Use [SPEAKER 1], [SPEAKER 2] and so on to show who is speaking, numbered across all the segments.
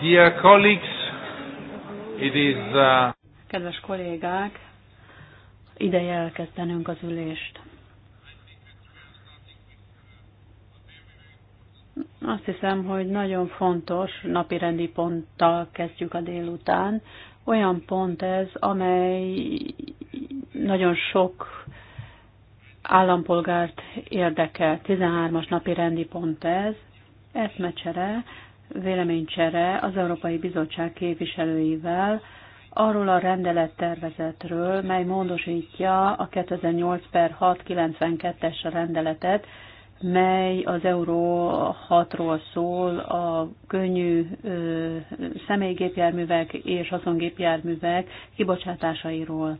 [SPEAKER 1] Dear colleagues, it is, uh...
[SPEAKER 2] Kedves kollégák, ideje elkezdenünk az ülést. Azt hiszem, hogy nagyon fontos napirendi ponttal kezdjük a délután, olyan pont ez, amely nagyon sok állampolgárt érdekel. 13-as napi rendi pont ez, eszmecsere, véleménycsere az Európai Bizottság képviselőivel arról a rendelettervezetről, mely módosítja a 2008 per 692-es rendeletet mely az Euró 6-ról szól, a könnyű ö, személygépjárművek és haszongépjárművek kibocsátásairól.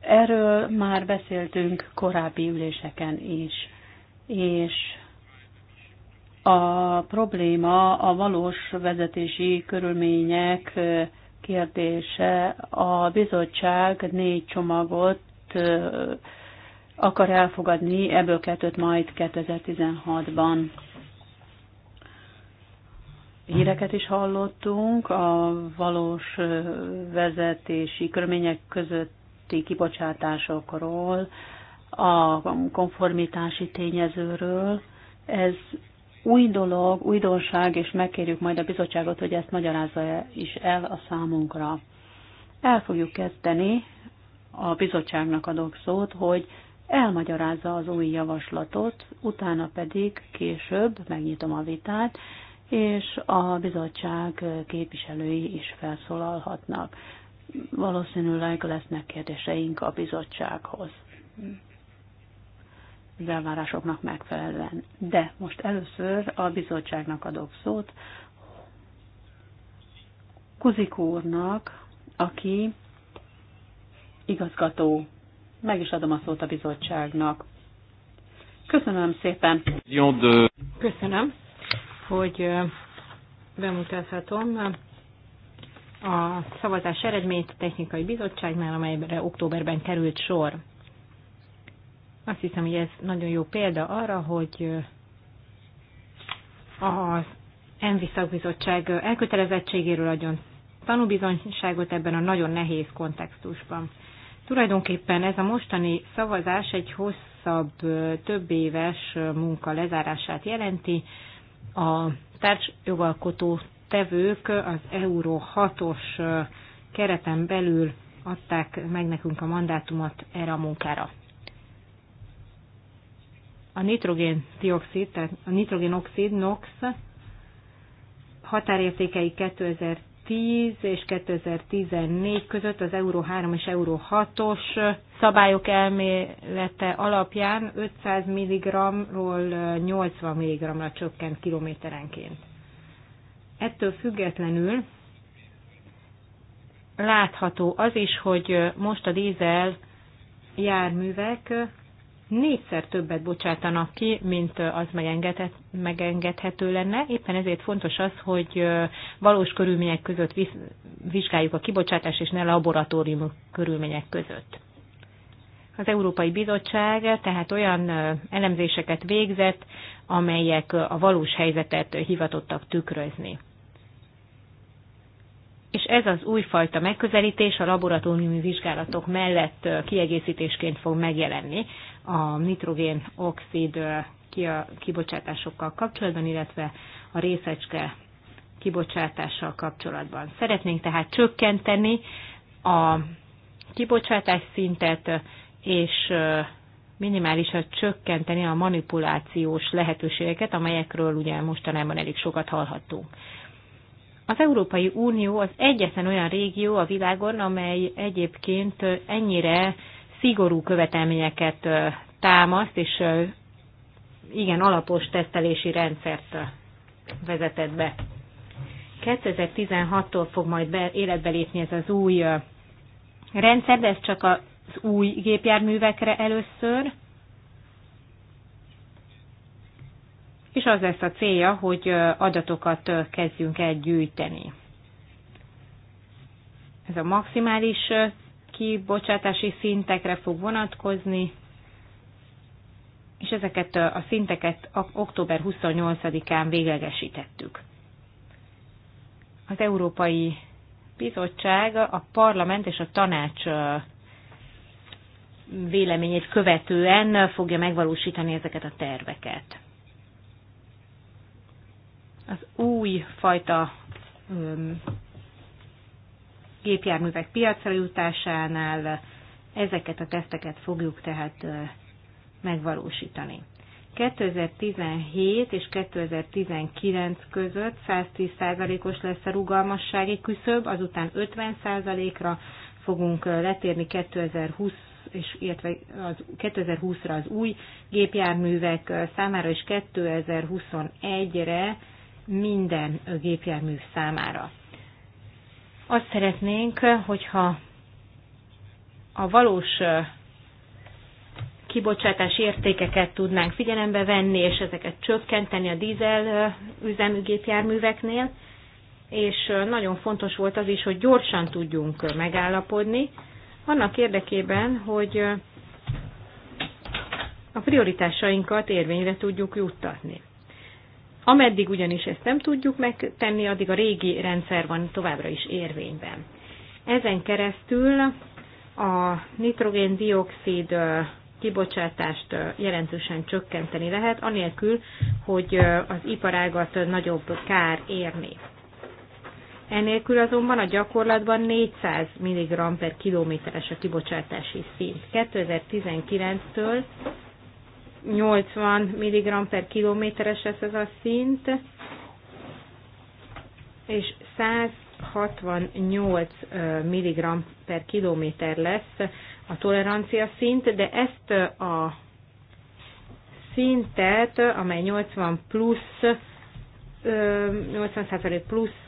[SPEAKER 2] Erről már beszéltünk korábbi üléseken is, és a probléma a valós vezetési körülmények kérdése. A bizottság négy csomagot akar elfogadni, ebből kettőt majd 2016-ban. Híreket is hallottunk, a valós vezetési körmények közötti kibocsátásokról, a konformitási tényezőről. Ez új dolog, újdonság, és megkérjük majd a bizottságot, hogy ezt magyarázza is el a számunkra. El fogjuk kezdeni, a bizottságnak adok szót, hogy elmagyarázza az új javaslatot, utána pedig később megnyitom a vitát, és a bizottság képviselői is felszólalhatnak. Valószínűleg lesznek kérdéseink a bizottsághoz az elvárásoknak megfelelően. De most először a bizottságnak adok szót, Kuzik úrnak, aki igazgató meg is adom a szót a bizottságnak. Köszönöm szépen. Köszönöm, hogy
[SPEAKER 3] bemutathatom a szavazás eredményt a technikai bizottságnál, amelyre októberben került sor. Azt hiszem, hogy ez nagyon jó példa arra, hogy az ENVI szakbizottság elkötelezettségéről adjon tanúbizonyságot ebben a nagyon nehéz kontextusban. Tulajdonképpen ez a mostani szavazás egy hosszabb, több éves munka lezárását jelenti. A társjogalkotó tevők az Euró 6-os kereten belül adták meg nekünk a mandátumot erre a munkára. A nitrogén dioxid, tehát a nitrogén oxid, NOx határértékei 2000. 2010 és 2014 között az Euró 3 és Euró 6-os szabályok elmélete alapján 500 mg-ról 80 mg-ra csökkent kilométerenként. Ettől függetlenül látható az is, hogy most a dízel járművek négyszer többet bocsátanak ki, mint az megengedhet, megengedhető lenne. Éppen ezért fontos az, hogy valós körülmények között vizsgáljuk a kibocsátást, és ne laboratórium körülmények között. Az Európai Bizottság tehát olyan elemzéseket végzett, amelyek a valós helyzetet hivatottak tükrözni és ez az újfajta megközelítés a laboratóriumi vizsgálatok mellett kiegészítésként fog megjelenni a nitrogén oxid kibocsátásokkal kapcsolatban, illetve a részecske kibocsátással kapcsolatban. Szeretnénk tehát csökkenteni a kibocsátás szintet, és minimálisan csökkenteni a manipulációs lehetőségeket, amelyekről ugye mostanában elég sokat hallhattunk. Az Európai Unió az egyetlen olyan régió a világon, amely egyébként ennyire szigorú követelményeket támaszt, és igen alapos tesztelési rendszert vezetett be. 2016-tól fog majd be, életbe lépni ez az új rendszer, de ez csak az új gépjárművekre először. és az lesz a célja, hogy adatokat kezdjünk el gyűjteni. Ez a maximális kibocsátási szintekre fog vonatkozni, és ezeket a szinteket október 28-án véglegesítettük. Az Európai Bizottság a parlament és a tanács véleményét követően fogja megvalósítani ezeket a terveket az új fajta um, gépjárművek piacra jutásánál ezeket a teszteket fogjuk tehát megvalósítani. 2017 és 2019 között 110%-os lesz a rugalmassági küszöb, azután 50%-ra fogunk letérni 2020 és illetve az 2020-ra az új gépjárművek számára, és 2021-re minden gépjármű számára. Azt szeretnénk, hogyha a valós kibocsátás értékeket tudnánk figyelembe venni, és ezeket csökkenteni a dízel üzemű gépjárműveknél, és nagyon fontos volt az is, hogy gyorsan tudjunk megállapodni, annak érdekében, hogy a prioritásainkat érvényre tudjuk juttatni. Ameddig ugyanis ezt nem tudjuk megtenni, addig a régi rendszer van továbbra is érvényben. Ezen keresztül a nitrogén-dioxid kibocsátást jelentősen csökkenteni lehet, anélkül, hogy az iparágat nagyobb kár érni. Enélkül azonban a gyakorlatban 400 mg per kilométeres a kibocsátási szint. 2019-től 80 mg per kilométeres ez, ez a szint, és 168 mg per kilométer lesz a tolerancia szint, de ezt a szintet, amely 80 plusz, 80% plusz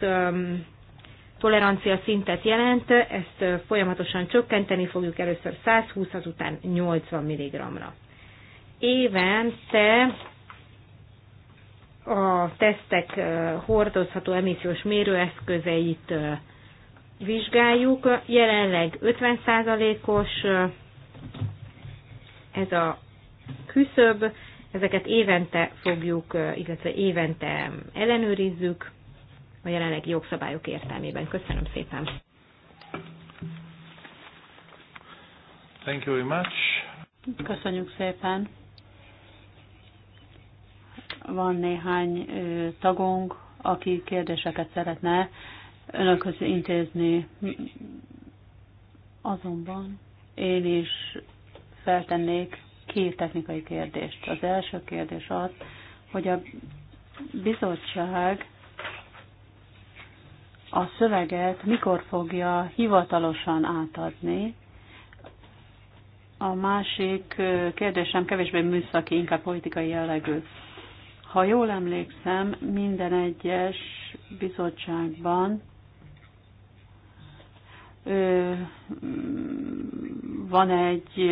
[SPEAKER 3] tolerancia szintet jelent, ezt folyamatosan csökkenteni fogjuk először 120, azután 80 mg-ra évente a tesztek hordozható emissziós mérőeszközeit vizsgáljuk. Jelenleg 50%-os ez a küszöb, ezeket évente fogjuk, illetve évente ellenőrizzük a jelenlegi jogszabályok értelmében. Köszönöm szépen! Thank you very much. Köszönjük szépen!
[SPEAKER 2] Van néhány tagunk, aki kérdéseket szeretne önökhöz intézni. Azonban én is feltennék két technikai kérdést. Az első kérdés az, hogy a bizottság a szöveget mikor fogja hivatalosan átadni. A másik kérdésem kevésbé műszaki, inkább politikai jellegű. Ha jól emlékszem, minden egyes bizottságban van egy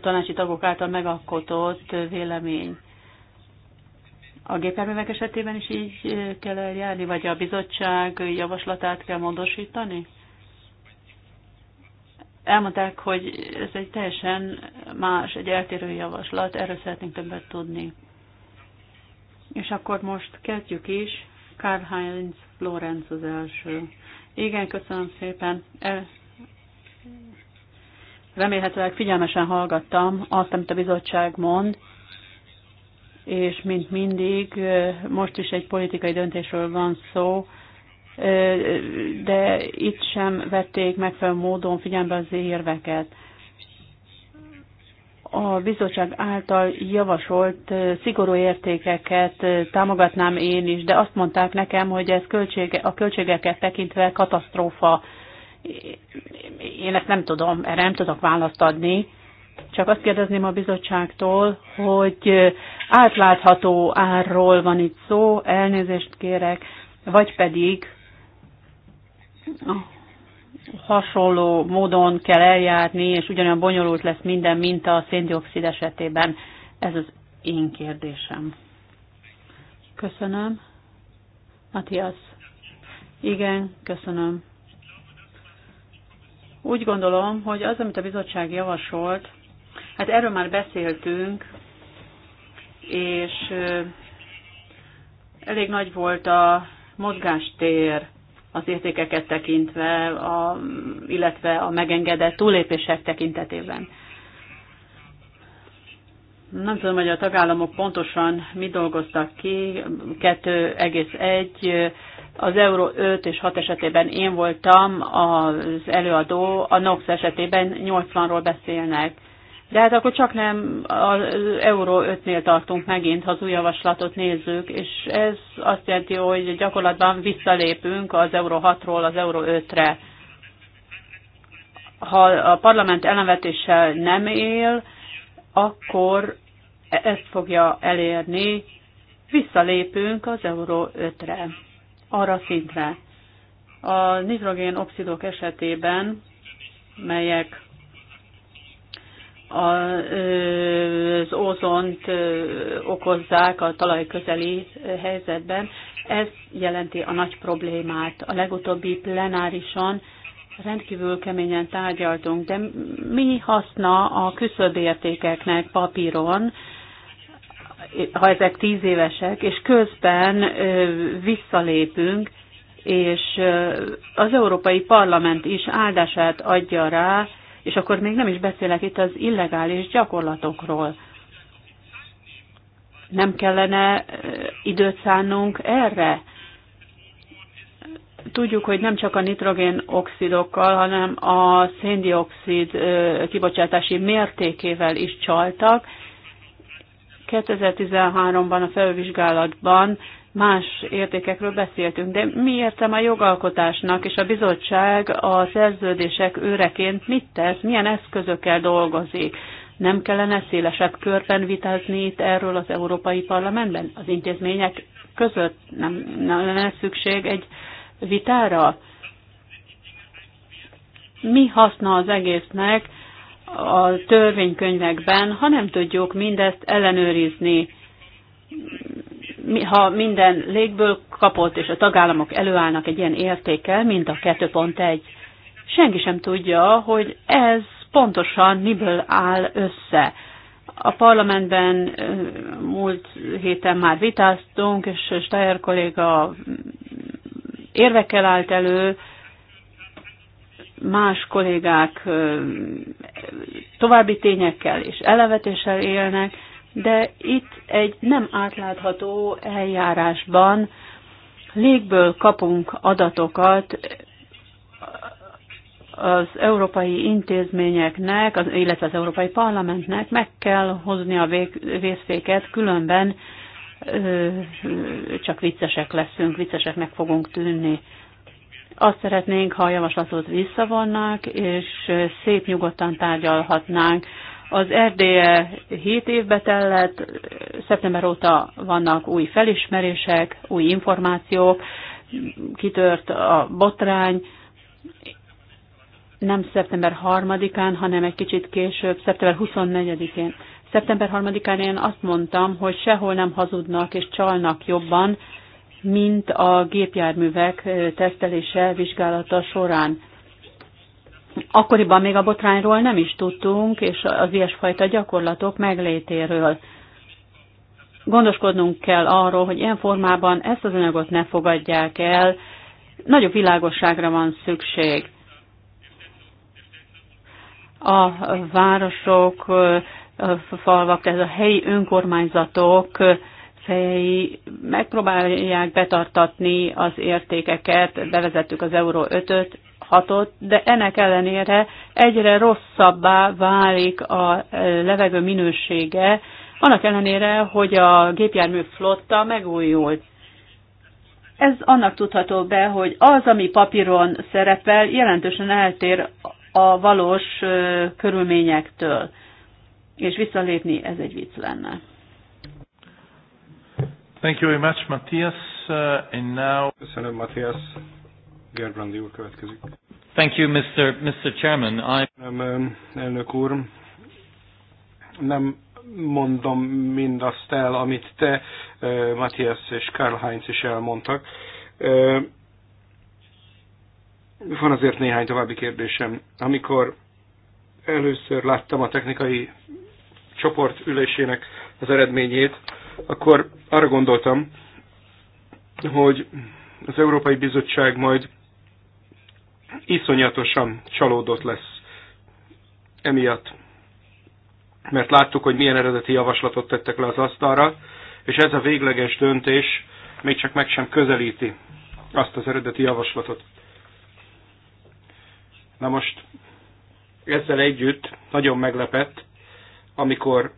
[SPEAKER 2] tanácsi tagok által megalkotott vélemény. A gépjárművek esetében is így kell eljárni, vagy a bizottság javaslatát kell módosítani? Elmondták, hogy ez egy teljesen más, egy eltérő javaslat, erről szeretnénk többet tudni. És akkor most kezdjük is. Karl-Heinz Lorenz az első. Igen, köszönöm szépen. E, remélhetőleg figyelmesen hallgattam azt, amit a bizottság mond, és mint mindig, e, most is egy politikai döntésről van szó, e, de itt sem vették megfelelő módon figyelembe az érveket a bizottság által javasolt eh, szigorú értékeket eh, támogatnám én is, de azt mondták nekem, hogy ez költsége, a költségeket tekintve katasztrófa. Én ezt nem tudom, erre nem tudok választ adni. Csak azt kérdezném a bizottságtól, hogy eh, átlátható árról van itt szó, elnézést kérek, vagy pedig hasonló módon kell eljárni, és ugyanolyan bonyolult lesz minden, mint a széndiokszid esetében. Ez az én kérdésem. Köszönöm. Matthias. Igen, köszönöm. Úgy gondolom, hogy az, amit a bizottság javasolt, hát erről már beszéltünk, és elég nagy volt a mozgástér az értékeket tekintve, a, illetve a megengedett túlépések tekintetében. Nem tudom, hogy a tagállamok pontosan mi dolgoztak ki. 2,1, az euró 5 és 6 esetében én voltam az előadó, a NOx esetében 80-ról beszélnek. De hát akkor csak nem az Euró 5-nél tartunk megint, ha az új javaslatot nézzük, és ez azt jelenti, hogy gyakorlatban visszalépünk az Euró 6-ról az Euró 5-re. Ha a parlament ellenvetéssel nem él, akkor ezt fogja elérni, visszalépünk az Euró 5-re, arra szintre. A nitrogén oxidok esetében, melyek az ózont okozzák a talaj közeli helyzetben. Ez jelenti a nagy problémát. A legutóbbi plenárison rendkívül keményen tárgyaltunk, de mi haszna a küszöbértékeknek papíron, ha ezek tíz évesek, és közben visszalépünk, és az Európai Parlament is áldását adja rá, és akkor még nem is beszélek itt az illegális gyakorlatokról. Nem kellene időt szánnunk erre? Tudjuk, hogy nem csak a nitrogén oxidokkal, hanem a széndiokszid kibocsátási mértékével is csaltak. 2013-ban a felvizsgálatban más értékekről beszéltünk, de mi értem a jogalkotásnak, és a bizottság a szerződések őreként mit tesz, milyen eszközökkel dolgozik? Nem kellene szélesebb körben vitázni itt erről az Európai Parlamentben? Az intézmények között nem, nem lenne szükség egy vitára? Mi haszna az egésznek a törvénykönyvekben, ha nem tudjuk mindezt ellenőrizni? ha minden légből kapott, és a tagállamok előállnak egy ilyen értékkel, mint a 2.1, senki sem tudja, hogy ez pontosan miből áll össze. A parlamentben múlt héten már vitáztunk, és Steyer kolléga érvekkel állt elő, más kollégák további tényekkel és elevetéssel élnek, de itt egy nem átlátható eljárásban légből kapunk adatokat az európai intézményeknek, az, illetve az Európai Parlamentnek meg kell hozni a vég, vészféket, különben ö, csak viccesek leszünk, vicceseknek fogunk tűnni. Azt szeretnénk, ha a javaslatot visszavonnák, és szép nyugodtan tárgyalhatnánk az RDE 7 évbe tellett, szeptember óta vannak új felismerések, új információk, kitört a botrány, nem szeptember 3-án, hanem egy kicsit később, szeptember 24-én. Szeptember 3-án én azt mondtam, hogy sehol nem hazudnak és csalnak jobban, mint a gépjárművek tesztelése, vizsgálata során. Akkoriban még a botrányról nem is tudtunk, és az ilyesfajta gyakorlatok meglétéről. Gondoskodnunk kell arról, hogy ilyen formában ezt az anyagot ne fogadják el, nagyobb világosságra van szükség. A városok, a falvak, ez a helyi önkormányzatok fejei megpróbálják betartatni az értékeket, bevezettük az Euró 5-öt, hatott, de ennek ellenére egyre rosszabbá válik a e, levegő minősége, annak ellenére, hogy a gépjármű flotta megújult. Ez annak tudható be, hogy az, ami papíron szerepel, jelentősen eltér a valós e, körülményektől. És visszalépni, ez egy
[SPEAKER 3] vicc
[SPEAKER 1] lenne. Thank you very much, Matthias. Uh, and now... Köszönöm, Matthias. Gerbrandi úr következik. Thank you, Mr. Mr. Chairman. I... Nem, elnök úr, nem mondom mindazt el, amit te, Matthias és Karl Heinz is elmondtak. Van azért néhány további kérdésem. Amikor először láttam a technikai csoport ülésének az eredményét, akkor arra gondoltam, hogy az Európai Bizottság majd iszonyatosan csalódott lesz emiatt. Mert láttuk, hogy milyen eredeti javaslatot tettek le az asztalra, és ez a végleges döntés még csak meg sem közelíti azt az eredeti javaslatot. Na most ezzel együtt nagyon meglepett, amikor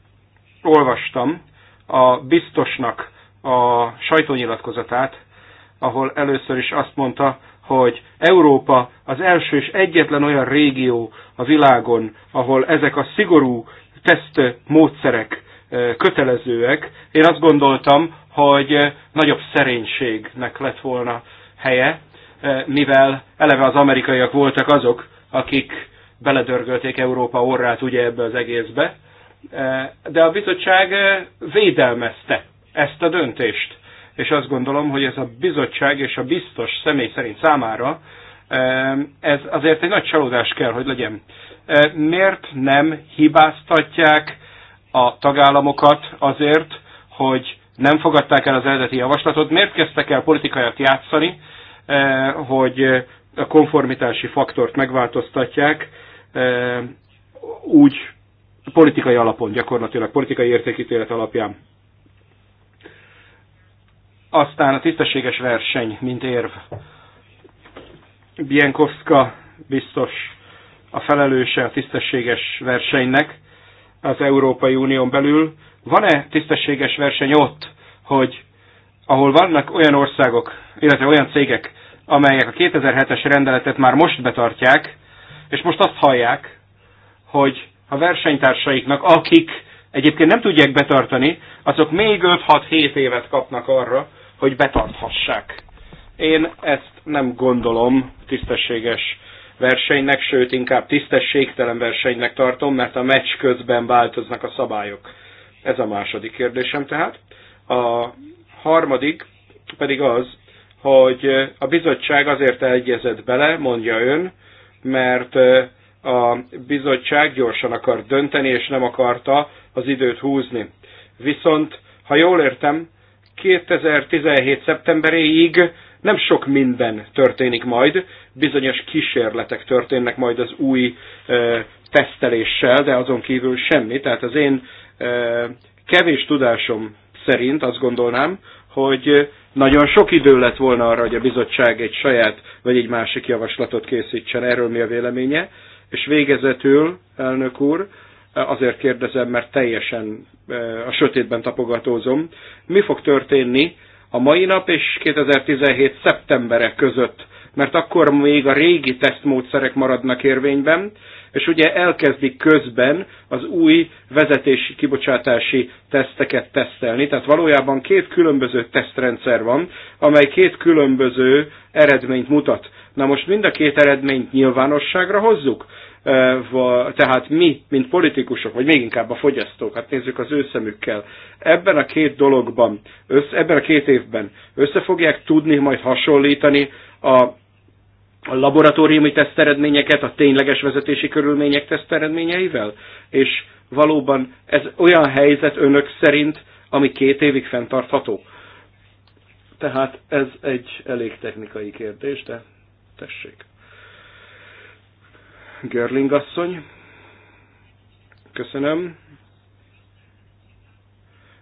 [SPEAKER 1] olvastam a biztosnak a sajtónyilatkozatát, ahol először is azt mondta, hogy Európa az első és egyetlen olyan régió a világon, ahol ezek a szigorú teszt módszerek kötelezőek. Én azt gondoltam, hogy nagyobb szerénységnek lett volna helye, mivel eleve az amerikaiak voltak azok, akik beledörgölték Európa orrát ugye ebbe az egészbe, de a bizottság védelmezte ezt a döntést és azt gondolom, hogy ez a bizottság és a biztos személy szerint számára eh, ez azért egy nagy csalódás kell, hogy legyen. Eh, miért nem hibáztatják a tagállamokat azért, hogy nem fogadták el az eredeti javaslatot? Miért kezdtek el politikaiat játszani, eh, hogy a konformitási faktort megváltoztatják úgy politikai alapon, gyakorlatilag politikai értékítélet alapján? Aztán a tisztességes verseny, mint érv. Bienkowska biztos a felelőse a tisztességes versenynek az Európai Unión belül. Van-e tisztességes verseny ott, hogy ahol vannak olyan országok, illetve olyan cégek, amelyek a 2007-es rendeletet már most betartják, és most azt hallják, hogy a versenytársaiknak, akik egyébként nem tudják betartani, azok még 5-6-7 évet kapnak arra, hogy betarthassák. Én ezt nem gondolom tisztességes versenynek, sőt inkább tisztességtelen versenynek tartom, mert a meccs közben változnak a szabályok. Ez a második kérdésem tehát. A harmadik pedig az, hogy a bizottság azért egyezett bele, mondja ön, mert a bizottság gyorsan akar dönteni, és nem akarta az időt húzni. Viszont, ha jól értem, 2017. szeptemberéig nem sok minden történik majd, bizonyos kísérletek történnek majd az új teszteléssel, de azon kívül semmi. Tehát az én kevés tudásom szerint azt gondolnám, hogy nagyon sok idő lett volna arra, hogy a bizottság egy saját vagy egy másik javaslatot készítsen. Erről mi a véleménye? És végezetül, elnök úr, azért kérdezem, mert teljesen eh, a sötétben tapogatózom. Mi fog történni a mai nap és 2017. szeptembere között? Mert akkor még a régi tesztmódszerek maradnak érvényben, és ugye elkezdik közben az új vezetési kibocsátási teszteket tesztelni. Tehát valójában két különböző tesztrendszer van, amely két különböző eredményt mutat. Na most mind a két eredményt nyilvánosságra hozzuk, tehát mi, mint politikusok, vagy még inkább a fogyasztók, hát nézzük az ő szemükkel, ebben a két dologban, össze, ebben a két évben össze fogják tudni majd hasonlítani a a laboratóriumi teszteredményeket a tényleges vezetési körülmények teszteredményeivel? És valóban ez olyan helyzet önök szerint, ami két évig fenntartható? Tehát ez egy elég technikai kérdés, de tessék. Görling asszony. Köszönöm.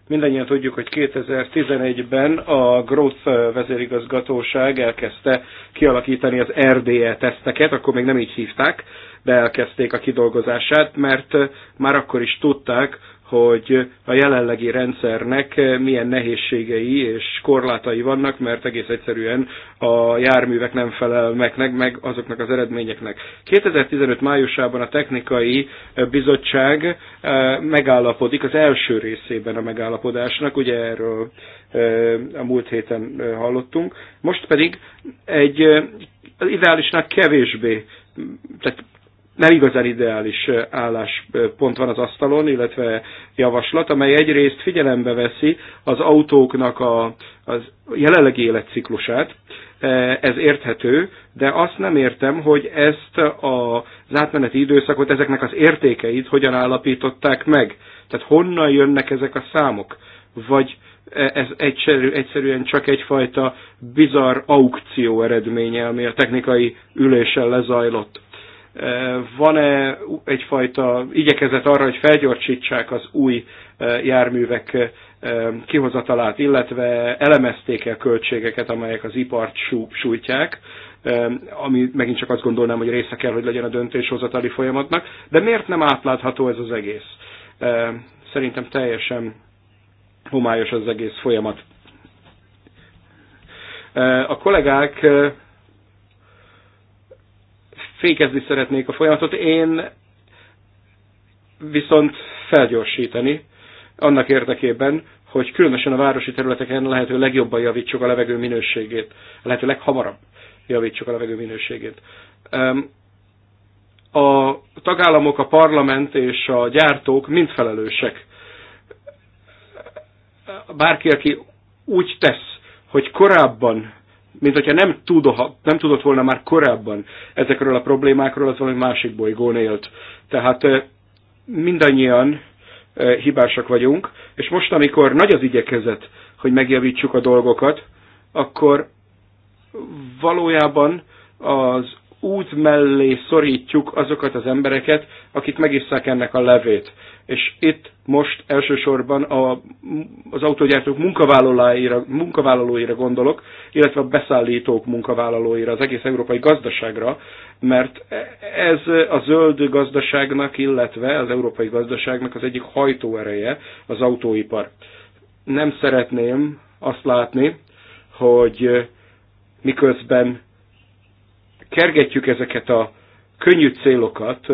[SPEAKER 1] Mindennyian tudjuk, hogy 2011-ben a Growth vezérigazgatóság elkezdte kialakítani az RDE teszteket, akkor még nem így hívták, de elkezdték a kidolgozását, mert már akkor is tudták, hogy a jelenlegi rendszernek milyen nehézségei és korlátai vannak, mert egész egyszerűen a járművek nem felelnek meg azoknak az eredményeknek. 2015 májusában a technikai bizottság eh, megállapodik az első részében a megállapodásnak, ugye erről eh, a múlt héten eh, hallottunk. Most pedig egy ideálisnak kevésbé, tehát nem igazán ideális álláspont van az asztalon, illetve javaslat, amely egyrészt figyelembe veszi az autóknak a, az jelenlegi életciklusát, e, ez érthető, de azt nem értem, hogy ezt az átmeneti időszakot, ezeknek az értékeit hogyan állapították meg. Tehát honnan jönnek ezek a számok? Vagy e, ez egyszerű, egyszerűen csak egyfajta bizarr aukció eredménye, ami a technikai ülésen lezajlott van-e egyfajta igyekezet arra, hogy felgyorsítsák az új járművek kihozatalát, illetve elemezték el költségeket, amelyek az ipart sújtják, ami megint csak azt gondolnám, hogy része kell, hogy legyen a döntéshozatali folyamatnak, de miért nem átlátható ez az egész? Szerintem teljesen homályos az egész folyamat. A kollégák fékezni szeretnék a folyamatot, én viszont felgyorsítani annak érdekében, hogy különösen a városi területeken lehető legjobban javítsuk a levegő minőségét, a lehető leghamarabb javítsuk a levegő minőségét. A tagállamok, a parlament és a gyártók mind felelősek. Bárki, aki úgy tesz, hogy korábban mint hogyha nem, tudoha, nem tudott volna már korábban ezekről a problémákról, az valami másik bolygón élt. Tehát mindannyian hibásak vagyunk, és most, amikor nagy az igyekezet, hogy megjavítsuk a dolgokat, akkor valójában az út mellé szorítjuk azokat az embereket, akik megisszák ennek a levét. És itt most elsősorban a, az autógyártók munkavállalóira, munkavállalóira gondolok, illetve a beszállítók munkavállalóira, az egész európai gazdaságra, mert ez a zöld gazdaságnak, illetve az európai gazdaságnak az egyik hajtóereje az autóipar. Nem szeretném azt látni, hogy miközben kergetjük ezeket a könnyű célokat,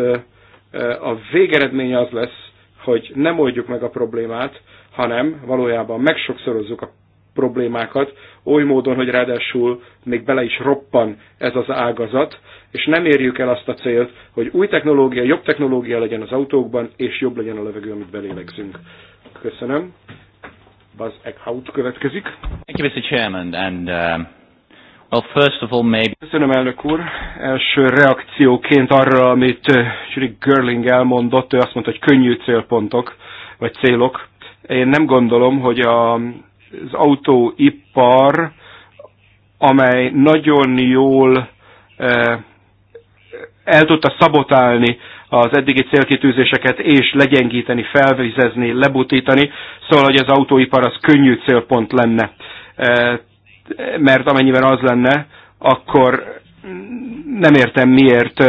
[SPEAKER 1] a végeredmény az lesz, hogy nem oldjuk meg a problémát, hanem valójában megsokszorozzuk a problémákat, oly módon, hogy ráadásul még bele is roppan ez az ágazat, és nem érjük el azt a célt, hogy új technológia, jobb technológia legyen az autókban, és jobb legyen a levegő, amit belélegzünk. Köszönöm. Buzz Eckhout következik.
[SPEAKER 3] Thank you, Mr. Chairman, and, uh...
[SPEAKER 1] Köszönöm, elnök úr. Első reakcióként arra, amit eh, Judy Görling elmondott, ő azt mondta, hogy könnyű célpontok, vagy célok. Én nem gondolom, hogy a, az autóipar, amely nagyon jól eh, el tudta szabotálni az eddigi célkitűzéseket, és legyengíteni, felvizezni, lebutítani, szóval, hogy az autóipar az könnyű célpont lenne. Eh, mert amennyiben az lenne, akkor nem értem miért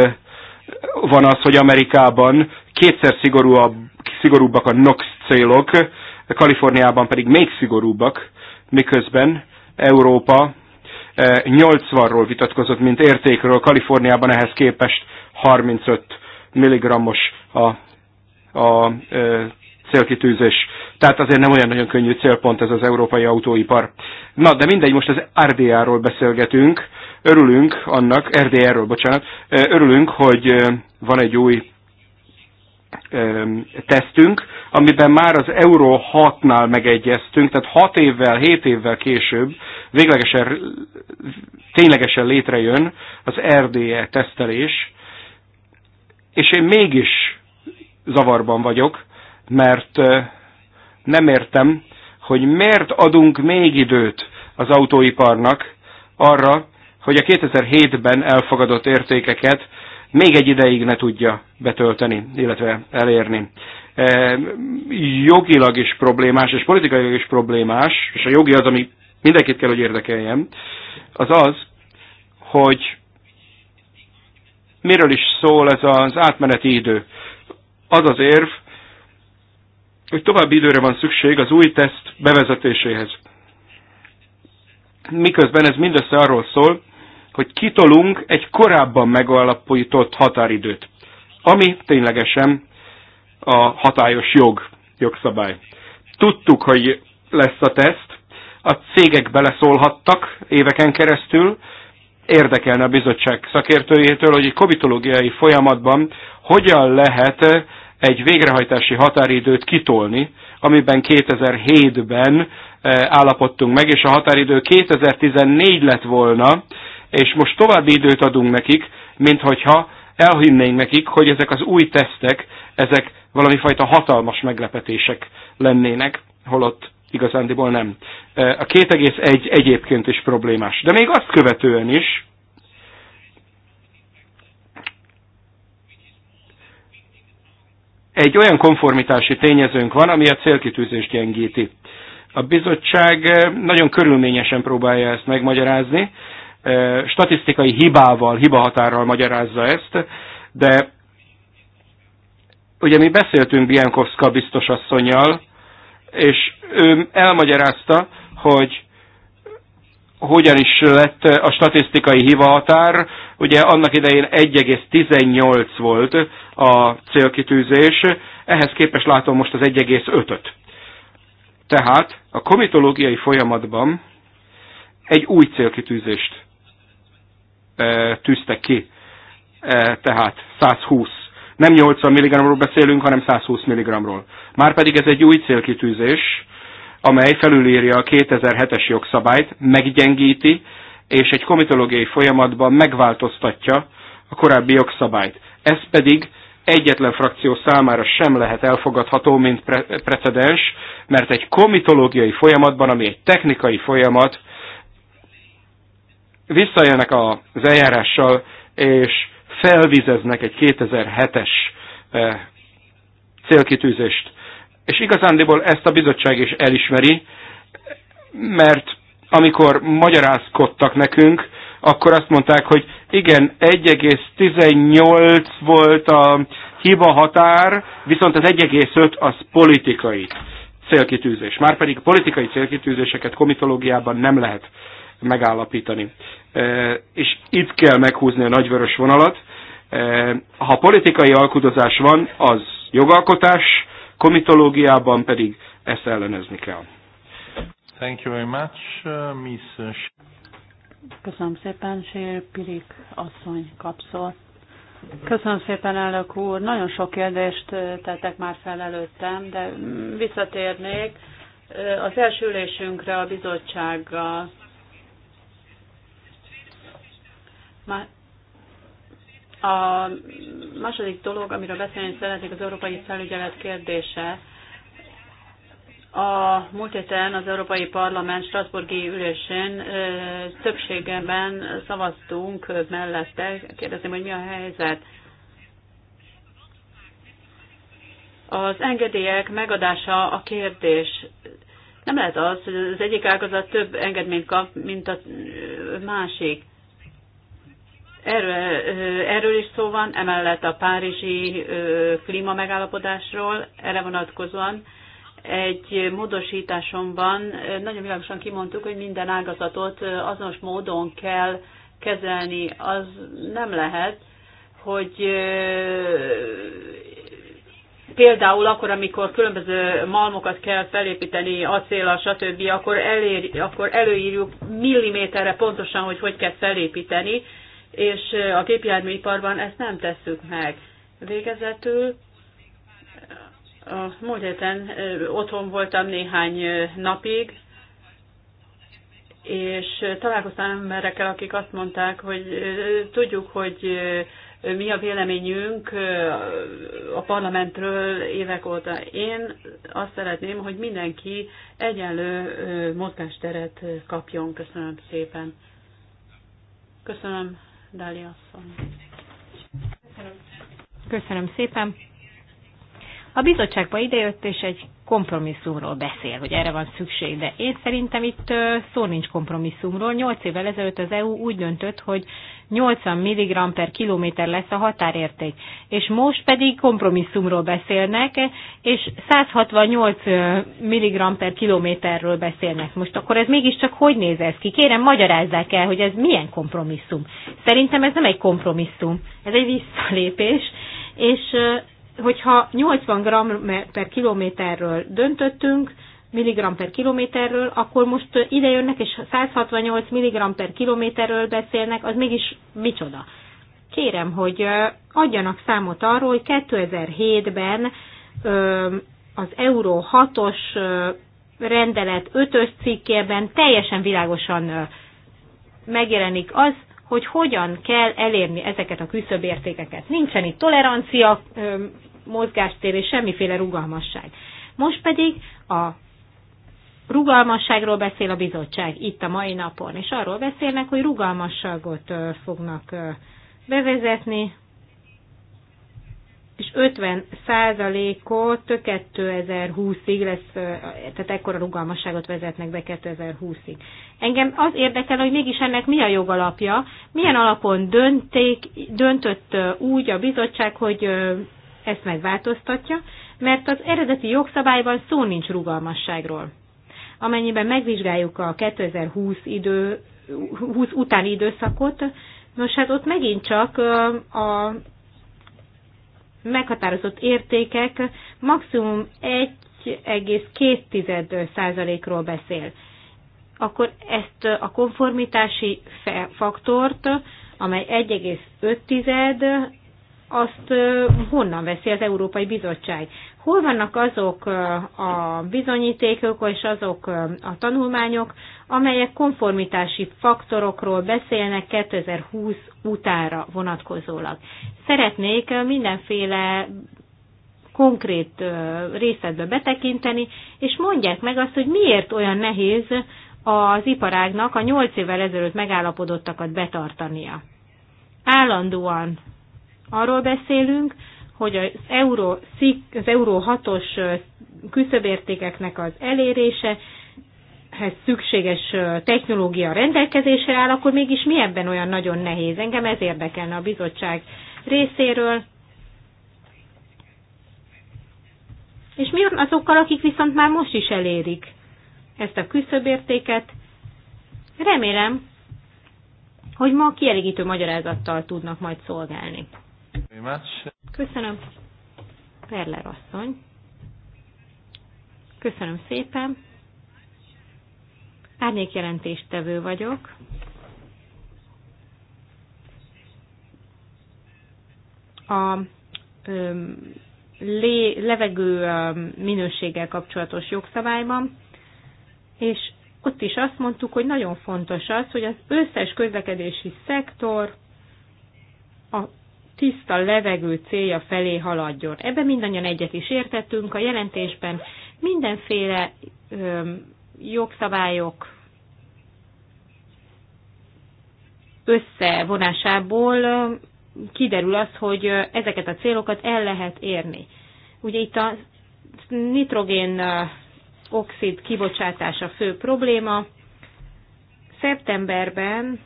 [SPEAKER 1] van az, hogy Amerikában kétszer szigorúabb, szigorúbbak a NOx célok, Kaliforniában pedig még szigorúbbak, miközben Európa 80-ról eh, vitatkozott, mint értékről, Kaliforniában ehhez képest 35 mg-os a, a eh, célkitűzés. Tehát azért nem olyan nagyon könnyű célpont ez az európai autóipar. Na, de mindegy, most az RDR-ról beszélgetünk. Örülünk annak, RDR-ről, bocsánat, örülünk, hogy van egy új tesztünk, amiben már az Euró 6-nál megegyeztünk, tehát 6 évvel, 7 évvel később véglegesen, ténylegesen létrejön az RDE tesztelés, és én mégis zavarban vagyok, mert nem értem, hogy miért adunk még időt az autóiparnak arra, hogy a 2007-ben elfogadott értékeket még egy ideig ne tudja betölteni, illetve elérni. E, jogilag is problémás, és politikailag is problémás, és a jogi az, ami mindenkit kell, hogy érdekeljen, az az, hogy miről is szól ez az átmeneti idő. Az az érv, hogy további időre van szükség az új teszt bevezetéséhez. Miközben ez mindössze arról szól, hogy kitolunk egy korábban megalapított határidőt, ami ténylegesen a hatályos jog, jogszabály. Tudtuk, hogy lesz a teszt, a cégek beleszólhattak éveken keresztül, érdekelne a bizottság szakértőjétől, hogy egy komitológiai folyamatban hogyan lehet egy végrehajtási határidőt kitolni, amiben 2007-ben eh, állapodtunk meg, és a határidő 2014 lett volna, és most további időt adunk nekik, mint hogyha elhinnénk nekik, hogy ezek az új tesztek, ezek valami fajta hatalmas meglepetések lennének, holott igazándiból nem. Eh, a 2,1 egyébként is problémás. De még azt követően is, egy olyan konformitási tényezőnk van, ami a célkitűzést gyengíti. A bizottság eh, nagyon körülményesen próbálja ezt megmagyarázni, eh, statisztikai hibával, hibahatárral magyarázza ezt, de ugye mi beszéltünk Biankovska biztosasszonyjal, és ő elmagyarázta, hogy hogyan is lett a statisztikai hivatár, Ugye annak idején 1,18 volt a célkitűzés, ehhez képest látom most az 1,5-öt. Tehát a komitológiai folyamatban egy új célkitűzést e, tűztek ki, e, tehát 120. Nem 80 mg-ról beszélünk, hanem 120 mg-ról. Márpedig ez egy új célkitűzés, amely felülírja a 2007-es jogszabályt, meggyengíti, és egy komitológiai folyamatban megváltoztatja a korábbi jogszabályt. Ez pedig egyetlen frakció számára sem lehet elfogadható, mint pre precedens, mert egy komitológiai folyamatban, ami egy technikai folyamat, visszajönnek az eljárással, és felvizeznek egy 2007-es eh, célkitűzést. És igazándiból ezt a bizottság is elismeri, mert amikor magyarázkodtak nekünk, akkor azt mondták, hogy igen, 1,18 volt a hiba határ, viszont az 1,5 az politikai célkitűzés. Márpedig a politikai célkitűzéseket komitológiában nem lehet megállapítani. E, és itt kell meghúzni a nagyvörös vonalat. E, ha politikai alkudozás van, az jogalkotás, komitológiában pedig ezt ellenőrizni kell. Thank you very much, uh, Miss.
[SPEAKER 2] Köszönöm szépen, Sér Pirik asszony kapszol. Köszönöm szépen, elnök úr. Nagyon sok kérdést uh, tettek már fel előttem, de mm, visszatérnék uh, az első ülésünkre a bizottsággal. Már a második dolog, amiről beszélni szeretnék, az európai felügyelet kérdése. A múlt héten az Európai Parlament Strasburgi ülésén többségeben szavaztunk mellette. Kérdezem, hogy mi a helyzet. Az engedélyek megadása a kérdés. Nem lehet az, hogy az egyik ágazat több engedményt kap, mint a másik. Erről, erről is szó van, emellett a párizsi klímamegállapodásról, erre vonatkozóan egy módosításomban nagyon világosan kimondtuk, hogy minden ágazatot azonos módon kell kezelni. Az nem lehet, hogy például akkor, amikor különböző malmokat kell felépíteni, acéla, stb., akkor, elér, akkor előírjuk milliméterre pontosan, hogy hogy kell felépíteni, és a gépjárműiparban ezt nem tesszük meg. Végezetül a múlt héten otthon voltam néhány napig, és találkoztam emberekkel, akik azt mondták, hogy tudjuk, hogy mi a véleményünk a parlamentről évek óta. Én azt szeretném, hogy mindenki egyenlő mozgásteret kapjon. Köszönöm szépen. Köszönöm Dali asszony. Köszönöm.
[SPEAKER 3] Köszönöm szépen. A bizottságba idejött, és egy kompromisszumról beszél, hogy erre van szükség, de én szerintem itt szó nincs kompromisszumról. Nyolc évvel ezelőtt az EU úgy döntött, hogy 80 mg per kilométer lesz a határérték, és most pedig kompromisszumról beszélnek, és 168 mg per kilométerről beszélnek. Most akkor ez mégiscsak hogy néz ez ki? Kérem, magyarázzák el, hogy ez milyen kompromisszum. Szerintem ez nem egy kompromisszum, ez egy visszalépés, és hogyha 80 g per kilométerről döntöttünk, milligram per kilométerről, akkor most ide jönnek és 168 mg per kilométerről beszélnek, az mégis micsoda. Kérem, hogy adjanak számot arról, hogy 2007-ben az Euró 6-os rendelet 5-ös cikkében teljesen világosan megjelenik az, hogy hogyan kell elérni ezeket a küszöbértékeket. Nincsen itt tolerancia mozgástér és semmiféle rugalmasság. Most pedig a rugalmasságról beszél a bizottság itt a mai napon, és arról beszélnek, hogy rugalmasságot fognak bevezetni, és 50 százalékot 2020-ig lesz, tehát ekkora rugalmasságot vezetnek be 2020-ig. Engem az érdekel, hogy mégis ennek mi a jogalapja, milyen alapon dönték, döntött úgy a bizottság, hogy ezt megváltoztatja, mert az eredeti jogszabályban szó nincs rugalmasságról. Amennyiben megvizsgáljuk a 2020, idő, 20 utáni időszakot, nos hát ott megint csak a meghatározott értékek maximum 1,2%-ról beszél. Akkor ezt a konformitási faktort, amely azt honnan veszi az Európai Bizottság. Hol vannak azok a bizonyítékok és azok a tanulmányok, amelyek konformitási faktorokról beszélnek 2020 utára vonatkozólag. Szeretnék mindenféle konkrét részletbe betekinteni, és mondják meg azt, hogy miért olyan nehéz az iparágnak a 8 évvel ezelőtt megállapodottakat betartania. Állandóan Arról beszélünk, hogy az euró, az euró 6-os küszöbértékeknek az elérése, ez szükséges technológia rendelkezésre áll, akkor mégis mi ebben olyan nagyon nehéz? Engem ez érdekelne a bizottság részéről. És mi azokkal, akik viszont már most is elérik ezt a küszöbértéket? Remélem, hogy ma kielégítő magyarázattal tudnak majd szolgálni. Köszönöm. Perler asszony. Köszönöm szépen. jelentéstevő vagyok. A öm, lé, levegő öm, minőséggel kapcsolatos jogszabályban, és ott is azt mondtuk, hogy nagyon fontos az, hogy az összes közlekedési szektor a tiszta levegő célja felé haladjon. Ebben mindannyian egyet is értettünk, a jelentésben mindenféle ö, jogszabályok összevonásából kiderül az, hogy ezeket a célokat el lehet érni. Ugye itt a nitrogén oxid kibocsátása fő probléma. Szeptemberben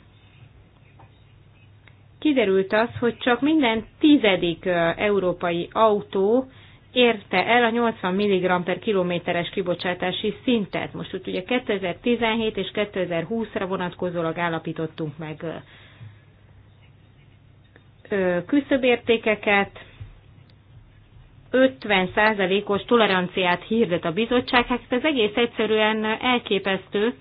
[SPEAKER 3] kiderült az, hogy csak minden tizedik európai autó érte el a 80 mg per kilométeres kibocsátási szintet. Most úgy ugye 2017 és 2020-ra vonatkozólag állapítottunk meg küszöbértékeket, 50%-os toleranciát hirdet a bizottság. Hát ez egész egyszerűen elképesztő,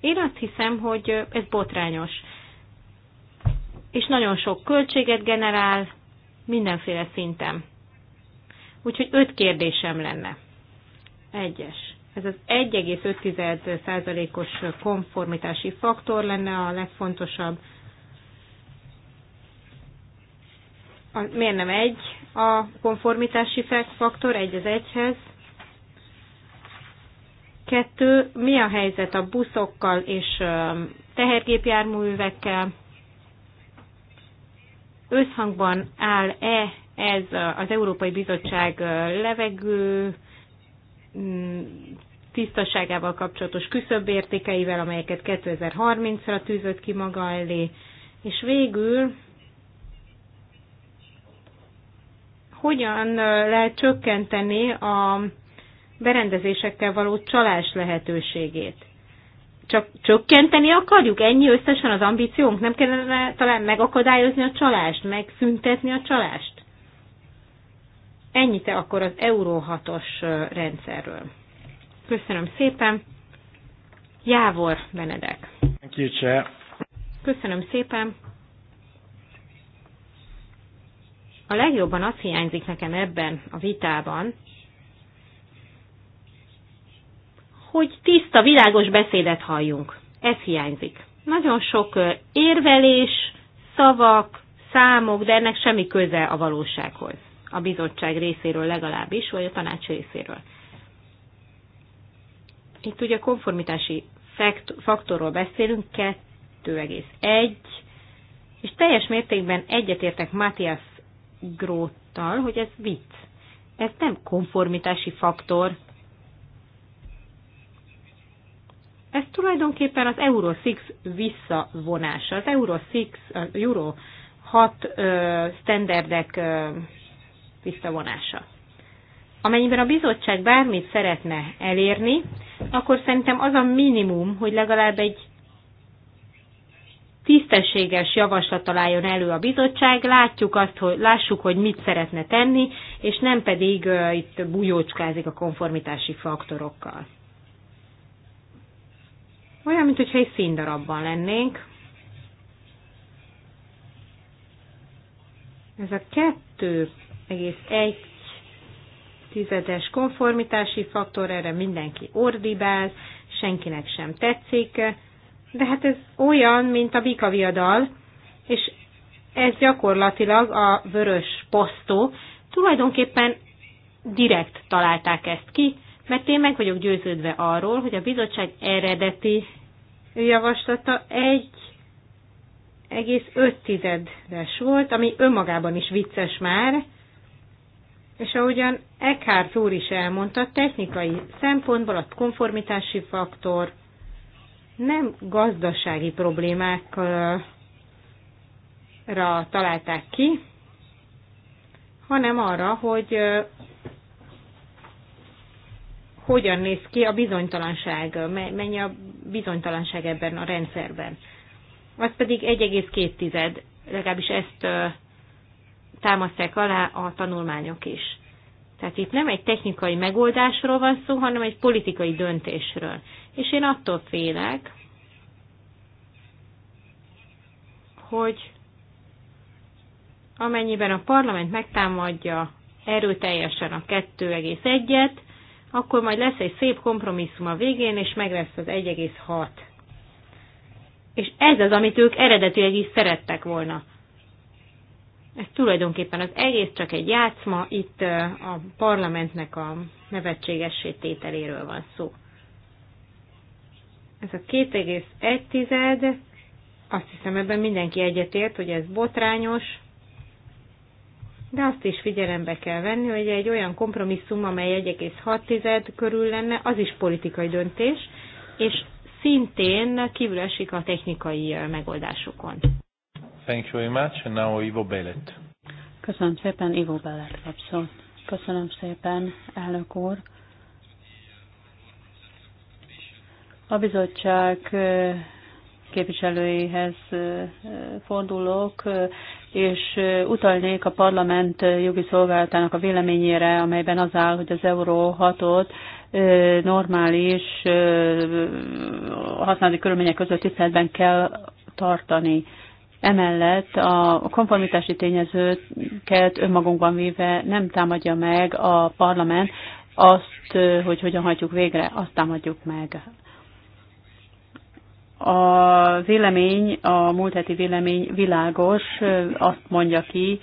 [SPEAKER 3] én azt hiszem, hogy ez botrányos. És nagyon sok költséget generál mindenféle szinten. Úgyhogy öt kérdésem lenne. Egyes. Ez az 1,5%-os konformitási faktor lenne a legfontosabb. A, miért nem egy a konformitási faktor, egy az egyhez? Kettő, mi a helyzet a buszokkal és tehergépjárművekkel? Összhangban áll-e ez az Európai Bizottság levegő mm, tisztaságával kapcsolatos küszöbértékeivel, amelyeket 2030-ra tűzött ki maga elé. És végül hogyan lehet csökkenteni a berendezésekkel való csalás lehetőségét. Csak csökkenteni akarjuk? Ennyi összesen az ambíciónk? Nem kellene talán megakadályozni a csalást, megszüntetni a csalást? Ennyite akkor az Euró 6-os rendszerről. Köszönöm szépen. Jávor Benedek. Köszönöm szépen. A legjobban az hiányzik nekem ebben a vitában, hogy tiszta, világos beszédet halljunk. Ez hiányzik. Nagyon sok érvelés, szavak, számok, de ennek semmi köze a valósághoz. A bizottság részéről legalábbis, vagy a tanács részéről. Itt ugye konformitási faktorról beszélünk, 2,1, és teljes mértékben egyetértek Matthias Gróttal, hogy ez vicc. Ez nem konformitási faktor, Ez tulajdonképpen az Euro 6 visszavonása. Az Euro 6, az Euro 6 ö, standardek ö, visszavonása. Amennyiben a bizottság bármit szeretne elérni, akkor szerintem az a minimum, hogy legalább egy tisztességes javaslat találjon elő a bizottság, látjuk azt, hogy, lássuk, hogy mit szeretne tenni, és nem pedig uh, itt bujócskázik a konformitási faktorokkal. Olyan, mint hogyha egy színdarabban lennénk. Ez a 2,1 tizedes konformitási faktor, erre mindenki ordibál, senkinek sem tetszik, de hát ez olyan, mint a bika viadal, és ez gyakorlatilag a vörös posztó. Tulajdonképpen direkt találták ezt ki, mert én meg vagyok győződve arról, hogy a bizottság eredeti javaslata egy 15 tizedes volt, ami önmagában is vicces már, és ahogyan Eckhart úr is elmondta, technikai szempontból a konformitási faktor nem gazdasági problémákra találták ki, hanem arra, hogy hogyan néz ki a bizonytalanság, mennyi a bizonytalanság ebben a rendszerben. Az pedig 1,2, legalábbis ezt támasztják alá a tanulmányok is. Tehát itt nem egy technikai megoldásról van szó, hanem egy politikai döntésről. És én attól félek, hogy amennyiben a parlament megtámadja erőteljesen a 2,1-et, akkor majd lesz egy szép kompromisszum a végén, és meg lesz az 1,6. És ez az, amit ők eredetileg is szerettek volna. Ez tulajdonképpen az egész csak egy játszma, itt a parlamentnek a nevetségessé tételéről van szó. Ez a 2,1, azt hiszem ebben mindenki egyetért, hogy ez botrányos, de azt is figyelembe kell venni, hogy egy olyan kompromisszum, amely 1,6 körül lenne, az is politikai döntés, és szintén kívül esik a technikai megoldásokon. Thank you very much, and now Ivo
[SPEAKER 1] Bellet.
[SPEAKER 2] Köszönöm szépen, Ivo Bellet kapszol. Köszönöm szépen, elnök úr. A bizottság képviselőihez fordulok és utalnék a parlament jogi szolgálatának a véleményére, amelyben az áll, hogy az euró hatot normális használati körülmények között tiszteletben kell tartani. Emellett a konformitási tényezőket önmagunkban véve nem támadja meg a parlament azt, hogy hogyan hagyjuk végre, azt támadjuk meg. A vélemény, a múlt heti vélemény világos, azt mondja ki,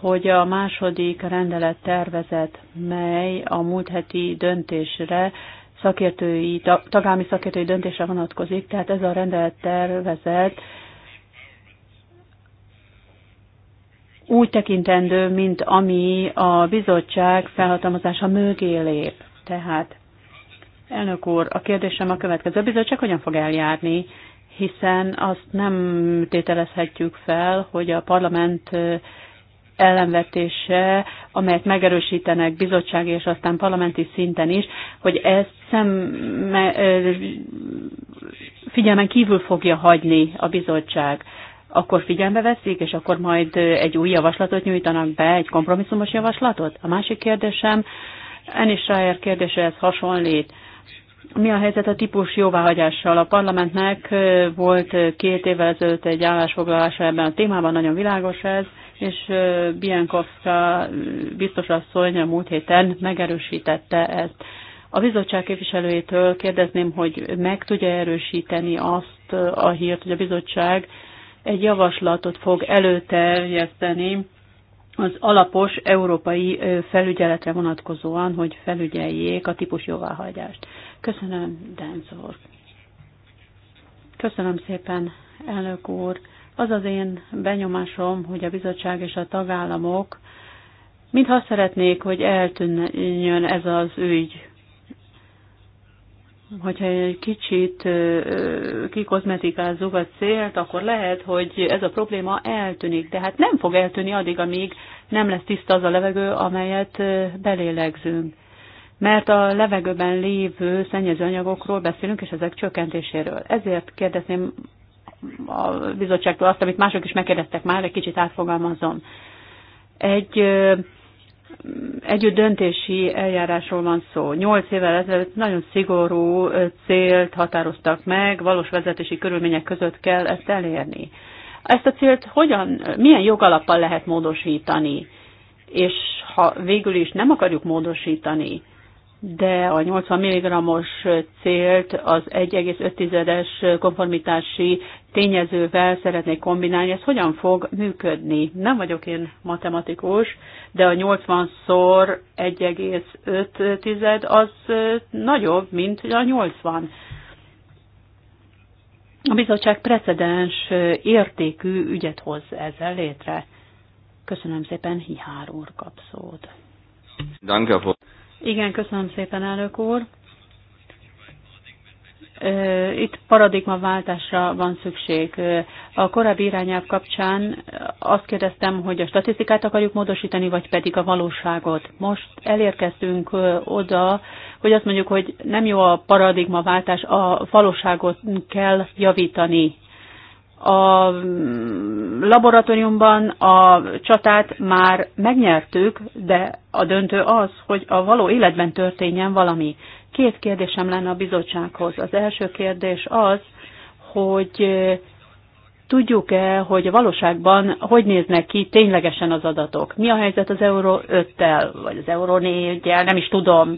[SPEAKER 2] hogy a második rendelet tervezet, mely a múlt heti döntésre, szakértői, tagállami szakértői döntésre vonatkozik, tehát ez a rendelet tervezet úgy tekintendő, mint ami a bizottság felhatalmazása mögé lép. Tehát Elnök úr, a kérdésem a következő. A bizottság hogyan fog eljárni? Hiszen azt nem tételezhetjük fel, hogy a parlament ellenvetése, amelyet megerősítenek bizottsági és aztán parlamenti szinten is, hogy ezt szemme, figyelmen kívül fogja hagyni a bizottság. Akkor figyelme veszik, és akkor majd egy új javaslatot nyújtanak be, egy kompromisszumos javaslatot? A másik kérdésem, Ennis Schreier kérdésehez hasonlít. Mi a helyzet a típus jóváhagyással? A parlamentnek volt két évvel ezelőtt egy állásfoglalása ebben a témában, nagyon világos ez, és Bienkowska biztosasszony a múlt héten megerősítette ezt. A bizottság képviselőjétől kérdezném, hogy meg tudja erősíteni azt a hírt, hogy a bizottság egy javaslatot fog előterjeszteni az alapos európai felügyeletre vonatkozóan, hogy felügyeljék a típus jóváhagyást. Köszönöm, Denzor. Köszönöm szépen, elnök úr. Az az én benyomásom, hogy a bizottság és a tagállamok mintha szeretnék, hogy eltűnjön ez az ügy. Hogyha egy kicsit kikozmetikázzuk a célt, akkor lehet, hogy ez a probléma eltűnik. De hát nem fog eltűnni addig, amíg nem lesz tiszta az a levegő, amelyet belélegzünk mert a levegőben lévő szennyezőanyagokról beszélünk, és ezek csökkentéséről. Ezért kérdezném a bizottságtól azt, amit mások is megkérdeztek már, egy kicsit átfogalmazom. Egy együtt döntési eljárásról van szó. Nyolc évvel ezelőtt nagyon szigorú célt határoztak meg, valós vezetési körülmények között kell ezt elérni. Ezt a célt hogyan, milyen jogalappal lehet módosítani? És ha végül is nem akarjuk módosítani, de a 80 mg-os célt az 1,5-es konformitási tényezővel szeretnék kombinálni. Ez hogyan fog működni? Nem vagyok én matematikus, de a 80-szor 1,5 az nagyobb, mint a 80. A bizottság precedens értékű ügyet hoz ezzel létre. Köszönöm szépen, Hihár úr kap szót. Danke, igen, köszönöm szépen, elnök úr. Itt paradigmaváltásra van szükség. A korábbi irányelv kapcsán azt kérdeztem, hogy a statisztikát akarjuk módosítani, vagy pedig a valóságot. Most elérkeztünk oda, hogy azt mondjuk, hogy nem jó a paradigmaváltás, a valóságot kell javítani a laboratóriumban a csatát már megnyertük, de a döntő az, hogy a való életben történjen valami. Két kérdésem lenne a bizottsághoz. Az első kérdés az, hogy tudjuk-e, hogy a valóságban hogy néznek ki ténylegesen az adatok? Mi a helyzet az Euró 5-tel, vagy az Euró 4 tel nem is tudom,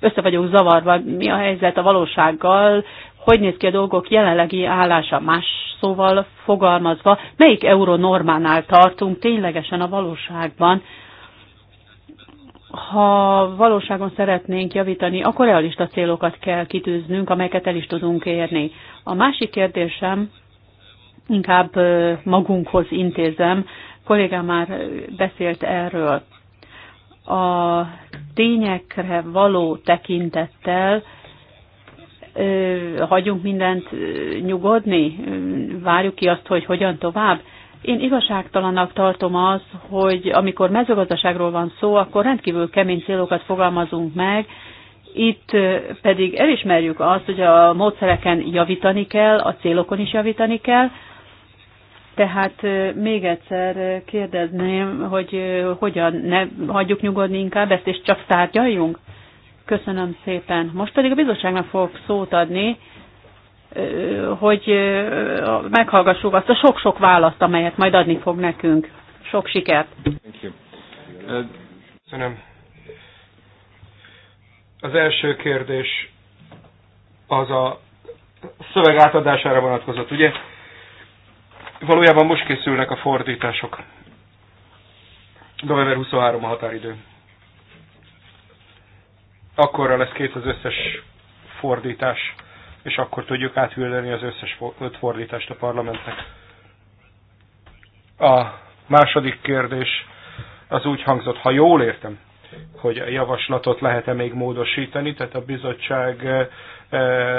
[SPEAKER 2] össze vagyunk zavarva, mi a helyzet a valósággal, hogy néz ki a dolgok jelenlegi állása más szóval fogalmazva, melyik euronormánál tartunk ténylegesen a valóságban, ha valóságon szeretnénk javítani, akkor realista célokat kell kitűznünk, amelyeket el is tudunk érni. A másik kérdésem inkább magunkhoz intézem, a kollégám már beszélt erről. A tényekre való tekintettel Hagyunk mindent nyugodni, várjuk ki azt, hogy hogyan tovább. Én igazságtalannak tartom az, hogy amikor mezőgazdaságról van szó, akkor rendkívül kemény célokat fogalmazunk meg, itt pedig elismerjük azt, hogy a módszereken javítani kell, a célokon is javítani kell, tehát még egyszer kérdezném, hogy hogyan ne hagyjuk nyugodni inkább ezt, és csak tárgyaljunk? Köszönöm szépen. Most pedig a bizottságnak fogok szót adni, hogy meghallgassuk azt a sok-sok választ, amelyet majd adni fog nekünk.
[SPEAKER 1] Sok sikert! Köszönöm. Az első kérdés az a szöveg átadására vonatkozott, ugye? Valójában most készülnek a fordítások. November 23 a határidő akkorra lesz kész az összes fordítás, és akkor tudjuk átküldeni az összes öt fordítást a parlamentnek. A második kérdés az úgy hangzott, ha jól értem, hogy a javaslatot lehet-e még módosítani, tehát a bizottság eh, eh,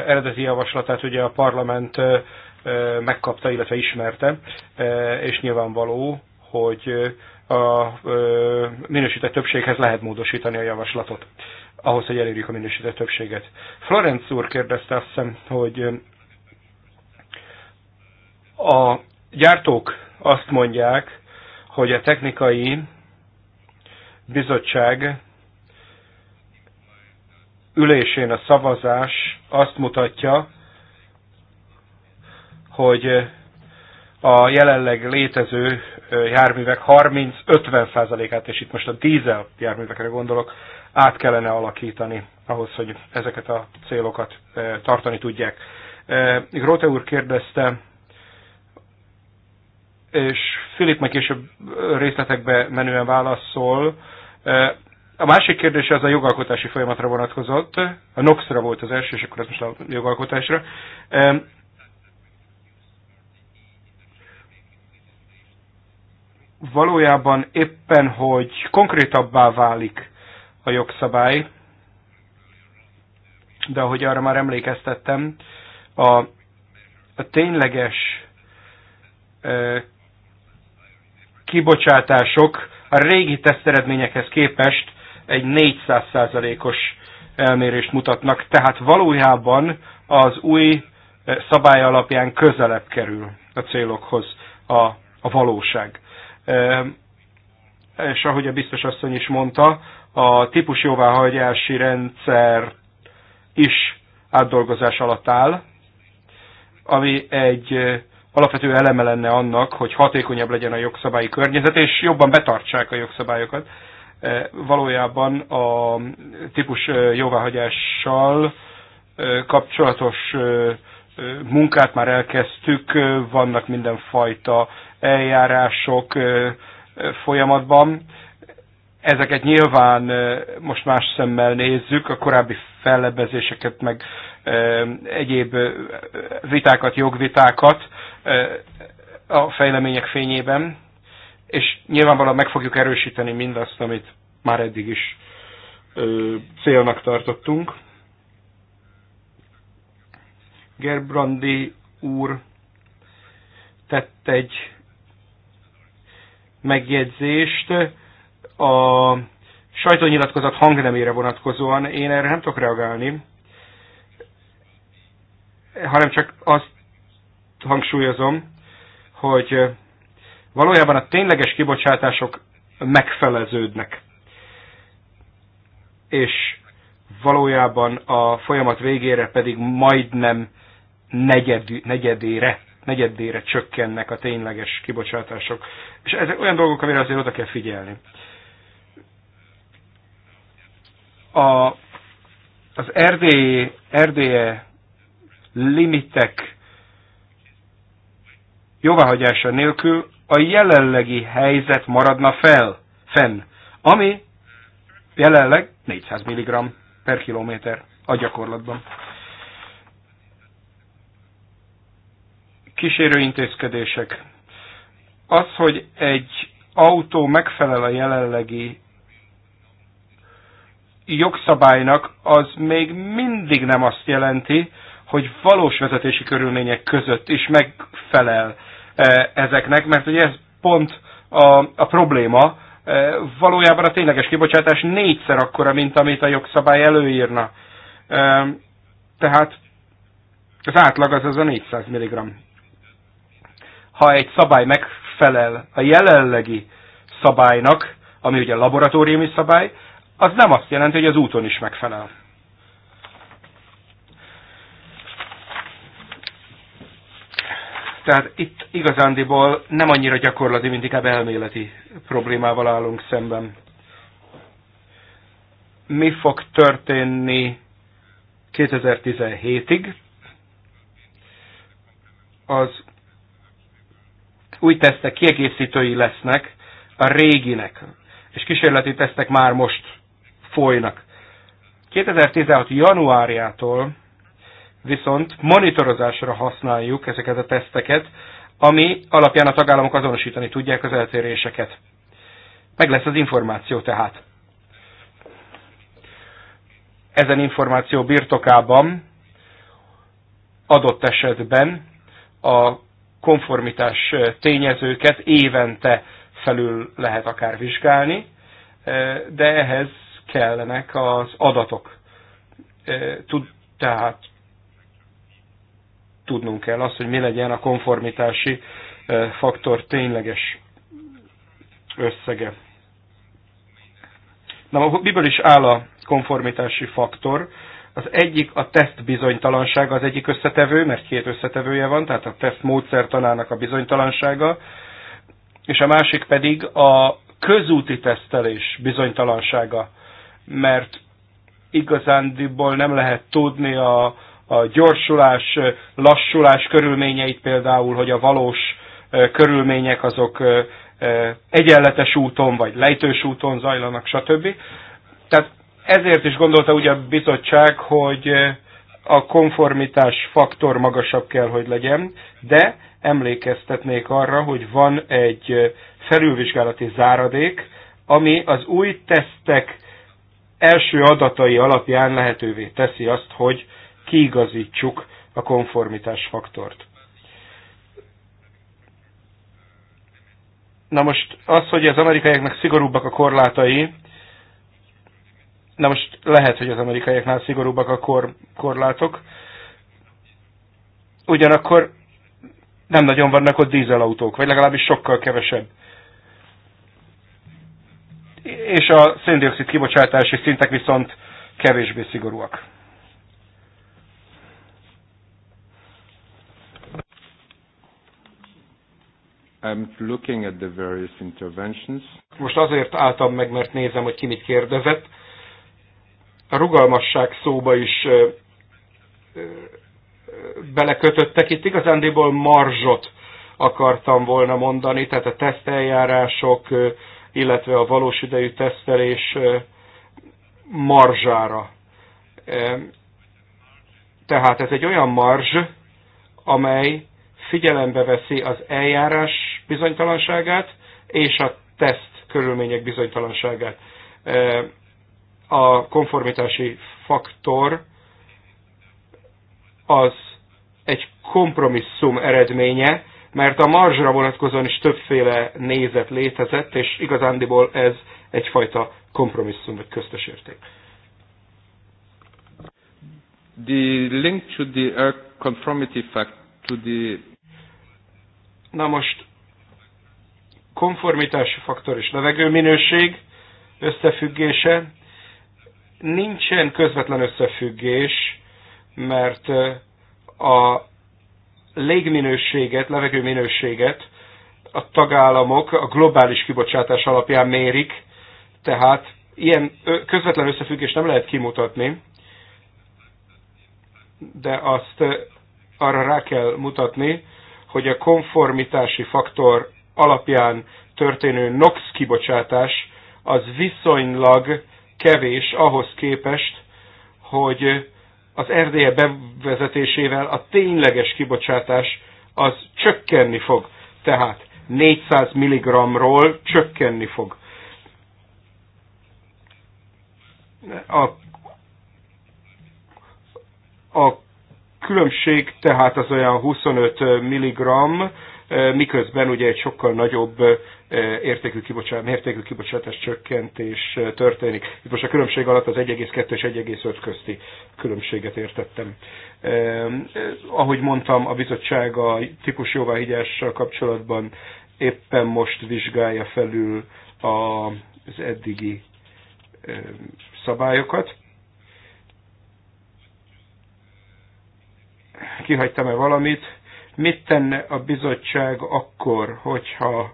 [SPEAKER 1] eredeti javaslatát ugye a parlament eh, megkapta, illetve ismerte, és nyilvánvaló, hogy a minősített többséghez lehet módosítani a javaslatot ahhoz, hogy elérjük a minősített többséget. Florenc úr kérdezte azt hiszem, hogy a gyártók azt mondják, hogy a technikai bizottság ülésén a szavazás azt mutatja, hogy a jelenleg létező járművek 30-50%-át, és itt most a dízel járművekre gondolok, át kellene alakítani ahhoz, hogy ezeket a célokat eh, tartani tudják. Eh, Grote úr kérdezte, és Filip meg később részletekbe menően válaszol. Eh, a másik kérdés az a jogalkotási folyamatra vonatkozott. A NOX-ra volt az első, és akkor ez most a jogalkotásra. Valójában éppen, hogy konkrétabbá válik a jogszabály, de ahogy arra már emlékeztettem, a, a tényleges e, kibocsátások a régi teszteredményekhez képest egy 400%-os elmérést mutatnak, tehát valójában az új szabály alapján közelebb kerül a célokhoz a, a valóság. És ahogy a biztos asszony is mondta, a típus jóváhagyási rendszer is átdolgozás alatt áll, ami egy alapvető eleme lenne annak, hogy hatékonyabb legyen a jogszabályi környezet, és jobban betartsák a jogszabályokat. Valójában a típus jóváhagyással kapcsolatos munkát már elkezdtük, vannak mindenfajta eljárások folyamatban. Ezeket nyilván most más szemmel nézzük, a korábbi fellebezéseket, meg egyéb vitákat, jogvitákat a fejlemények fényében, és nyilvánvalóan meg fogjuk erősíteni mindazt, amit már eddig is célnak tartottunk. Gerbrandi úr tett egy megjegyzést, a sajtónyilatkozat hangnemére vonatkozóan én erre nem tudok reagálni, hanem csak azt hangsúlyozom, hogy valójában a tényleges kibocsátások megfeleződnek. És valójában a folyamat végére pedig majdnem negyed, negyedére, negyedére csökkennek a tényleges kibocsátások. És ezek olyan dolgok, amire azért oda kell figyelni. A, az erdélyi, erdélye limitek jóváhagyása nélkül a jelenlegi helyzet maradna fel, fenn, ami jelenleg 400 mg per kilométer a gyakorlatban. Kísérő intézkedések. Az, hogy egy autó megfelel a jelenlegi jogszabálynak az még mindig nem azt jelenti, hogy valós vezetési körülmények között is megfelel eh, ezeknek, mert ugye ez pont a, a probléma, eh, valójában a tényleges kibocsátás négyszer akkora, mint amit a jogszabály előírna. Eh, tehát az átlag az az a 400 mg. Ha egy szabály megfelel a jelenlegi szabálynak, ami ugye laboratóriumi szabály, az nem azt jelenti, hogy az úton is megfelel. Tehát itt igazándiból nem annyira gyakorlati, mint inkább elméleti problémával állunk szemben. Mi fog történni 2017-ig? Az új tesztek kiegészítői lesznek a réginek, és kísérleti tesztek már most folynak. 2016. januárjától viszont monitorozásra használjuk ezeket a teszteket, ami alapján a tagállamok azonosítani tudják az eltéréseket. Meg lesz az információ tehát. Ezen információ birtokában adott esetben a konformitás tényezőket évente felül lehet akár vizsgálni, de ehhez kellenek az adatok. Tud, tehát tudnunk kell azt, hogy mi legyen a konformitási faktor tényleges összege. Na, miből is áll a konformitási faktor? Az egyik a teszt bizonytalansága az egyik összetevő, mert két összetevője van, tehát a teszt módszertanának a bizonytalansága, és a másik pedig a közúti tesztelés bizonytalansága mert igazándiból nem lehet tudni a, a gyorsulás, lassulás körülményeit például, hogy a valós körülmények azok egyenletes úton, vagy lejtős úton zajlanak, stb. Tehát ezért is gondolta ugye a bizottság, hogy a konformitás faktor magasabb kell, hogy legyen, de emlékeztetnék arra, hogy van egy felülvizsgálati záradék, ami az új tesztek első adatai alapján lehetővé teszi azt, hogy kiigazítsuk a konformitás faktort. Na most az, hogy az amerikaiaknak szigorúbbak a korlátai, na most lehet, hogy az amerikaiaknál szigorúbbak a kor, korlátok, ugyanakkor nem nagyon vannak ott dízelautók, vagy legalábbis sokkal kevesebb és a széndiokszid kibocsátási szintek viszont kevésbé szigorúak. I'm looking at the various interventions. Most azért álltam meg, mert nézem, hogy ki mit kérdezett. A rugalmasság szóba is belekötöttek. Itt igazándiból marzsot akartam volna mondani, tehát a teszteljárások, illetve a valós idejű tesztelés marzsára. Tehát ez egy olyan marzs, amely figyelembe veszi az eljárás bizonytalanságát és a teszt körülmények bizonytalanságát. A konformitási faktor az egy kompromisszum eredménye, mert a marzsra vonatkozóan is többféle nézet létezett, és igazándiból ez egyfajta kompromisszum vagy köztes érték. The link to the conformity fact to the... Na most konformitási faktor és levegőminőség összefüggése. Nincsen közvetlen összefüggés, mert a légminőséget, levegőminőséget a tagállamok a globális kibocsátás alapján mérik, tehát ilyen közvetlen összefüggést nem lehet kimutatni, de azt arra rá kell mutatni, hogy a konformitási faktor alapján történő NOx kibocsátás az viszonylag kevés ahhoz képest, hogy az erdélye bevezetésével a tényleges kibocsátás az csökkenni fog. Tehát 400 mg-ról csökkenni fog. A, a különbség tehát az olyan 25 mg, miközben ugye egy sokkal nagyobb értékű, kibocsát, értékű kibocsátás csökkentés történik. Itt most a különbség alatt az 1,2 és 1,5 közti különbséget értettem. Ahogy mondtam, a bizottság a típus jóváhigyással kapcsolatban éppen most vizsgálja felül az eddigi szabályokat. Kihagytam-e valamit? Mit tenne a bizottság akkor, hogyha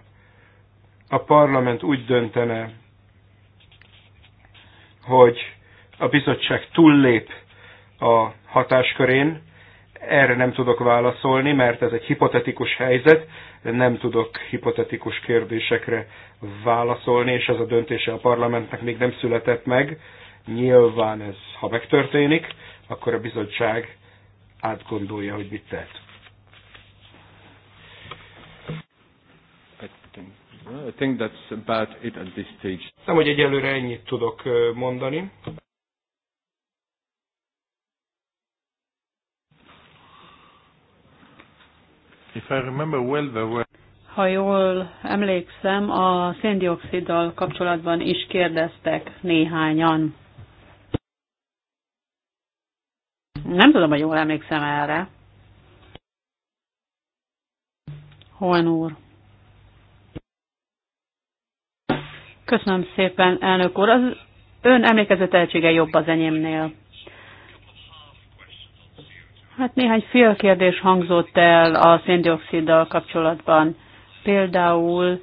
[SPEAKER 1] a parlament úgy döntene, hogy a bizottság túllép a hatáskörén, erre nem tudok válaszolni, mert ez egy hipotetikus helyzet, nem tudok hipotetikus kérdésekre válaszolni, és ez a döntése a parlamentnek még nem született meg. Nyilván ez, ha megtörténik, akkor a bizottság átgondolja, hogy mit tett. I think that's about it at this stage. Nem, hogy egyelőre ennyit tudok mondani.
[SPEAKER 2] If I remember well, there were... Ha jól emlékszem, a széndioksziddal kapcsolatban is kérdeztek néhányan. Nem tudom, hogy jól emlékszem erre. Hol úr. Köszönöm szépen, elnök úr. Az ön emlékező tehetsége jobb az enyémnél. Hát néhány fél kérdés hangzott el a széndioksziddal kapcsolatban. Például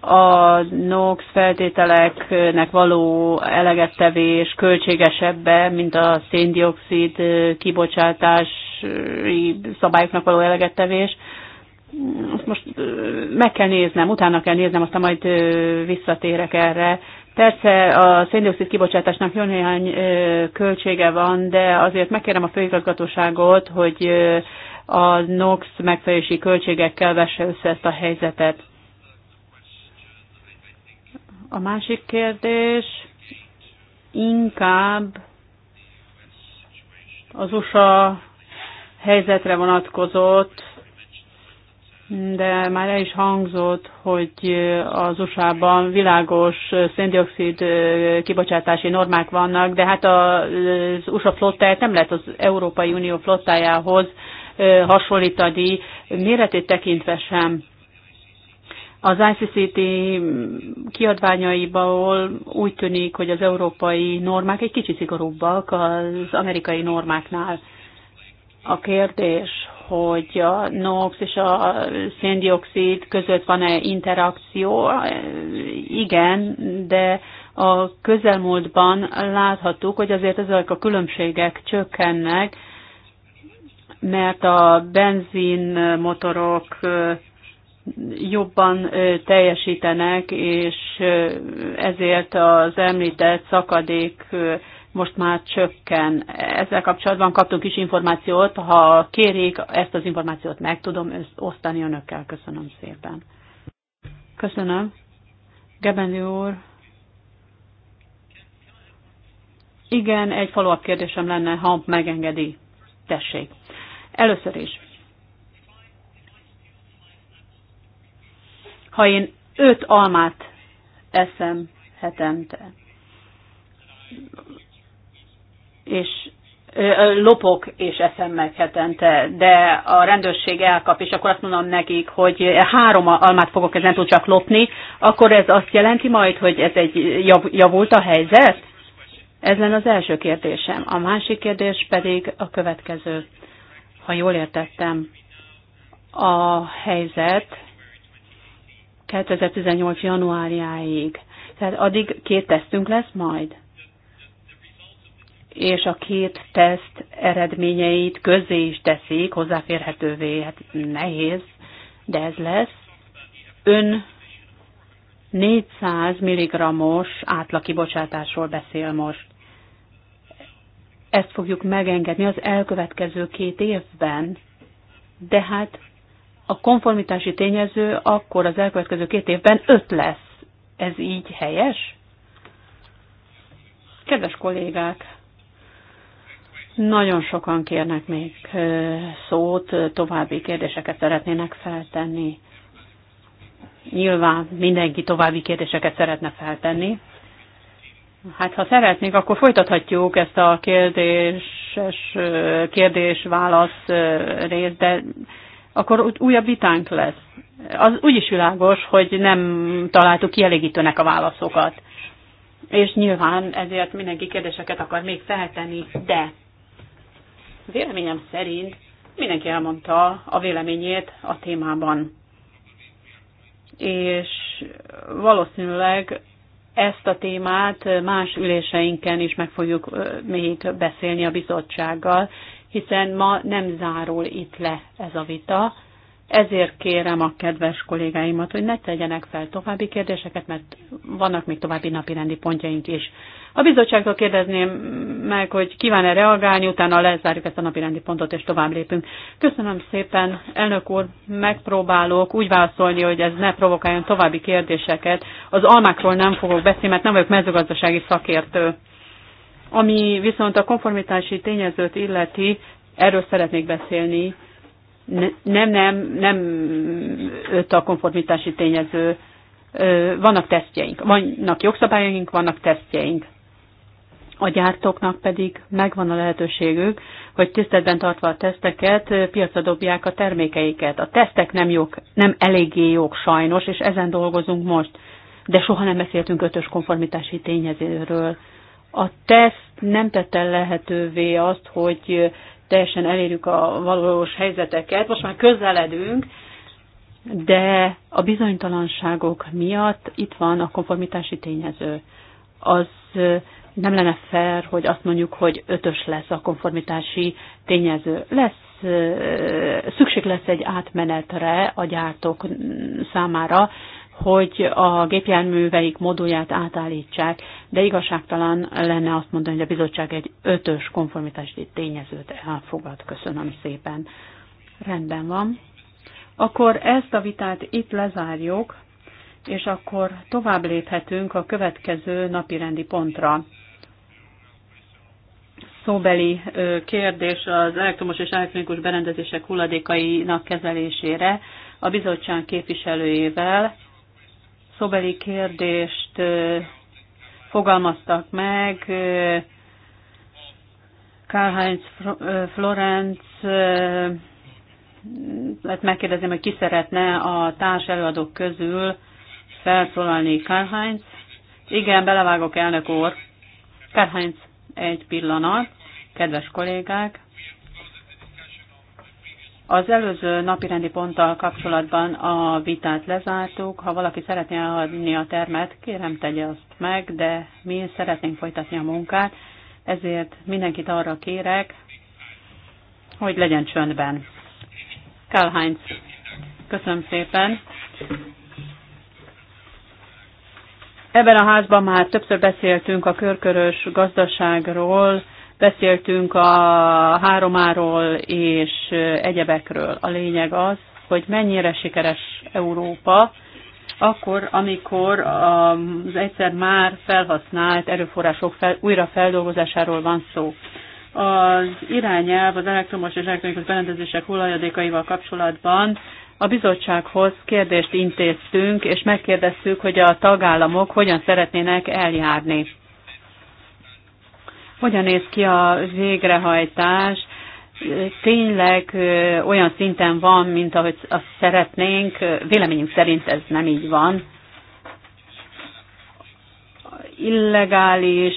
[SPEAKER 2] a NOx feltételeknek való elegettevés költségesebbe, mint a széndiokszid kibocsátási szabályoknak való elegettevés azt most meg kell néznem, utána kell néznem, aztán majd visszatérek erre. Persze a széndiokszid kibocsátásnak jó néhány költsége van, de azért megkérem a főigazgatóságot, hogy a NOx megfelelési költségekkel vesse össze ezt a helyzetet. A másik kérdés inkább az USA helyzetre vonatkozott, de már el is hangzott, hogy az USA-ban világos széndiokszid kibocsátási normák vannak, de hát az USA flottáját nem lehet az Európai Unió flottájához hasonlítani, méretét tekintve sem. Az ICCT kiadványaiból úgy tűnik, hogy az európai normák egy kicsit szigorúbbak az amerikai normáknál. A kérdés, hogy a NOx és a széndiokszid között van-e interakció. Igen, de a közelmúltban láthattuk, hogy azért ezek a különbségek csökkennek, mert a benzinmotorok jobban teljesítenek, és ezért az említett szakadék most már csökken. Ezzel kapcsolatban kaptunk is információt, ha kérik, ezt az információt meg tudom osztani önökkel. Köszönöm szépen. Köszönöm. Gebendi úr. Igen, egy follow kérdésem lenne, ha megengedi. Tessék. Először is. Ha én öt almát eszem hetente, és lopok és eszem meg hetente, de a rendőrség elkap, és akkor azt mondom nekik, hogy három almát fogok túl csak lopni, akkor ez azt jelenti majd, hogy ez egy jav, javult a helyzet? Ez lenne az első kérdésem. A másik kérdés pedig a következő. Ha jól értettem, a helyzet 2018. januárjáig. Tehát addig két tesztünk lesz majd? és a két teszt eredményeit közé is teszik, hozzáférhetővé, hát nehéz, de ez lesz. Ön 400 mg-os átlakibocsátásról beszél most. Ezt fogjuk megengedni az elkövetkező két évben, de hát a konformitási tényező akkor az elkövetkező két évben 5 lesz. Ez így helyes? Kedves kollégák, nagyon sokan kérnek még szót, további kérdéseket szeretnének feltenni. Nyilván mindenki további kérdéseket szeretne feltenni. Hát ha szeretnék, akkor folytathatjuk ezt a kérdéses, kérdés-válasz részt, de akkor újabb vitánk lesz. Az úgy is világos, hogy nem találtuk kielégítőnek a válaszokat. És nyilván ezért mindenki kérdéseket akar még feltenni, de Véleményem szerint mindenki elmondta a véleményét a témában. És valószínűleg ezt a témát más üléseinken is meg fogjuk még beszélni a bizottsággal, hiszen ma nem zárul itt le ez a vita, ezért kérem a kedves kollégáimat, hogy ne tegyenek fel további kérdéseket, mert vannak még további napi rendi pontjaink is. A bizottságtól kérdezném meg, hogy kíván-e reagálni, utána lezárjuk ezt a napi rendi pontot, és tovább lépünk. Köszönöm szépen, elnök úr, megpróbálok úgy válaszolni, hogy ez ne provokáljon további kérdéseket. Az almákról nem fogok beszélni, mert nem vagyok mezőgazdasági szakértő. Ami viszont a konformitási tényezőt illeti, erről szeretnék beszélni, nem, nem, nem öt a konformitási tényező. Vannak tesztjeink, vannak jogszabályaink, vannak tesztjeink. A gyártóknak pedig megvan a lehetőségük, hogy tiszteletben tartva a teszteket, piacra dobják a termékeiket. A tesztek nem, jók, nem eléggé jók sajnos, és ezen dolgozunk most. De soha nem beszéltünk ötös konformitási tényezőről. A teszt nem tette lehetővé azt, hogy teljesen elérjük a valós helyzeteket. Most már közeledünk, de a bizonytalanságok miatt itt van a konformitási tényező. Az nem lenne fair, hogy azt mondjuk, hogy ötös lesz a konformitási tényező. Lesz, szükség lesz egy átmenetre a gyártók számára, hogy a gépjárműveik modulját átállítsák, de igazságtalan lenne azt mondani, hogy a bizottság egy ötös konformitási tényezőt elfogad. Köszönöm szépen. Rendben van. Akkor ezt a vitát itt lezárjuk, és akkor tovább léphetünk a következő napi rendi pontra. Szóbeli kérdés az elektromos és elektronikus berendezések hulladékainak kezelésére a bizottság képviselőjével, szobeli kérdést fogalmaztak meg. Karl-Heinz Florenc lehet megkérdezném, hogy ki szeretne a társ előadók közül felszólalni. Karl-Heinz? Igen, belevágok, elnök úr. Karl-Heinz, egy pillanat. Kedves kollégák, az előző napirendi ponttal kapcsolatban a vitát lezártuk. Ha valaki szeretné adni a termet, kérem tegye azt meg, de mi szeretnénk folytatni a munkát, ezért mindenkit arra kérek, hogy legyen csöndben. Karl Heinz, köszönöm szépen. Ebben a házban már többször beszéltünk a körkörös gazdaságról, Beszéltünk a háromáról és egyebekről. A lényeg az, hogy mennyire sikeres Európa, akkor, amikor az egyszer már felhasznált erőforrások fel, újra feldolgozásáról van szó. Az irányelv az elektromos és elektronikus berendezések hulajadékaival kapcsolatban a bizottsághoz kérdést intéztünk, és megkérdeztük, hogy a tagállamok hogyan szeretnének eljárni hogyan néz ki a végrehajtás, tényleg olyan szinten van, mint ahogy azt szeretnénk. Véleményünk szerint ez nem így van. Illegális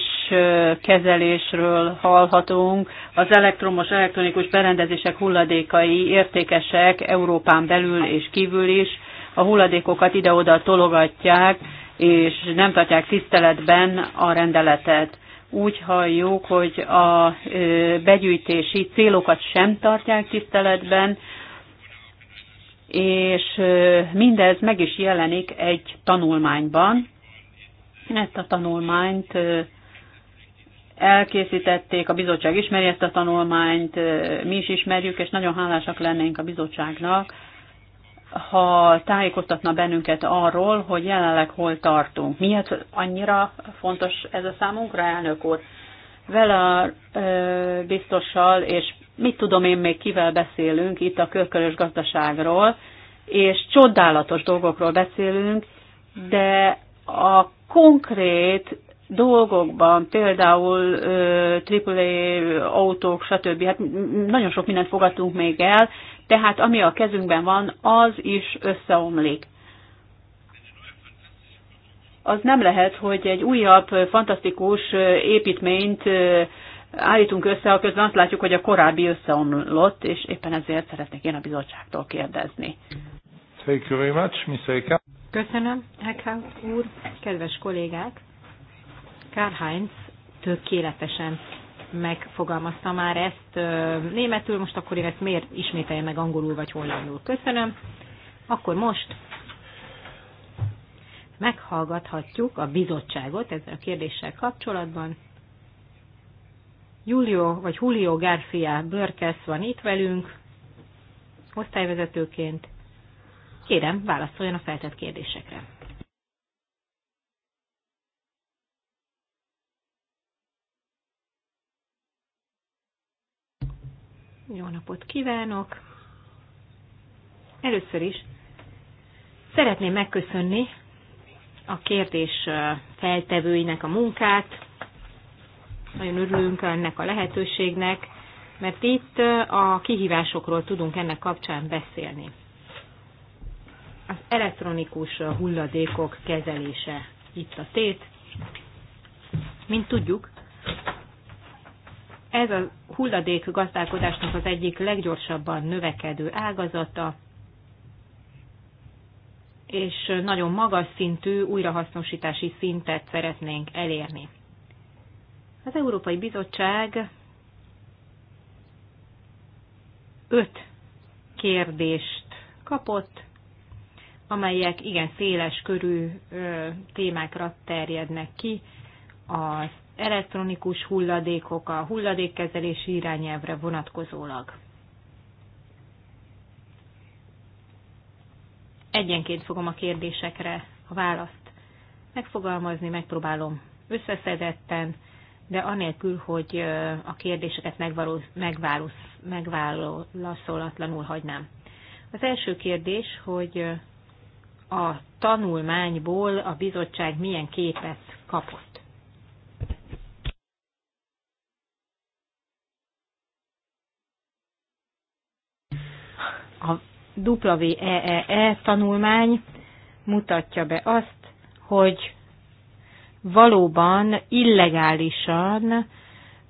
[SPEAKER 2] kezelésről hallhatunk. Az elektromos, elektronikus berendezések hulladékai értékesek Európán belül és kívül is. A hulladékokat ide-oda tologatják, és nem tartják tiszteletben a rendeletet úgy halljuk, hogy a begyűjtési célokat sem tartják tiszteletben, és mindez meg is jelenik egy tanulmányban. Ezt a tanulmányt elkészítették, a bizottság ismeri ezt a tanulmányt, mi is ismerjük, és nagyon hálásak lennénk a bizottságnak, ha tájékoztatna bennünket arról, hogy jelenleg hol tartunk. Miért annyira fontos ez a számunkra, elnök úr? Vele biztossal, és mit tudom én még kivel beszélünk itt a körkörös gazdaságról, és csodálatos dolgokról beszélünk, de a konkrét dolgokban, például AAA autók, stb. Hát nagyon sok mindent fogadtunk még el, tehát ami a kezünkben van, az is összeomlik. Az nem lehet, hogy egy újabb, fantasztikus építményt állítunk össze, a közben azt látjuk, hogy a korábbi összeomlott, és éppen ezért szeretnék én a bizottságtól
[SPEAKER 3] kérdezni. Thank you very much, Ms. Eka. Köszönöm, Eckhout úr, kedves kollégák. Karl Heinz tökéletesen megfogalmazta már ezt németül, most akkor én ezt miért ismételjem meg angolul vagy hollandul. Köszönöm. Akkor most meghallgathatjuk a bizottságot ezzel a kérdéssel kapcsolatban. Julio, vagy Julio Garcia Börkesz van itt velünk, osztályvezetőként. Kérem, válaszoljon a feltett kérdésekre. Jó napot kívánok! Először is szeretném megköszönni a kérdés feltevőinek a munkát. Nagyon örülünk ennek a lehetőségnek, mert itt a kihívásokról tudunk ennek kapcsán beszélni. Az elektronikus hulladékok kezelése itt a tét. Mint tudjuk, ez a hulladék gazdálkodásnak az egyik leggyorsabban növekedő ágazata, és nagyon magas szintű újrahasznosítási szintet szeretnénk elérni. Az Európai Bizottság öt kérdést kapott, amelyek igen széles körű ö, témákra terjednek ki az elektronikus hulladékok a hulladékkezelési irányelvre vonatkozólag. Egyenként fogom a kérdésekre a választ megfogalmazni, megpróbálom összeszedetten, de anélkül, hogy a kérdéseket megválaszolatlanul hagynám. Az első kérdés, hogy a tanulmányból a bizottság milyen képet kapott. A WEEE e e tanulmány mutatja be azt, hogy valóban illegálisan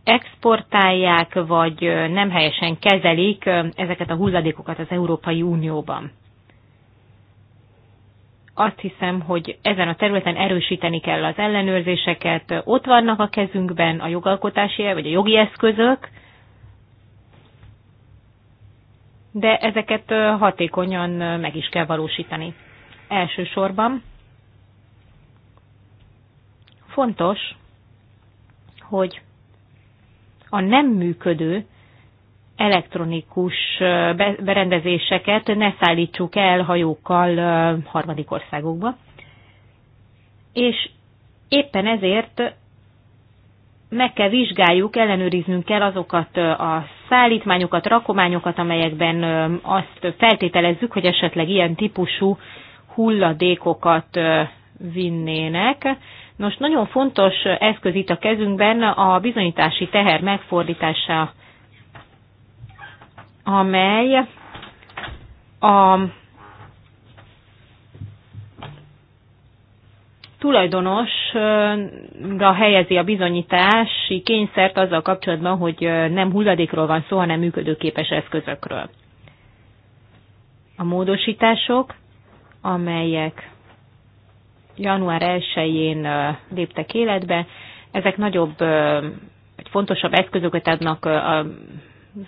[SPEAKER 3] exportálják, vagy nem helyesen kezelik ezeket a hulladékokat az Európai Unióban. Azt hiszem, hogy ezen a területen erősíteni kell az ellenőrzéseket. Ott vannak a kezünkben a jogalkotási, vagy a jogi eszközök, de ezeket hatékonyan meg is kell valósítani. Elsősorban fontos, hogy a nem működő elektronikus berendezéseket ne szállítsuk el hajókkal harmadik országokba. És éppen ezért meg kell vizsgáljuk, ellenőriznünk kell azokat a szállítmányokat, rakományokat, amelyekben azt feltételezzük, hogy esetleg ilyen típusú hulladékokat vinnének. Nos, nagyon fontos eszköz itt a kezünkben a bizonyítási teher megfordítása, amely a tulajdonosra helyezi a bizonyítási kényszert azzal kapcsolatban, hogy nem hulladékról van szó, hanem működőképes eszközökről. A módosítások, amelyek január 1-én léptek életbe, ezek nagyobb, vagy fontosabb eszközöket adnak az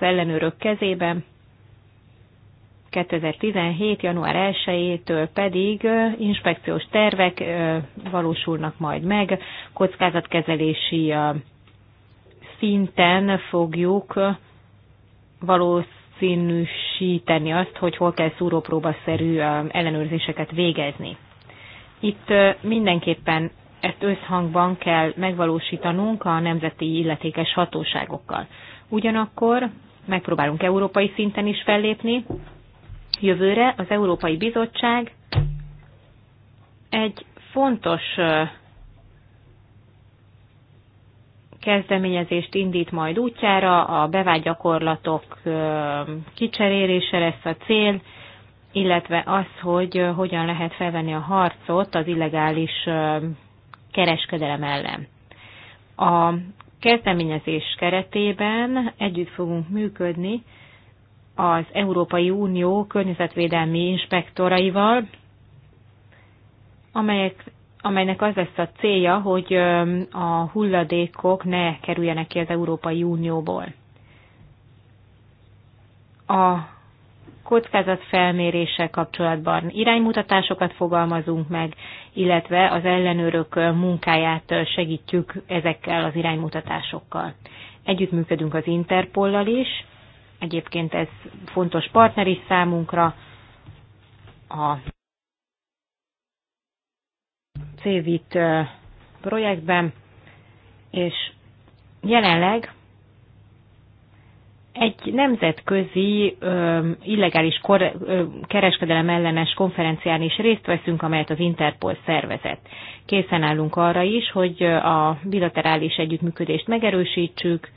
[SPEAKER 3] ellenőrök kezébe, 2017. január 1-től pedig inspekciós tervek valósulnak majd meg, kockázatkezelési szinten fogjuk valószínűsíteni azt, hogy hol kell szúrópróbaszerű ellenőrzéseket végezni. Itt mindenképpen ezt összhangban kell megvalósítanunk a nemzeti illetékes hatóságokkal. Ugyanakkor megpróbálunk európai szinten is fellépni, jövőre az Európai Bizottság egy fontos kezdeményezést indít majd útjára, a bevált gyakorlatok kicserélése lesz a cél, illetve az, hogy hogyan lehet felvenni a harcot az illegális kereskedelem ellen. A kezdeményezés keretében együtt fogunk működni az Európai Unió környezetvédelmi inspektoraival, amelyek, amelynek az lesz a célja, hogy a hulladékok ne kerüljenek ki az Európai Unióból. A kockázatfelméréssel kapcsolatban iránymutatásokat fogalmazunk meg, illetve az ellenőrök munkáját segítjük ezekkel az iránymutatásokkal. Együttműködünk az Interpollal is, Egyébként ez fontos partner is számunkra. A CVIT projektben, és jelenleg egy nemzetközi illegális kereskedelem ellenes konferencián is részt veszünk, amelyet az Interpol szervezett. Készen állunk arra is, hogy a bilaterális együttműködést megerősítsük,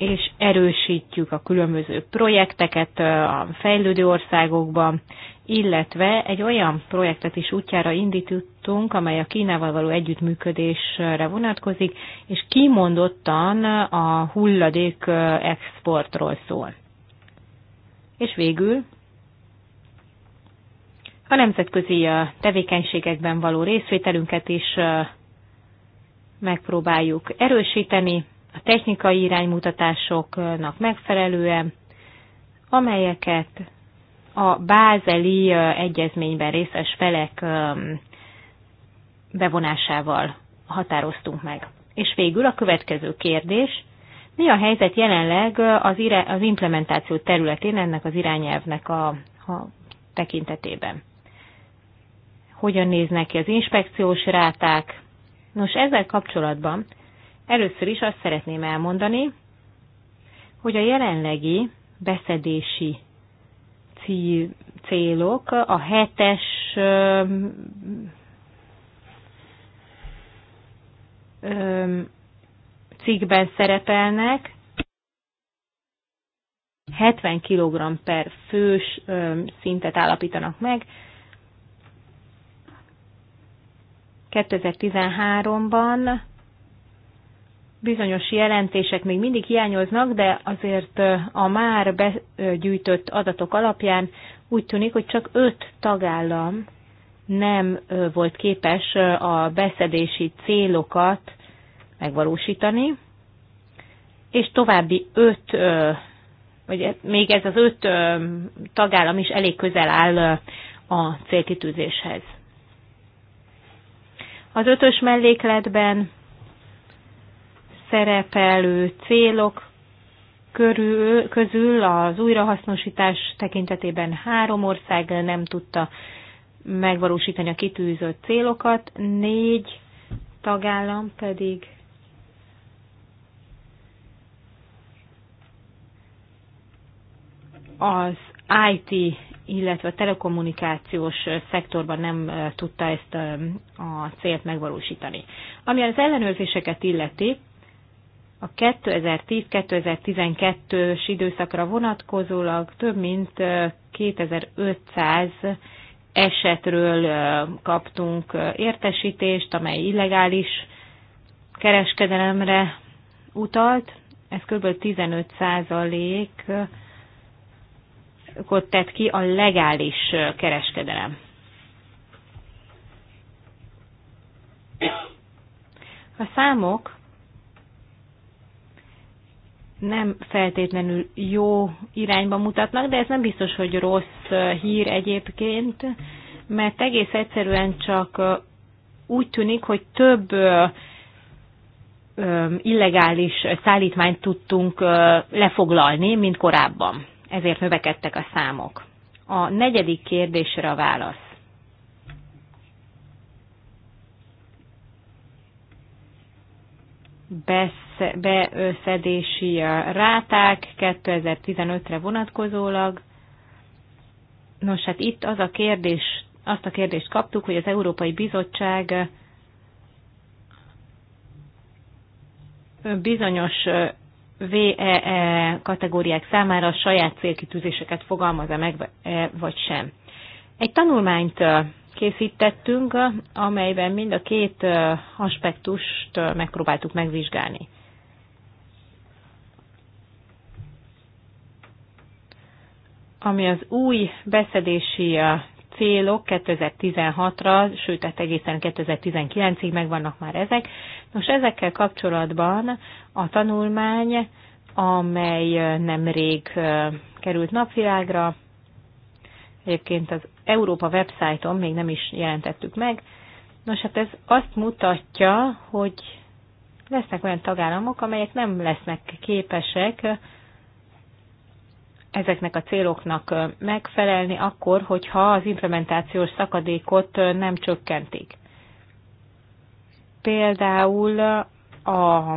[SPEAKER 3] és erősítjük a különböző projekteket a fejlődő országokban, illetve egy olyan projektet is útjára indítottunk, amely a Kínával való együttműködésre vonatkozik, és kimondottan a hulladék exportról szól. És végül a nemzetközi tevékenységekben való részvételünket is megpróbáljuk erősíteni, a technikai iránymutatásoknak megfelelően, amelyeket a bázeli egyezményben részes felek bevonásával határoztunk meg. És végül a következő kérdés, mi a helyzet jelenleg az, irá, az implementáció területén ennek az irányelvnek a, a tekintetében? Hogyan néznek ki az inspekciós ráták? Nos, ezzel kapcsolatban Először is azt szeretném elmondani, hogy a jelenlegi beszedési célok a hetes cikkben szerepelnek, 70 kg per fős szintet állapítanak meg. 2013-ban bizonyos jelentések még mindig hiányoznak, de azért a már begyűjtött adatok alapján úgy tűnik, hogy csak öt tagállam nem volt képes a beszedési célokat megvalósítani, és további öt, vagy e- még ez az öt tagállam is elég közel áll a célkitűzéshez. Az ötös mellékletben szerepelő célok körül, közül az újrahasznosítás tekintetében három ország nem tudta megvalósítani a kitűzött célokat, négy tagállam pedig az IT, illetve a telekommunikációs szektorban nem tudta ezt a célt megvalósítani. Ami az ellenőrzéseket illeti, a 2010-2012-ös időszakra vonatkozólag több mint 2500 esetről kaptunk értesítést, amely illegális kereskedelemre utalt. Ez kb. 15%-ot tett ki a legális kereskedelem. A számok nem feltétlenül jó irányba mutatnak, de ez nem biztos, hogy rossz hír egyébként, mert egész egyszerűen csak úgy tűnik, hogy több illegális szállítmányt tudtunk lefoglalni, mint korábban. Ezért növekedtek a számok. A negyedik kérdésre a válasz. Besz beszedési ráták 2015-re vonatkozólag. Nos, hát itt az a kérdés, azt a kérdést kaptuk, hogy az Európai Bizottság bizonyos VEE e kategóriák számára saját célkitűzéseket fogalmaz-e meg, e, vagy sem. Egy tanulmányt készítettünk, amelyben mind a két aspektust megpróbáltuk megvizsgálni. ami az új beszedési célok 2016-ra, sőt, tehát egészen 2019-ig megvannak már ezek. Nos, ezekkel kapcsolatban a tanulmány, amely nemrég került napvilágra, egyébként az Európa websájton még nem is jelentettük meg. Nos, hát ez azt mutatja, hogy lesznek olyan tagállamok, amelyek nem lesznek képesek ezeknek a céloknak megfelelni akkor, hogyha az implementációs szakadékot nem csökkentik. Például a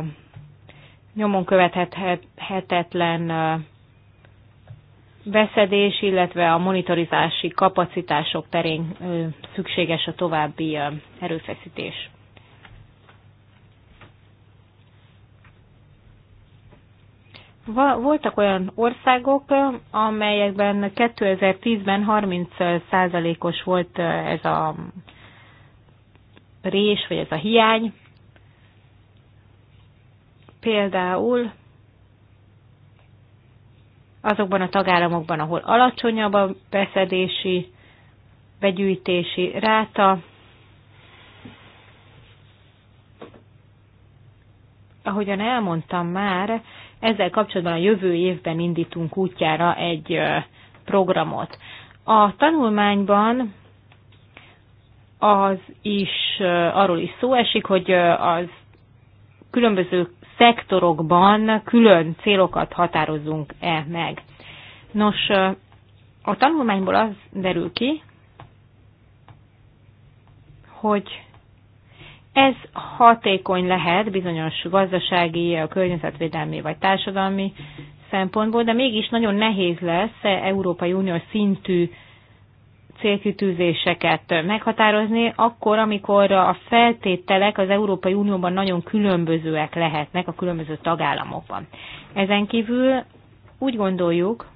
[SPEAKER 3] nyomon követhetetlen beszedés, illetve a monitorizási kapacitások terén szükséges a további erőfeszítés. Voltak olyan országok, amelyekben 2010-ben 30%-os volt ez a rés, vagy ez a hiány. Például azokban a tagállamokban, ahol alacsonyabb a beszedési, begyűjtési ráta, ahogyan elmondtam már, ezzel kapcsolatban a jövő évben indítunk útjára egy programot. A tanulmányban az is, arról is szó esik, hogy az különböző szektorokban külön célokat határozzunk-e meg. Nos, a tanulmányból az derül ki, hogy ez hatékony lehet bizonyos gazdasági, a környezetvédelmi vagy társadalmi szempontból, de mégis nagyon nehéz lesz Európai Unió szintű célkitűzéseket meghatározni, akkor, amikor a feltételek az Európai Unióban nagyon különbözőek lehetnek a különböző tagállamokban. Ezen kívül úgy gondoljuk,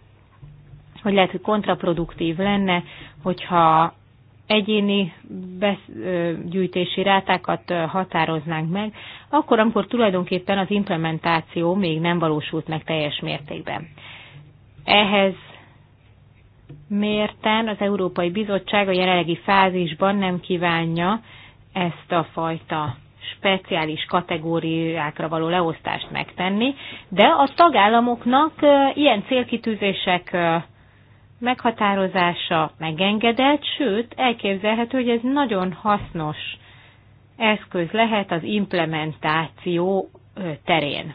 [SPEAKER 3] hogy lehet, hogy kontraproduktív lenne, hogyha egyéni gyűjtési rátákat határoznánk meg, akkor, amikor tulajdonképpen az implementáció még nem valósult meg teljes mértékben. Ehhez mérten az Európai Bizottság a jelenlegi fázisban nem kívánja ezt a fajta speciális kategóriákra való leosztást megtenni, de a tagállamoknak ilyen célkitűzések meghatározása megengedett, sőt, elképzelhető, hogy ez nagyon hasznos eszköz lehet az implementáció terén,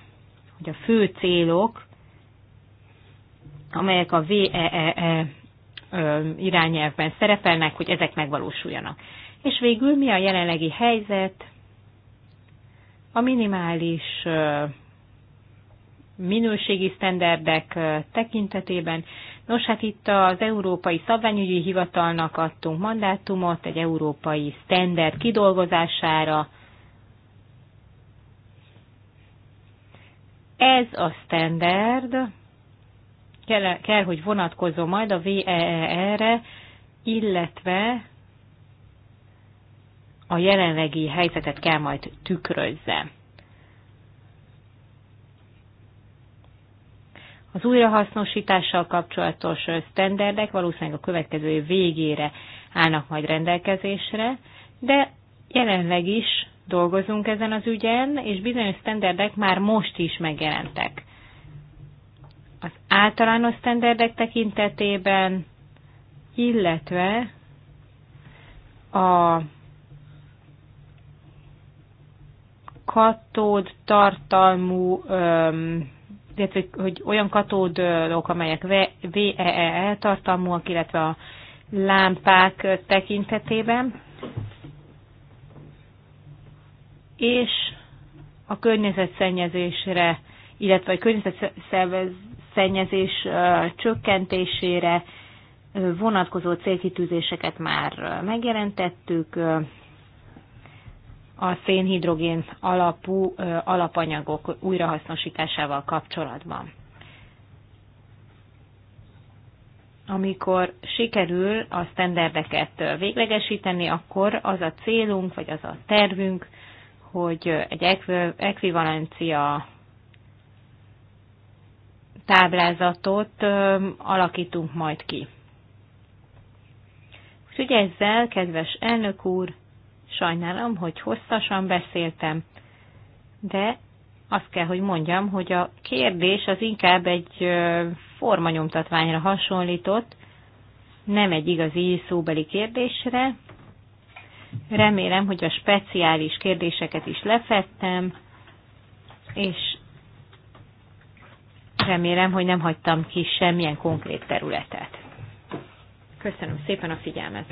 [SPEAKER 3] hogy a fő célok, amelyek a VEEE e e, irányelvben szerepelnek, hogy ezek megvalósuljanak. És végül mi a jelenlegi helyzet? A minimális minőségi sztenderdek tekintetében Nos, hát itt az Európai Szabványügyi Hivatalnak adtunk mandátumot egy európai standard kidolgozására. Ez a standard kell, kell hogy vonatkozom majd a VEE-re, illetve a jelenlegi helyzetet kell majd tükrözze. Az újrahasznosítással kapcsolatos sztenderdek valószínűleg a következő év végére állnak majd rendelkezésre, de jelenleg is dolgozunk ezen az ügyen, és bizonyos sztenderdek már most is megjelentek. Az általános sztenderdek tekintetében, illetve a katód tartalmú öm, illetve hogy olyan katódok, amelyek VEE e e tartalmúak, illetve a lámpák tekintetében, és a környezetszennyezésre, illetve a környezetszennyezés csökkentésére vonatkozó célkitűzéseket már megjelentettük, a szénhidrogén alapú alapanyagok újrahasznosításával kapcsolatban. Amikor sikerül a sztenderdeket véglegesíteni, akkor az a célunk, vagy az a tervünk, hogy egy ekvivalencia táblázatot alakítunk majd ki. Úgyhogy ezzel, kedves elnök úr, Sajnálom, hogy hosszasan beszéltem, de azt kell, hogy mondjam, hogy a kérdés az inkább egy formanyomtatványra hasonlított, nem egy igazi szóbeli kérdésre. Remélem, hogy a speciális kérdéseket is lefettem, és remélem, hogy nem hagytam ki semmilyen konkrét területet. Köszönöm szépen a figyelmet!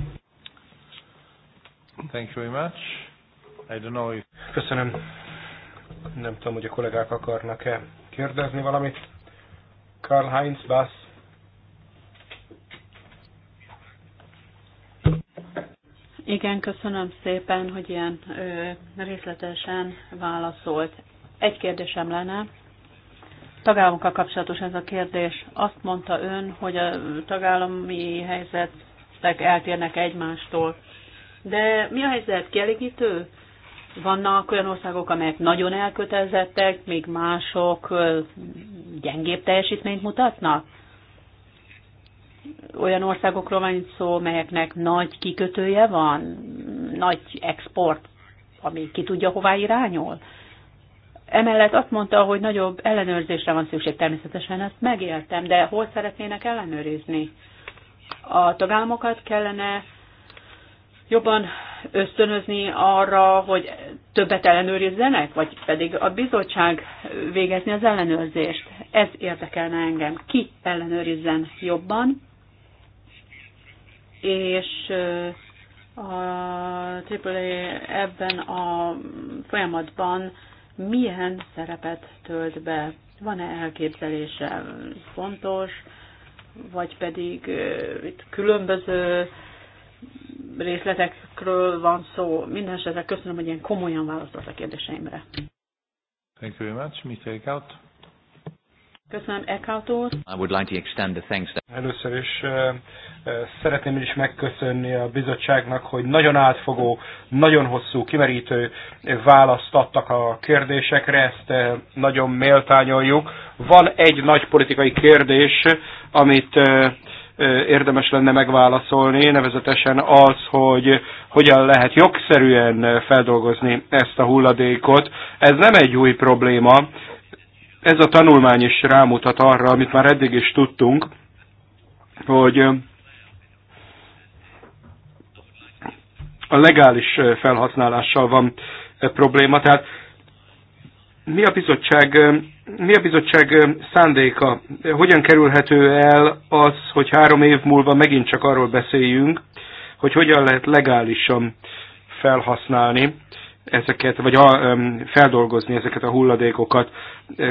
[SPEAKER 1] Thank you very much. I don't know if... Köszönöm. Nem tudom, hogy a kollégák akarnak-e kérdezni valamit. Karl Heinz Bass.
[SPEAKER 2] Igen, köszönöm szépen, hogy ilyen ö, részletesen válaszolt. Egy kérdésem lenne. Tagállamokkal kapcsolatos ez a kérdés. Azt mondta ön, hogy a tagállami helyzetek eltérnek egymástól. De mi a helyzet? Kielégítő? Vannak olyan országok, amelyek nagyon elkötelezettek, még mások gyengébb teljesítményt mutatnak? Olyan országokról van szó, melyeknek nagy kikötője van, nagy export, ami ki tudja hová irányul? Emellett azt mondta, hogy nagyobb ellenőrzésre van szükség. Természetesen ezt megéltem, de hol szeretnének ellenőrizni? A tagállamokat kellene jobban ösztönözni arra, hogy többet ellenőrizzenek, vagy pedig a bizottság végezni az ellenőrzést. Ez érdekelne engem. Ki ellenőrizzen jobban, és a AAA ebben a folyamatban milyen szerepet tölt be? Van-e elképzelése fontos, vagy pedig itt különböző részletekről van szó. Mindenesetre köszönöm, hogy ilyen komolyan válaszolt a kérdéseimre.
[SPEAKER 3] Thank you very much, Mr. Eckhout.
[SPEAKER 2] Köszönöm, Eckhout úr.
[SPEAKER 1] I would like to extend the thanks. Először is uh, szeretném is megköszönni a bizottságnak, hogy nagyon átfogó, nagyon hosszú, kimerítő választ adtak a kérdésekre, ezt nagyon méltányoljuk. Van egy nagy politikai kérdés, amit uh, érdemes lenne megválaszolni, nevezetesen az, hogy hogyan lehet jogszerűen feldolgozni ezt a hulladékot. Ez nem egy új probléma, ez a tanulmány is rámutat arra, amit már eddig is tudtunk, hogy a legális felhasználással van e probléma. Tehát mi a bizottság mi a bizottság szándéka? Hogyan kerülhető el az, hogy három év múlva megint csak arról beszéljünk, hogy hogyan lehet legálisan felhasználni ezeket, vagy a, feldolgozni ezeket a hulladékokat.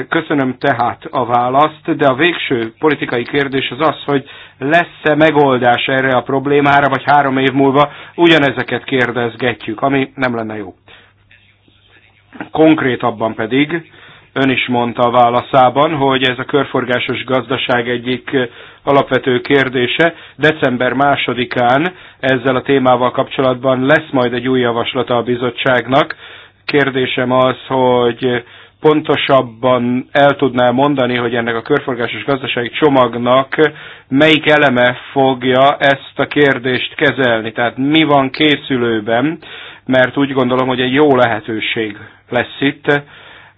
[SPEAKER 1] Köszönöm tehát a választ, de a végső politikai kérdés az az, hogy lesz-e megoldás erre a problémára, vagy három év múlva ugyanezeket kérdezgetjük, ami nem lenne jó. Konkrétabban pedig ön is mondta a válaszában, hogy ez a körforgásos gazdaság egyik eh, alapvető kérdése. December másodikán ezzel a témával kapcsolatban lesz majd egy új javaslata a bizottságnak. Kérdésem az, hogy pontosabban el tudná mondani, hogy ennek a körforgásos gazdasági csomagnak melyik eleme fogja ezt a kérdést kezelni. Tehát mi van készülőben, mert úgy gondolom, hogy egy jó lehetőség lesz itt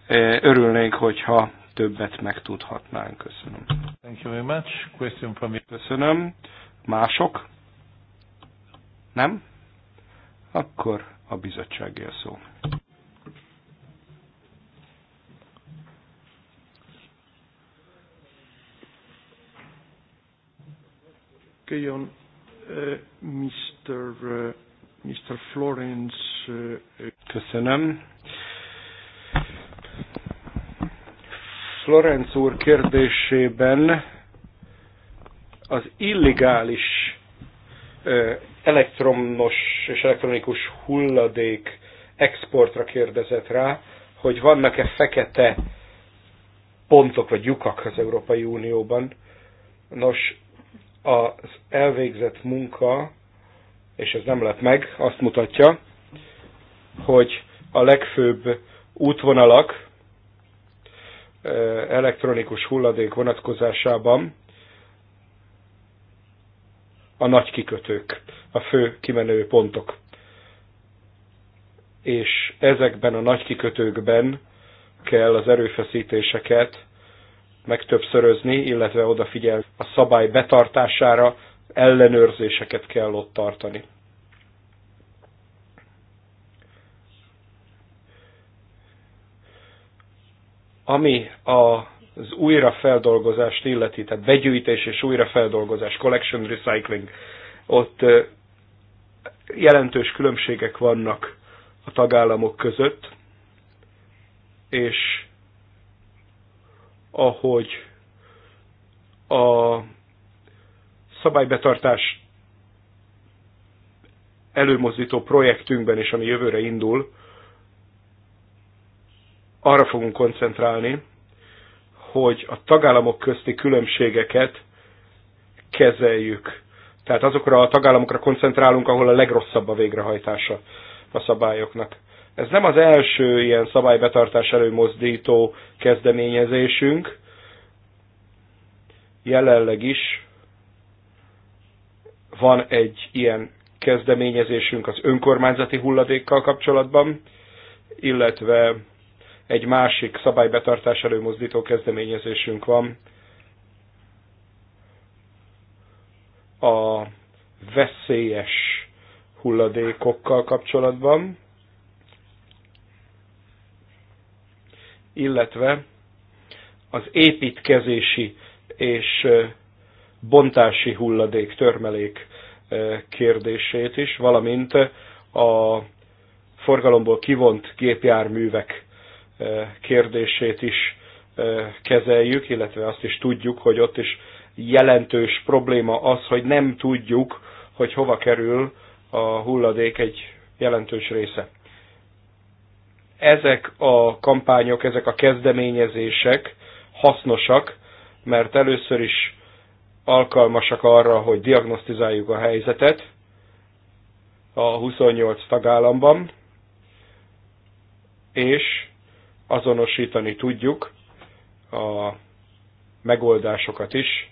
[SPEAKER 1] Örülnénk, hogyha többet megtudhatnánk. Köszönöm. Thank you very much. Question from you. Köszönöm. Mások? Nem? Akkor a bizottságé szó. Okay, uh, Mr. Uh, Mr. Florence. Uh, Köszönöm. Florenc úr kérdésében az illegális elektromos és elektronikus hulladék exportra kérdezett rá, hogy vannak-e fekete pontok vagy lyukak az Európai Unióban. Nos, az elvégzett munka, és ez nem lett meg, azt mutatja, hogy a legfőbb útvonalak elektronikus hulladék vonatkozásában a nagy kikötők, a fő kimenő pontok. És ezekben a nagy kikötőkben kell az erőfeszítéseket megtöbbszörözni, illetve odafigyel a szabály betartására, ellenőrzéseket kell ott tartani. Ami a az újrafeldolgozást illeti, tehát begyűjtés és újrafeldolgozás, collection recycling, ott jelentős különbségek vannak a tagállamok között, és ahogy a szabálybetartás előmozdító projektünkben is, ami jövőre indul, arra fogunk koncentrálni, hogy a tagállamok közti különbségeket kezeljük. Tehát azokra a tagállamokra koncentrálunk, ahol a legrosszabb a végrehajtása a szabályoknak. Ez nem az első ilyen szabálybetartás előmozdító kezdeményezésünk. Jelenleg is van egy ilyen kezdeményezésünk az önkormányzati hulladékkal kapcsolatban, illetve egy másik szabálybetartás előmozdító kezdeményezésünk van. A veszélyes hulladékokkal kapcsolatban, illetve az építkezési és bontási hulladék, törmelék kérdését is, valamint a forgalomból kivont gépjárművek kérdését is kezeljük, illetve azt is tudjuk, hogy ott is jelentős probléma az, hogy nem tudjuk, hogy hova kerül a hulladék egy jelentős része. Ezek a kampányok, ezek a kezdeményezések hasznosak, mert először is alkalmasak arra, hogy diagnosztizáljuk a helyzetet a 28 tagállamban, és azonosítani tudjuk a megoldásokat is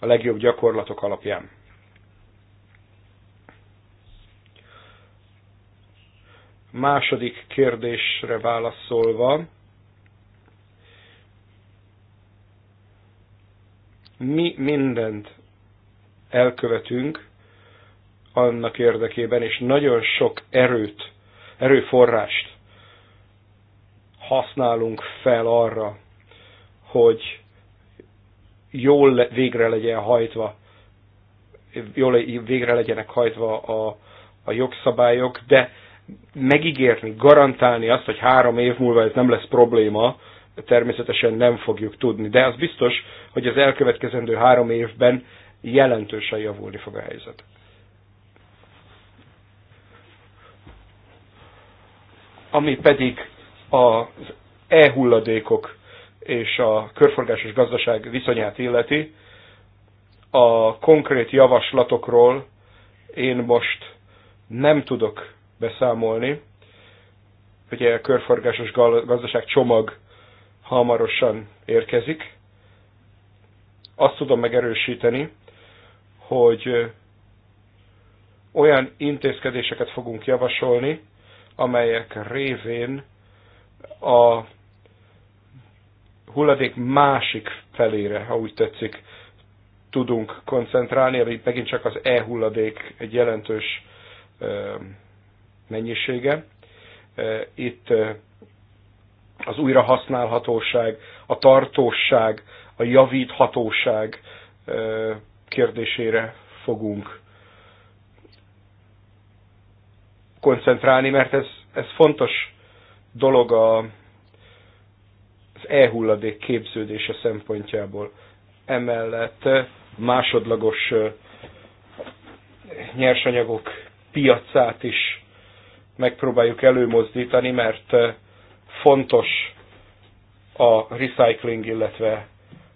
[SPEAKER 1] a legjobb gyakorlatok alapján. Második kérdésre válaszolva, mi mindent elkövetünk annak érdekében, és nagyon sok erőt, erőforrást használunk fel arra, hogy jól végre legyen hajtva, jól végre legyenek hajtva a, a jogszabályok, de megígérni, garantálni azt, hogy három év múlva ez nem lesz probléma, természetesen nem fogjuk tudni. De az biztos, hogy az elkövetkezendő három évben jelentősen javulni fog a helyzet. Ami pedig az e-hulladékok és a körforgásos gazdaság viszonyát illeti, a konkrét javaslatokról én most nem tudok beszámolni. Ugye a körforgásos gazdaság csomag hamarosan érkezik. Azt tudom megerősíteni, hogy olyan intézkedéseket fogunk javasolni, amelyek révén a hulladék másik felére, ha úgy tetszik, tudunk koncentrálni, ami megint csak az e-hulladék egy jelentős mennyisége. Itt az újrahasználhatóság, a tartóság, a javíthatóság kérdésére fogunk koncentrálni, mert ez, ez fontos dolog a, az e-hulladék képződése szempontjából. Emellett másodlagos nyersanyagok piacát is megpróbáljuk előmozdítani, mert fontos a recycling, illetve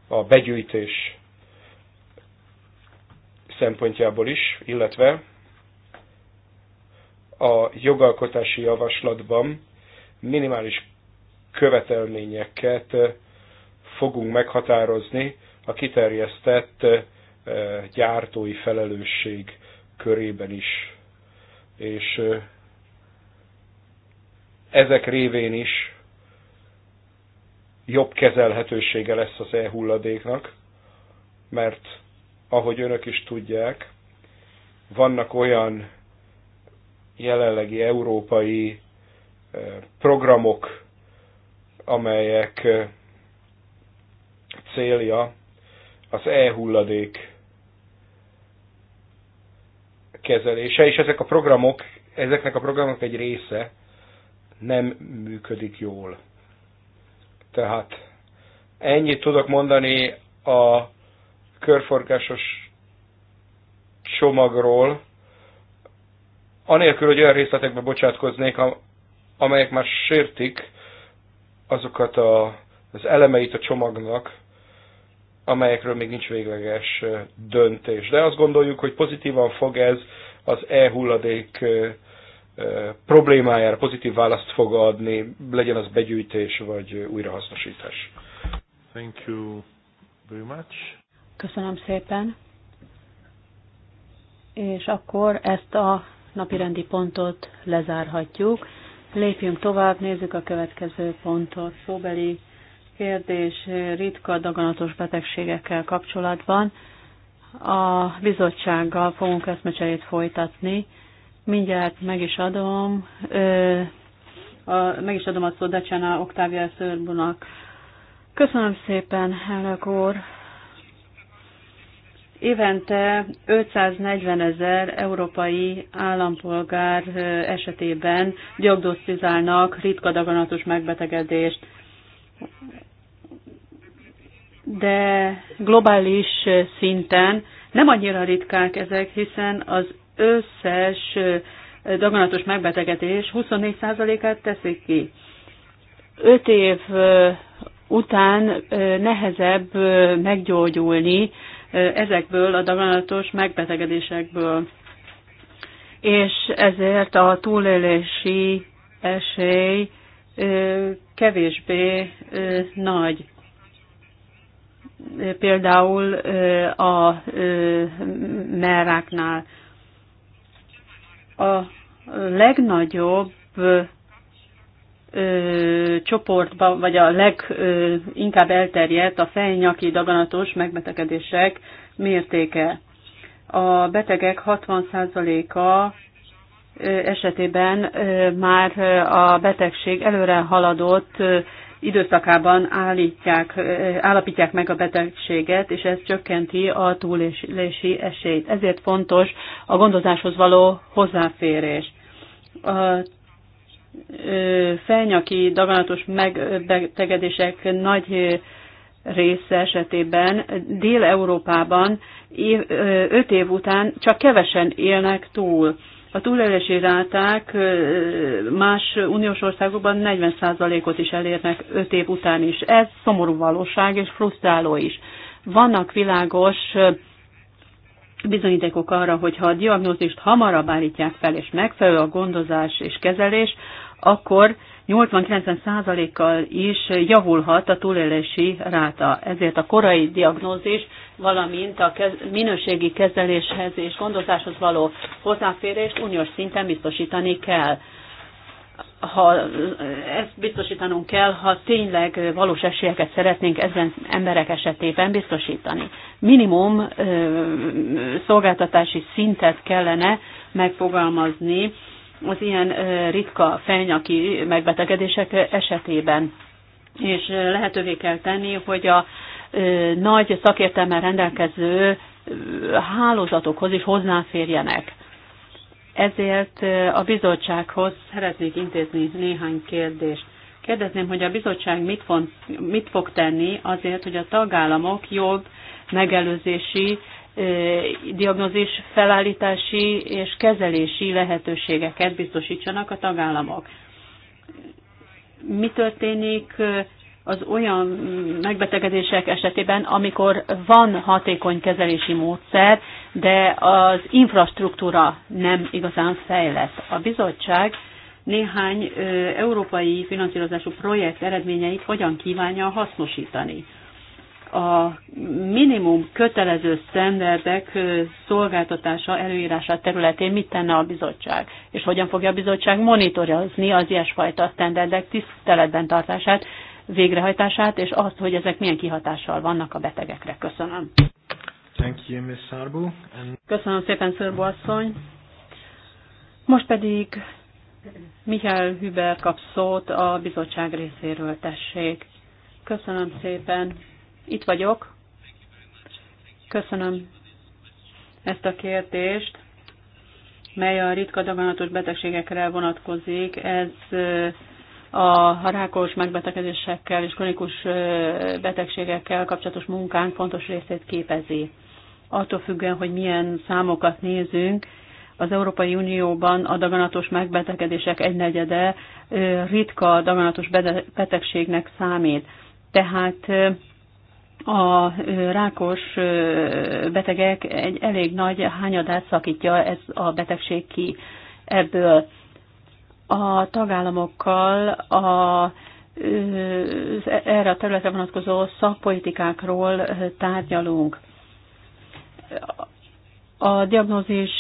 [SPEAKER 1] a begyűjtés szempontjából is, illetve a jogalkotási javaslatban minimális követelményeket eh, fogunk meghatározni a kiterjesztett eh, gyártói felelősség körében is. És eh, ezek révén is jobb kezelhetősége lesz az e-hulladéknak, mert ahogy önök is tudják, vannak olyan jelenlegi európai programok, amelyek célja az e-hulladék kezelése, és ezek a programok, ezeknek a programok egy része nem működik jól. Tehát ennyit tudok mondani a körforgásos csomagról, anélkül, hogy olyan részletekbe bocsátkoznék, amelyek már sértik azokat a, az elemeit a csomagnak, amelyekről még nincs végleges döntés. De azt gondoljuk, hogy pozitívan fog ez az e-hulladék problémájára pozitív választ fog adni, legyen az begyűjtés vagy újrahasznosítás. Thank you very much.
[SPEAKER 2] Köszönöm szépen. És akkor ezt a napirendi pontot lezárhatjuk. Lépjünk tovább, nézzük a következő pontot. Szóbeli kérdés ritka daganatos betegségekkel kapcsolatban. A bizottsággal fogunk eszmecserét folytatni. Mindjárt meg is adom, ö, a, meg is adom a szó Decsena Oktávia Szörbunak. Köszönöm szépen, elnök úr. Évente 540 ezer európai állampolgár esetében diagnosztizálnak ritka daganatos megbetegedést, de globális szinten nem annyira ritkák ezek, hiszen az összes daganatos megbetegedés 24%-át teszik ki. 5 év után nehezebb meggyógyulni ezekből a daganatos megbetegedésekből. És ezért a túlélési esély kevésbé nagy. Például a meráknál. A legnagyobb ö, csoportban, vagy a leginkább elterjedt a fejnyaki daganatos megbetegedések mértéke. A betegek 60%-a esetében már a betegség előre haladott időszakában állítják, állapítják meg a betegséget, és ez csökkenti a túlélési esélyt. Ezért fontos a gondozáshoz való hozzáférés. A felnyaki daganatos megbetegedések nagy része esetében Dél-Európában 5 év után csak kevesen élnek túl. A túlélési ráták más uniós országokban 40%-ot is elérnek 5 év után is. Ez szomorú valóság és frusztráló is. Vannak világos bizonyítékok arra, hogy ha a diagnózist hamarabb állítják fel, és megfelelő a gondozás és kezelés, akkor 80-90 kal is javulhat a túlélési ráta. Ezért a korai diagnózis, valamint a kez, minőségi kezeléshez és gondozáshoz való hozzáférést uniós szinten biztosítani kell. Ha ezt biztosítanunk kell, ha tényleg valós esélyeket szeretnénk ezen emberek esetében biztosítani. Minimum ö, szolgáltatási szintet kellene megfogalmazni, az ilyen ritka fejnyaki megbetegedések esetében. És lehetővé kell tenni, hogy a nagy szakértelmel rendelkező hálózatokhoz is hozzáférjenek. Ezért a bizottsághoz szeretnék intézni néhány kérdést. Kérdezném, hogy a bizottság mit, font, mit fog tenni azért, hogy a tagállamok jobb megelőzési diagnózis felállítási és kezelési lehetőségeket biztosítsanak a tagállamok. Mi történik az olyan megbetegedések esetében, amikor van hatékony kezelési módszer, de az infrastruktúra nem igazán fejlett. A bizottság néhány európai finanszírozású projekt eredményeit hogyan kívánja hasznosítani a minimum kötelező sztenderdek szolgáltatása előírása területén mit tenne a bizottság, és hogyan fogja a bizottság monitorozni az ilyesfajta sztenderdek tiszteletben tartását, végrehajtását, és azt, hogy ezek milyen kihatással vannak a betegekre. Köszönöm.
[SPEAKER 1] Thank you, Ms. Sarbu. And...
[SPEAKER 2] Köszönöm szépen, Szörbu asszony. Most pedig Mihály Hüber kap szót a bizottság részéről, tessék. Köszönöm szépen. Itt vagyok. Köszönöm ezt a kérdést, mely a ritka daganatos betegségekre vonatkozik. Ez a rákos megbetegedésekkel és kronikus betegségekkel kapcsolatos munkánk fontos részét képezi. Attól függően, hogy milyen számokat nézünk, az Európai Unióban a daganatos megbetegedések egynegyede ritka daganatos betegségnek számít. Tehát a rákos betegek egy elég nagy hányadát szakítja ez a betegség ki ebből. A tagállamokkal a erre a területre vonatkozó szakpolitikákról tárgyalunk. A diagnózis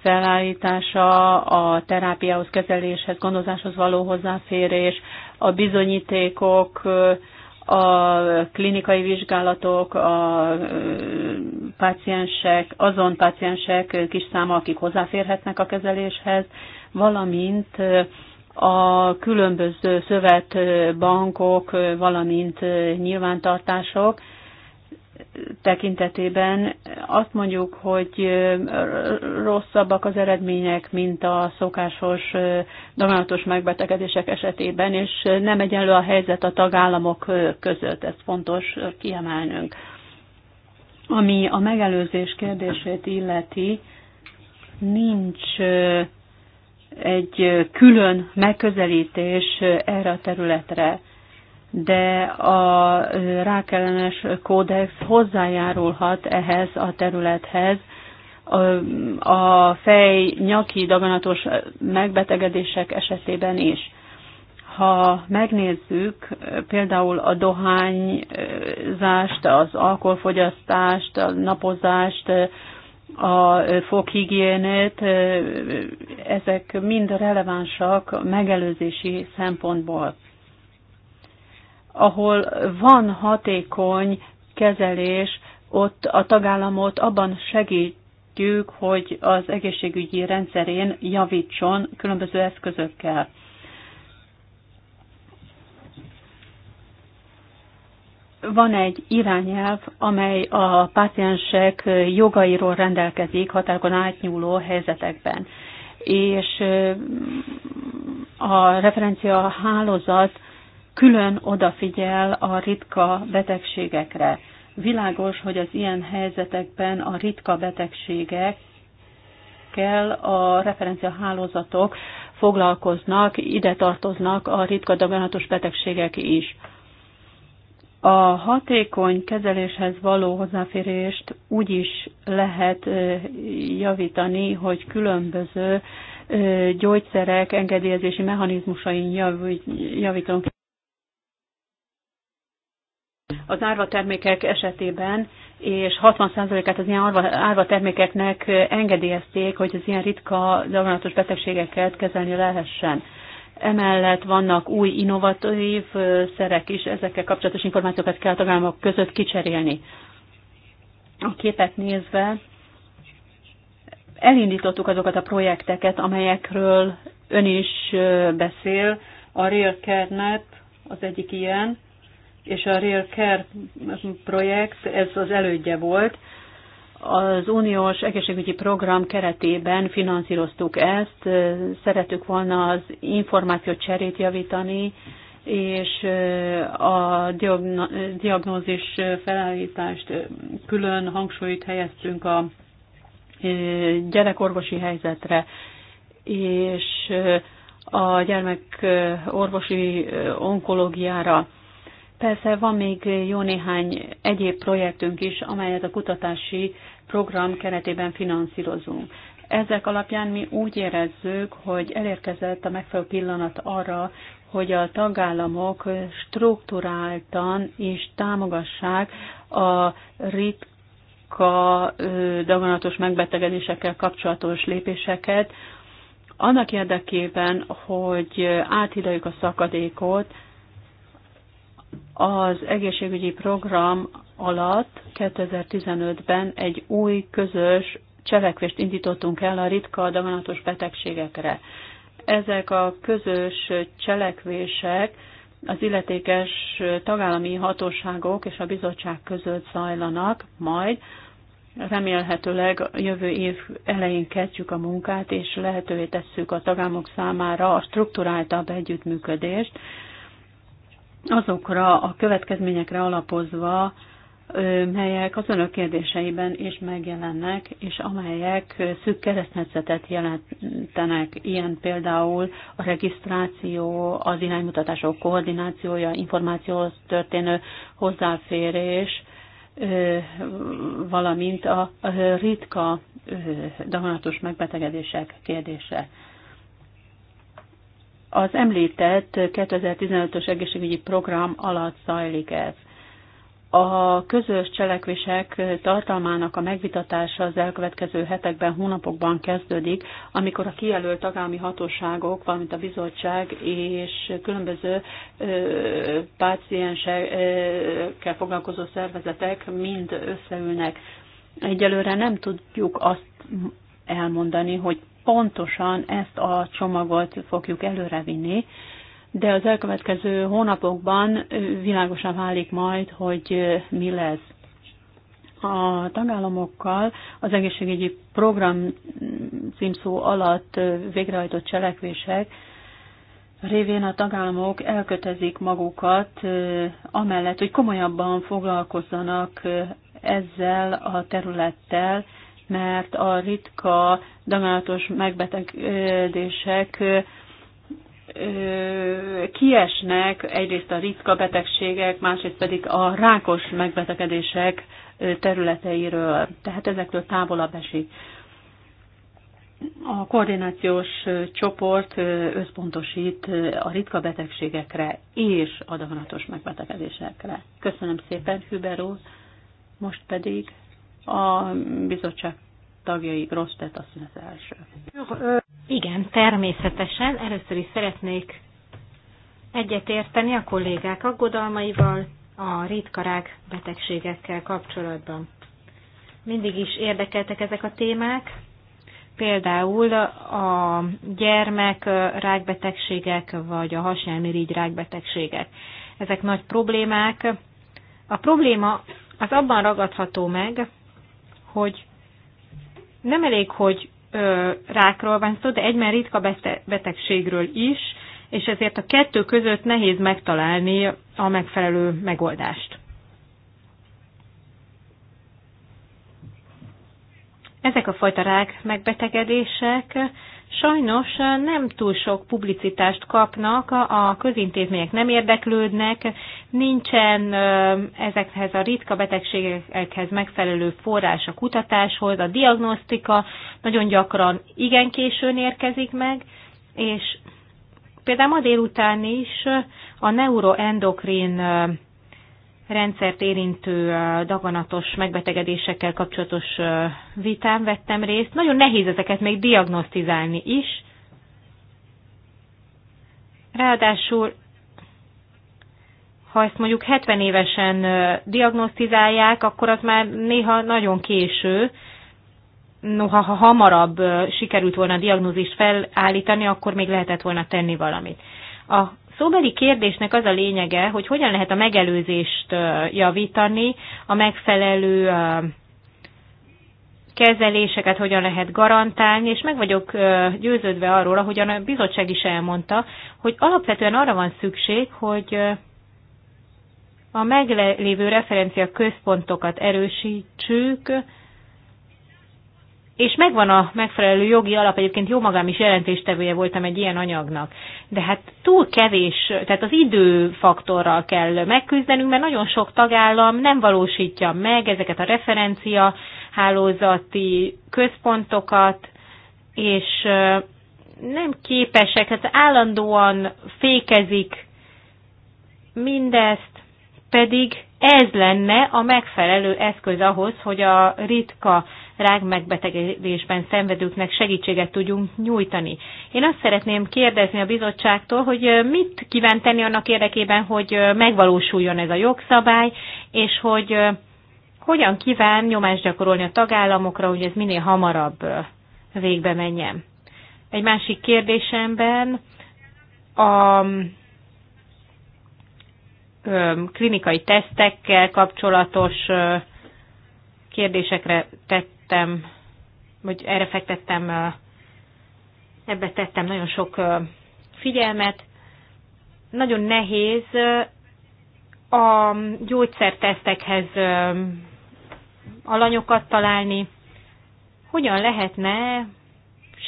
[SPEAKER 2] felállítása, a terápiához, kezeléshez, gondozáshoz való hozzáférés, a bizonyítékok, a klinikai vizsgálatok, a páciensek, azon páciensek kis száma, akik hozzáférhetnek a kezeléshez, valamint a különböző szövetbankok, valamint nyilvántartások, tekintetében azt mondjuk, hogy rosszabbak az eredmények, mint a szokásos daganatos megbetegedések esetében, és nem egyenlő a helyzet a tagállamok között, ezt fontos kiemelnünk. Ami a megelőzés kérdését illeti, nincs egy külön megközelítés erre a területre de a rákellenes kódex hozzájárulhat ehhez a területhez, a fej nyaki daganatos megbetegedések esetében is. Ha megnézzük például a dohányzást, az alkoholfogyasztást, a napozást, a foghigiénét, ezek mind relevánsak megelőzési szempontból ahol van hatékony kezelés, ott a tagállamot abban segítjük, hogy az egészségügyi rendszerén javítson különböző eszközökkel. Van egy irányelv, amely a páciensek jogairól rendelkezik határokon átnyúló helyzetekben. És a referencia hálózat külön odafigyel a ritka betegségekre. Világos, hogy az ilyen helyzetekben a ritka betegségek kell a referenciahálózatok foglalkoznak, ide tartoznak a ritka daganatos betegségek is. A hatékony kezeléshez való hozzáférést úgy is lehet javítani, hogy különböző gyógyszerek engedélyezési mechanizmusain javítunk. Az árva termékek esetében és 60%-át az ilyen árva, árva termékeknek engedélyezték, hogy az ilyen ritka daganatos betegségeket kezelni lehessen. Emellett vannak új innovatív szerek is, ezekkel kapcsolatos információkat kell a tagállamok között kicserélni. A képet nézve elindítottuk azokat a projekteket, amelyekről ön is beszél. A Real CareNet az egyik ilyen, és a Real Care projekt, ez az elődje volt. Az uniós egészségügyi program keretében finanszíroztuk ezt, szeretük volna az információt cserét javítani, és a diagnózis felállítást külön hangsúlyt helyeztünk a gyerekorvosi helyzetre, és a gyermekorvosi onkológiára. Persze van még jó néhány egyéb projektünk is, amelyet a kutatási program keretében finanszírozunk. Ezek alapján mi úgy érezzük, hogy elérkezett a megfelelő pillanat arra, hogy a tagállamok strukturáltan is támogassák a ritka daganatos megbetegedésekkel kapcsolatos lépéseket, annak érdekében, hogy áthidaljuk a szakadékot, az egészségügyi program alatt 2015-ben egy új közös cselekvést indítottunk el a ritka daganatos betegségekre. Ezek a közös cselekvések az illetékes tagállami hatóságok és a bizottság között zajlanak, majd remélhetőleg jövő év elején kezdjük a munkát, és lehetővé tesszük a tagállamok számára a struktúráltabb együttműködést, azokra a következményekre alapozva, melyek az önök kérdéseiben is megjelennek, és amelyek szűk keresztmetszetet jelentenek, ilyen például a regisztráció, az iránymutatások koordinációja, információhoz történő hozzáférés, valamint a ritka daganatos megbetegedések kérdése. Az említett 2015-ös egészségügyi program alatt zajlik ez. A közös cselekvések tartalmának a megvitatása az elkövetkező hetekben, hónapokban kezdődik, amikor a kijelölt tagállami hatóságok, valamint a bizottság és különböző ö, páciensekkel foglalkozó szervezetek mind összeülnek. Egyelőre nem tudjuk azt elmondani, hogy pontosan ezt a csomagot fogjuk előrevinni, de az elkövetkező hónapokban világosan válik majd, hogy mi lesz. A tagállamokkal az egészségügyi program címszó alatt végrehajtott cselekvések révén a tagállamok elkötezik magukat amellett, hogy komolyabban foglalkozzanak ezzel a területtel, mert a ritka daganatos megbetegedések kiesnek egyrészt a ritka betegségek, másrészt pedig a rákos megbetegedések területeiről, tehát ezektől távolabb esik. A koordinációs csoport összpontosít a ritka betegségekre és a daganatos megbetegedésekre. Köszönöm szépen, Hüber úr. Most pedig a bizottság tagjai Grosztet hiszem az
[SPEAKER 3] első. Igen, természetesen. Először is szeretnék egyetérteni a kollégák aggodalmaival a ritkarák betegségekkel kapcsolatban. Mindig is érdekeltek ezek a témák, például a gyermek rákbetegségek, vagy a hasnyálmirigy rákbetegségek. Ezek nagy problémák. A probléma az abban ragadható meg, hogy nem elég, hogy ö, rákról van szó, de egyben ritka betegségről is, és ezért a kettő között nehéz megtalálni a megfelelő megoldást. Ezek a fajta rák megbetegedések sajnos eh, nem túl sok publicitást kapnak, a közintézmények nem érdeklődnek, nincsen eh, ezekhez a ritka betegségekhez megfelelő forrás a kutatáshoz, a diagnosztika nagyon gyakran igen későn érkezik meg, és például ma délután is eh, a neuroendokrin rendszert érintő daganatos megbetegedésekkel kapcsolatos vitán vettem részt. Nagyon nehéz ezeket még diagnosztizálni is. Ráadásul, ha ezt mondjuk 70 évesen diagnosztizálják, akkor az már néha nagyon késő. Noha ha hamarabb sikerült volna a diagnózist felállítani, akkor még lehetett volna tenni valamit. A szóbeli kérdésnek az a lényege, hogy hogyan lehet a megelőzést javítani, a megfelelő kezeléseket hogyan lehet garantálni, és meg vagyok győződve arról, ahogyan a bizottság is elmondta, hogy alapvetően arra van szükség, hogy a meglévő referencia központokat erősítsük, és megvan a megfelelő jogi alap, egyébként jó magam is jelentéstevője voltam egy ilyen anyagnak, de hát túl kevés, tehát az időfaktorral kell megküzdenünk, mert nagyon sok tagállam nem valósítja meg ezeket a referencia hálózati központokat, és nem képesek, tehát állandóan fékezik mindezt, pedig ez lenne a megfelelő eszköz ahhoz, hogy a ritka rák megbetegedésben szenvedőknek segítséget tudjunk nyújtani. Én azt szeretném kérdezni a bizottságtól, hogy mit kíván tenni annak érdekében, hogy megvalósuljon ez a jogszabály, és hogy hogyan kíván nyomást gyakorolni a tagállamokra, hogy ez minél hamarabb végbe menjen. Egy másik kérdésemben a klinikai tesztekkel kapcsolatos kérdésekre tett fektettem, vagy erre fektettem, ebbe tettem nagyon sok figyelmet. Nagyon nehéz a gyógyszertesztekhez alanyokat találni. Hogyan lehetne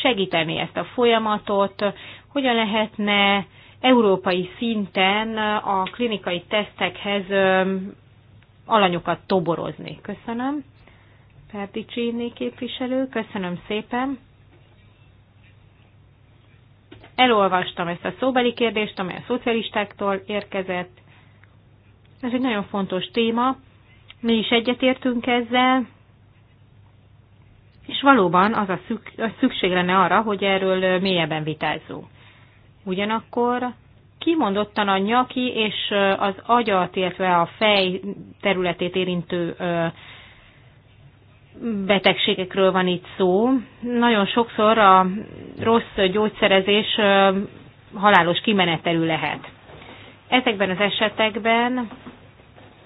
[SPEAKER 3] segíteni ezt a folyamatot, hogyan lehetne európai szinten a klinikai tesztekhez alanyokat toborozni. Köszönöm. Perdicsini képviselő, köszönöm szépen. Elolvastam ezt a szóbeli kérdést, amely a szocialistáktól érkezett. Ez egy nagyon fontos téma. Mi is egyetértünk ezzel, és valóban az a szükség lenne arra, hogy erről mélyebben vitázzunk. Ugyanakkor kimondottan a nyaki és az agyat, illetve a fej területét érintő betegségekről van itt szó. Nagyon sokszor a rossz gyógyszerezés halálos kimenetelű lehet. Ezekben az esetekben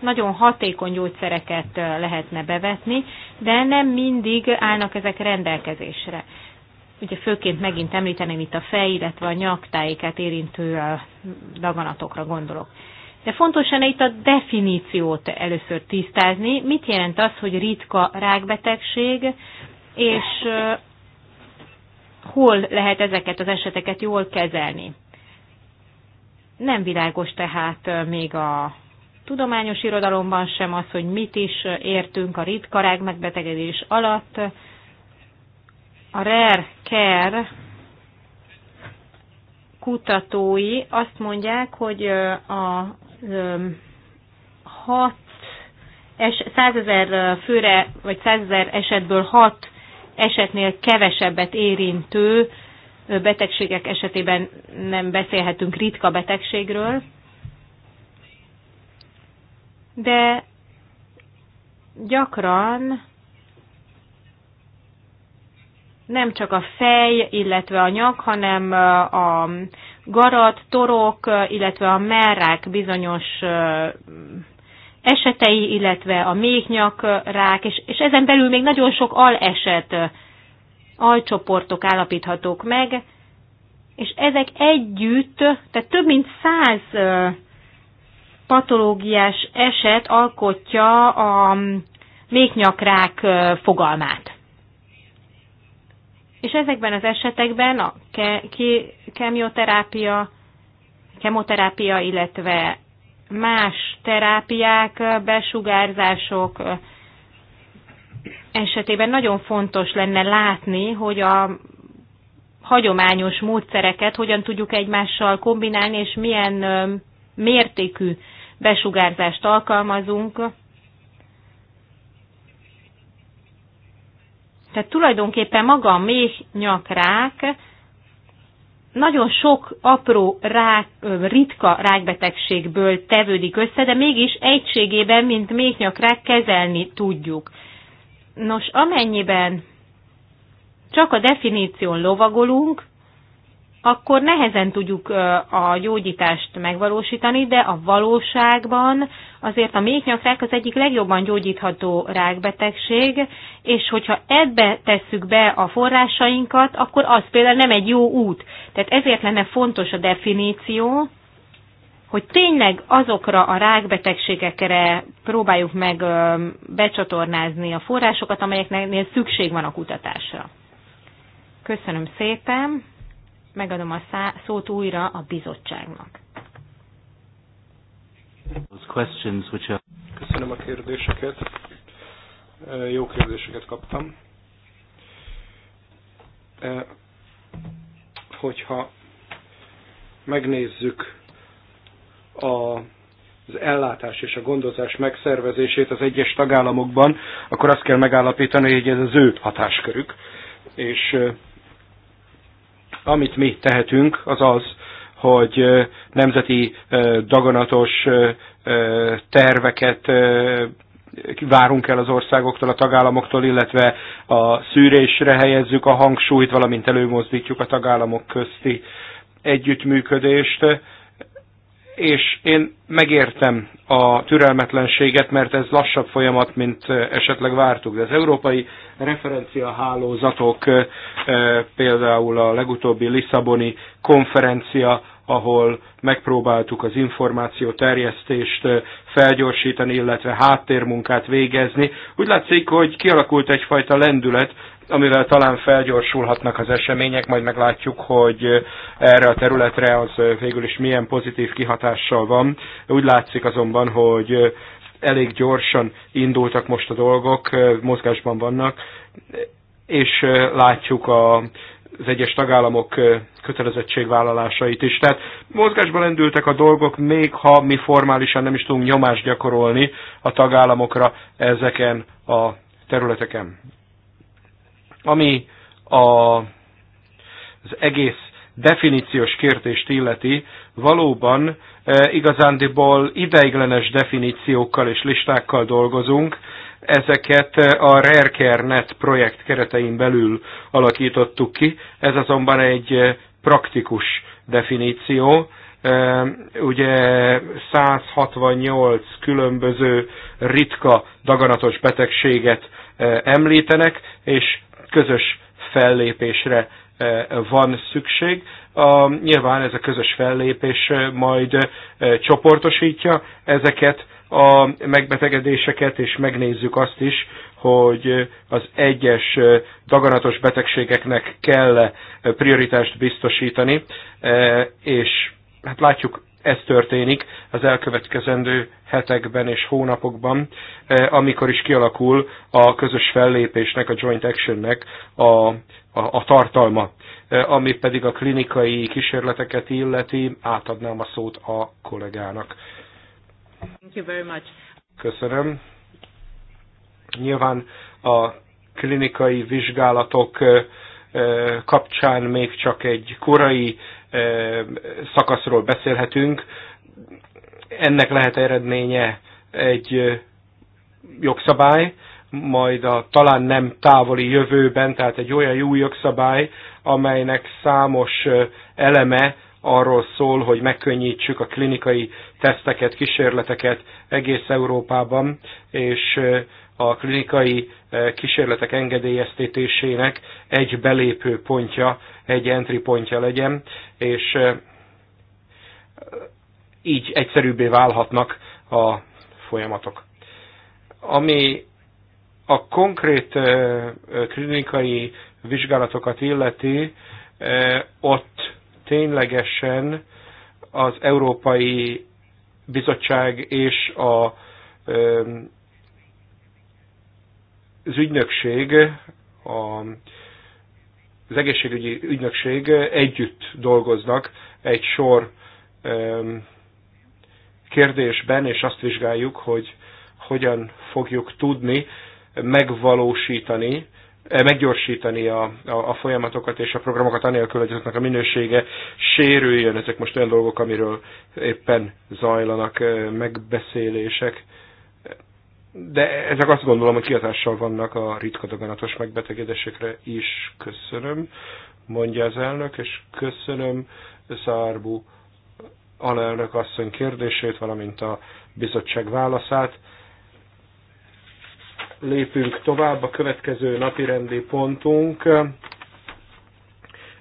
[SPEAKER 3] nagyon hatékony gyógyszereket lehetne bevetni, de nem mindig állnak ezek rendelkezésre. Ugye főként megint említeném itt a fej, illetve a nyaktájékát érintő daganatokra gondolok. De fontos lenne itt a definíciót először tisztázni. Mit jelent az, hogy ritka rákbetegség, és hol lehet ezeket az eseteket jól kezelni? Nem világos tehát még a tudományos irodalomban sem az, hogy mit is értünk a ritka rákbetegedés alatt. A Rare Care kutatói azt mondják, hogy a 6 es, 100 ezer főre, vagy 100 ezer esetből 6 esetnél kevesebbet érintő betegségek esetében nem beszélhetünk ritka betegségről, de gyakran nem csak a fej, illetve a nyak, hanem a garat, torok, illetve a merrák bizonyos esetei, illetve a méhnyak rák, és, és ezen belül még nagyon sok aleset, alcsoportok állapíthatók meg, és ezek együtt, tehát több mint száz patológiás eset alkotja a méhnyakrák fogalmát. És ezekben az esetekben a kemioterápia, kemoterápia, illetve más terápiák, besugárzások esetében nagyon fontos lenne látni, hogy a hagyományos módszereket hogyan tudjuk egymással kombinálni, és milyen mértékű besugárzást alkalmazunk. Tehát tulajdonképpen maga a méhnyakrák nagyon sok apró rák, ritka rákbetegségből tevődik össze, de mégis egységében, mint méhnyakrák kezelni tudjuk. Nos, amennyiben csak a definíción lovagolunk, akkor nehezen tudjuk a gyógyítást megvalósítani, de a valóságban azért a méhnyakrák az egyik legjobban gyógyítható rákbetegség, és hogyha ebbe tesszük be a forrásainkat, akkor az például nem egy jó út. Tehát ezért lenne fontos a definíció, hogy tényleg azokra a rákbetegségekre próbáljuk meg becsatornázni a forrásokat, amelyeknél szükség van a kutatásra. Köszönöm szépen! megadom a szót újra a bizottságnak.
[SPEAKER 1] Köszönöm a kérdéseket. Jó kérdéseket kaptam. Hogyha megnézzük a az ellátás és a gondozás megszervezését az egyes tagállamokban, akkor azt kell megállapítani, hogy ez az ő hatáskörük. És amit mi tehetünk, az az, hogy nemzeti daganatos terveket várunk el az országoktól, a tagállamoktól, illetve a szűrésre helyezzük a hangsúlyt, valamint előmozdítjuk a tagállamok közti együttműködést és én megértem a türelmetlenséget, mert ez lassabb folyamat, mint esetleg vártuk. De az európai referenciahálózatok, például a legutóbbi Lisszaboni konferencia ahol megpróbáltuk az információ terjesztést eh, felgyorsítani, illetve háttérmunkát végezni. Úgy látszik, hogy kialakult egyfajta lendület, amivel talán felgyorsulhatnak az események, majd meglátjuk, hogy eh, erre a területre az eh, végül is milyen pozitív kihatással van. Úgy látszik azonban, hogy elég gyorsan indultak most a dolgok, mozgásban vannak, és látjuk a az egyes tagállamok kötelezettségvállalásait is. Tehát mozgásban lendültek a dolgok, még ha mi formálisan nem is tudunk nyomást gyakorolni a tagállamokra ezeken a területeken. Ami a, az egész definíciós kérdést illeti, valóban e, igazándiból ideiglenes definíciókkal és listákkal dolgozunk, ezeket a RareCare.net projekt keretein belül alakítottuk ki. Ez azonban egy eh, praktikus definíció. Ehm, ugye 168 különböző ritka daganatos betegséget eh, említenek, és közös fellépésre eh, van szükség. A, nyilván ez a közös fellépés majd csoportosítja ezeket a megbetegedéseket, és megnézzük azt is, hogy az egyes daganatos betegségeknek kell prioritást biztosítani, és hát látjuk, ez történik az elkövetkezendő hetekben és hónapokban, amikor is kialakul a közös fellépésnek, a joint actionnek a, a, a tartalma. Ami pedig a klinikai kísérleteket illeti, átadnám a szót a kollégának.
[SPEAKER 2] Thank you very much.
[SPEAKER 1] Köszönöm. Nyilván a klinikai vizsgálatok kapcsán még csak egy korai szakaszról beszélhetünk. Ennek lehet eredménye egy jogszabály, majd a talán nem távoli jövőben, tehát egy olyan jó jogszabály, amelynek számos eleme arról szól, hogy megkönnyítsük a klinikai teszteket, kísérleteket egész Európában, és a klinikai kísérletek engedélyeztetésének egy belépő pontja, egy entry pontja legyen, és így egyszerűbbé válhatnak a folyamatok. Ami a konkrét klinikai vizsgálatokat illeti, ott ténylegesen az Európai Bizottság és a, az ügynökség, a, az egészségügyi ügynökség együtt dolgoznak egy sor kérdésben, és azt vizsgáljuk, hogy hogyan fogjuk tudni megvalósítani Eh, meggyorsítani a, a, a folyamatokat és a programokat anélkül, hogy azoknak a minősége sérüljön. Ezek most olyan dolgok, amiről éppen zajlanak eh, megbeszélések. De ezek azt gondolom, hogy kihatással vannak a ritka daganatos megbetegedésekre is. Köszönöm, mondja az elnök, és köszönöm Szárbu alelnök asszony kérdését, valamint a bizottság válaszát lépünk tovább. A következő napi rendi pontunk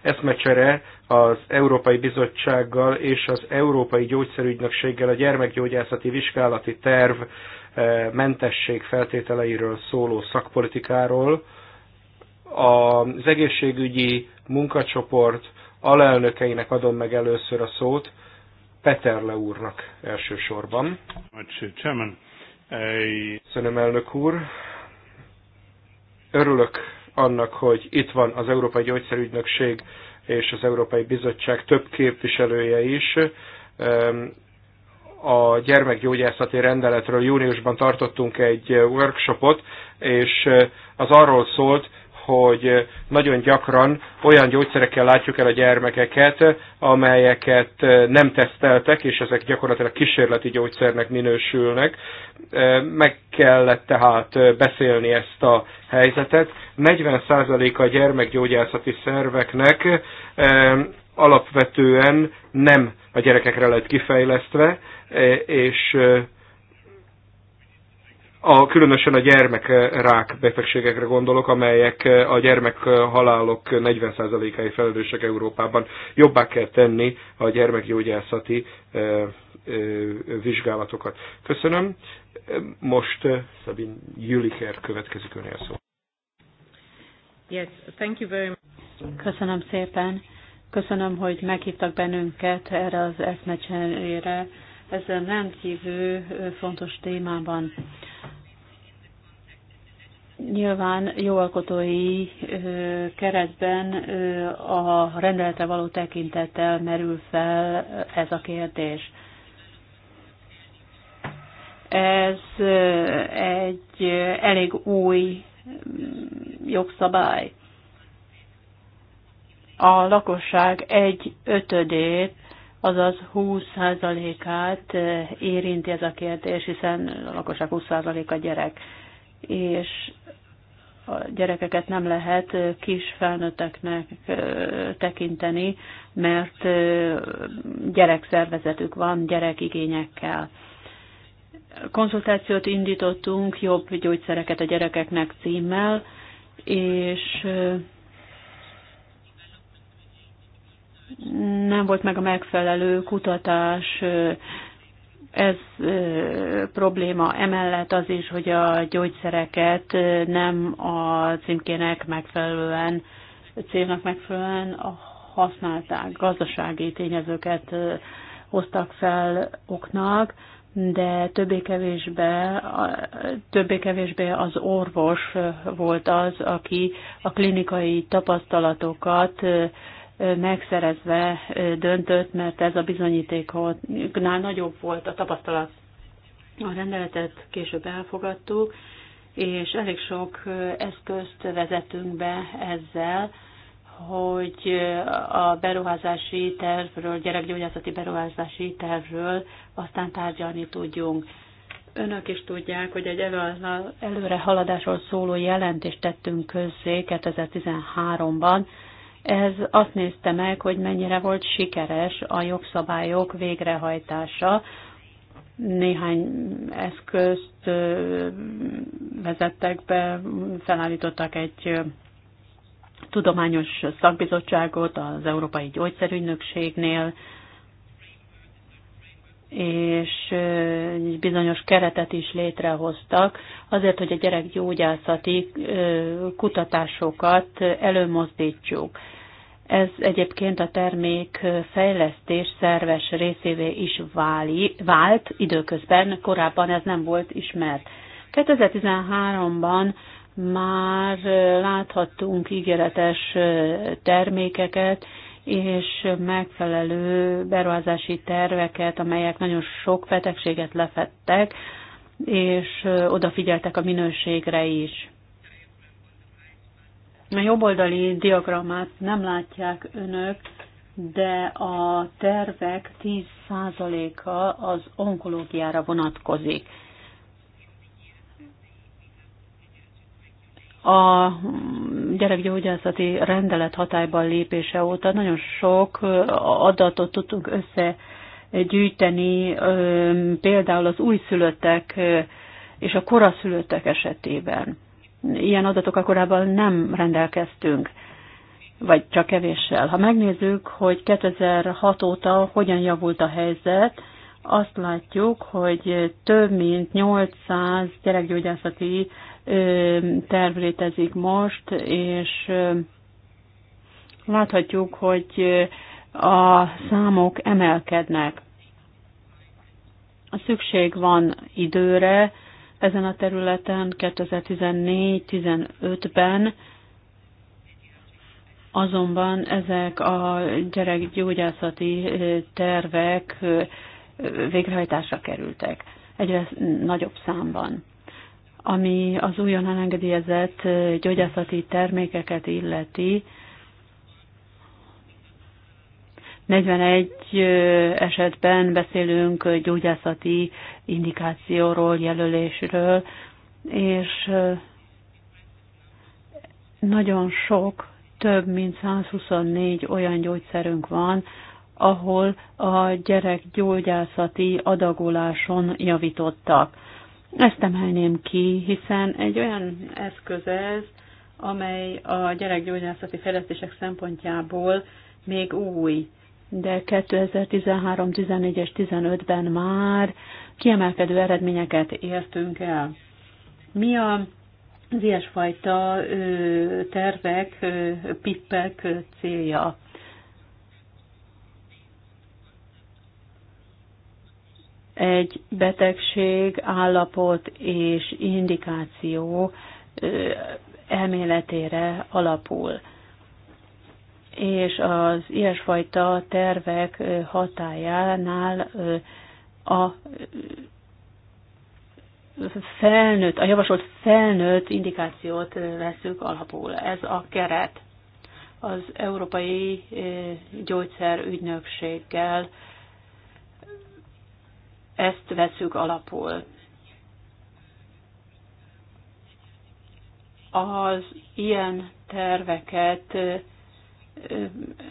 [SPEAKER 1] eszmecsere az Európai Bizottsággal és az Európai Gyógyszerügynökséggel a gyermekgyógyászati vizsgálati terv eh, mentesség feltételeiről szóló szakpolitikáról. Az egészségügyi munkacsoport alelnökeinek adom meg először a szót, Peterle úrnak elsősorban. Uh, Köszönöm, elnök úr. Örülök annak, hogy itt van az Európai Gyógyszerügynökség és az Európai Bizottság több képviselője is. A gyermekgyógyászati rendeletről júniusban tartottunk egy workshopot, és az arról szólt, hogy eh, nagyon gyakran olyan gyógyszerekkel látjuk el a gyermekeket, amelyeket eh, nem teszteltek, és ezek gyakorlatilag kísérleti gyógyszernek minősülnek. Eh, meg kellett tehát beszélni ezt a helyzetet. 40% a gyermekgyógyászati szerveknek alapvetően nem a gyerekekre lett kifejlesztve, és a, különösen a gyermekrák eh, betegségekre gondolok, amelyek eh, a gyermekhalálok eh, 40 ai felelősek Európában. Jobbá kell tenni a gyermekgyógyászati vizsgálatokat. Köszönöm. Most Szabin Jüliker következik önél szó.
[SPEAKER 3] Yes, thank you very much.
[SPEAKER 2] Köszönöm szépen. Köszönöm, hogy meghívtak bennünket erre az eszmecserére. Ez rendkívül fontos témában. Nyilván ö, keretben a rendelete való tekintettel merül fel ez a kérdés. Ez egy elég új jogszabály. A lakosság egy ötödét, azaz 20%-át érinti ez a kérdés, hiszen a lakosság 20%-a gyerek és a gyerekeket nem lehet kis felnőtteknek tekinteni, mert gyerekszervezetük van, gyerekigényekkel. Konzultációt indítottunk jobb gyógyszereket a gyerekeknek címmel, és nem volt meg a megfelelő kutatás, ez probléma. Emellett az is, hogy a gyógyszereket nem a címkének megfelelően, célnak megfelelően használták, gazdasági tényezőket hoztak fel oknak, de többé-kevésbé, többé-kevésbé az orvos volt az, aki a klinikai tapasztalatokat megszerezve döntött, mert ez a bizonyítéknál nagyobb volt a tapasztalat. A rendeletet később elfogadtuk, és elég sok eszközt vezetünk be ezzel, hogy a beruházási tervről, gyerekgyógyászati beruházási tervről aztán tárgyalni tudjunk. Önök is tudják, hogy egy előre haladásról szóló jelentést tettünk közzé 2013-ban, ez azt nézte meg, hogy mennyire volt sikeres a jogszabályok végrehajtása. Néhány eszközt vezettek be, felállítottak egy tudományos szakbizottságot az Európai Gyógyszerügynökségnél, és bizonyos keretet is létrehoztak azért, hogy a gyerekgyógyászati kutatásokat előmozdítsuk. Ez egyébként a termék fejlesztés szerves részévé is váli, vált időközben, korábban ez nem volt ismert. 2013-ban már láthattunk ígéretes termékeket, és megfelelő beruházási terveket, amelyek nagyon sok betegséget lefettek, és odafigyeltek a minőségre is. A jobboldali diagramát nem látják önök, de a tervek 10%-a az onkológiára vonatkozik. A gyerekgyógyászati rendelet hatályban lépése óta nagyon sok adatot tudtunk összegyűjteni, például az újszülöttek és a koraszülöttek esetében. Ilyen adatokkal korábban nem rendelkeztünk, vagy csak kevéssel. Ha megnézzük, hogy 2006 óta hogyan javult a helyzet, azt látjuk, hogy több mint 800 gyerekgyógyászati terv létezik most, és láthatjuk, hogy a számok emelkednek. A szükség van időre, ezen a területen 2014-15-ben, azonban ezek a gyerekgyógyászati tervek végrehajtásra kerültek egyre nagyobb számban. Ami az újonnan engedélyezett gyógyászati termékeket illeti, 41 esetben beszélünk gyógyászati indikációról, jelölésről, és nagyon sok, több mint 124 olyan gyógyszerünk van, ahol a gyógyászati adagoláson javítottak. Ezt emelném ki, hiszen egy olyan eszköz ez, amely a gyerekgyógyászati fejlesztések szempontjából még új de 2013, 14 és 15-ben már kiemelkedő eredményeket értünk el. Mi a az ilyesfajta tervek, pippek célja. Egy betegség, állapot és indikáció elméletére alapul és az ilyesfajta tervek hatájánál a felnőtt, a javasolt felnőtt indikációt veszük alapul. Ez a keret az Európai Gyógyszerügynökséggel ezt veszük alapul. Az ilyen terveket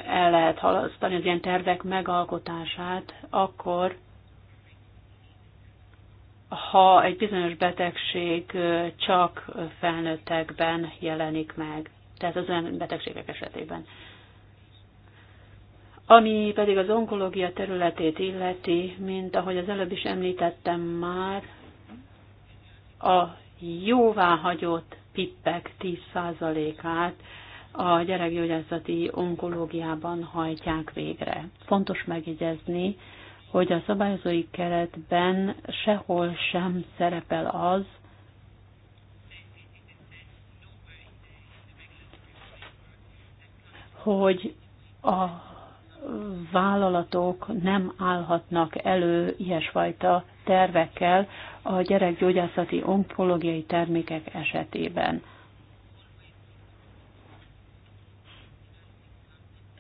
[SPEAKER 2] el lehet halasztani az ilyen tervek megalkotását, akkor ha egy bizonyos betegség csak felnőttekben jelenik meg, tehát az olyan betegségek esetében. Ami pedig az onkológia területét illeti, mint ahogy az előbb is említettem már, a jóváhagyott pippek 10%-át a gyerekgyógyászati onkológiában hajtják végre. Fontos megjegyezni, hogy a szabályozói keretben sehol sem szerepel az, hogy a vállalatok nem állhatnak elő ilyesfajta tervekkel a gyerekgyógyászati onkológiai termékek esetében.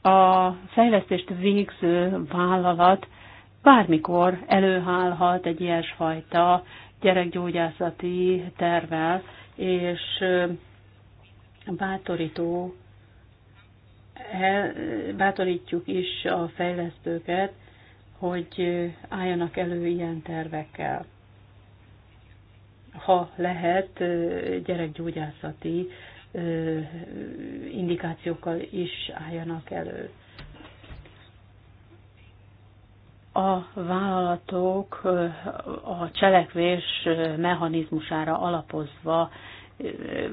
[SPEAKER 2] a fejlesztést végző vállalat bármikor előállhat egy ilyesfajta gyerekgyógyászati tervel, és bátorító, bátorítjuk is a fejlesztőket, hogy álljanak elő ilyen tervekkel. Ha lehet, gyerekgyógyászati indikációkkal is álljanak elő. A vállalatok a cselekvés mechanizmusára alapozva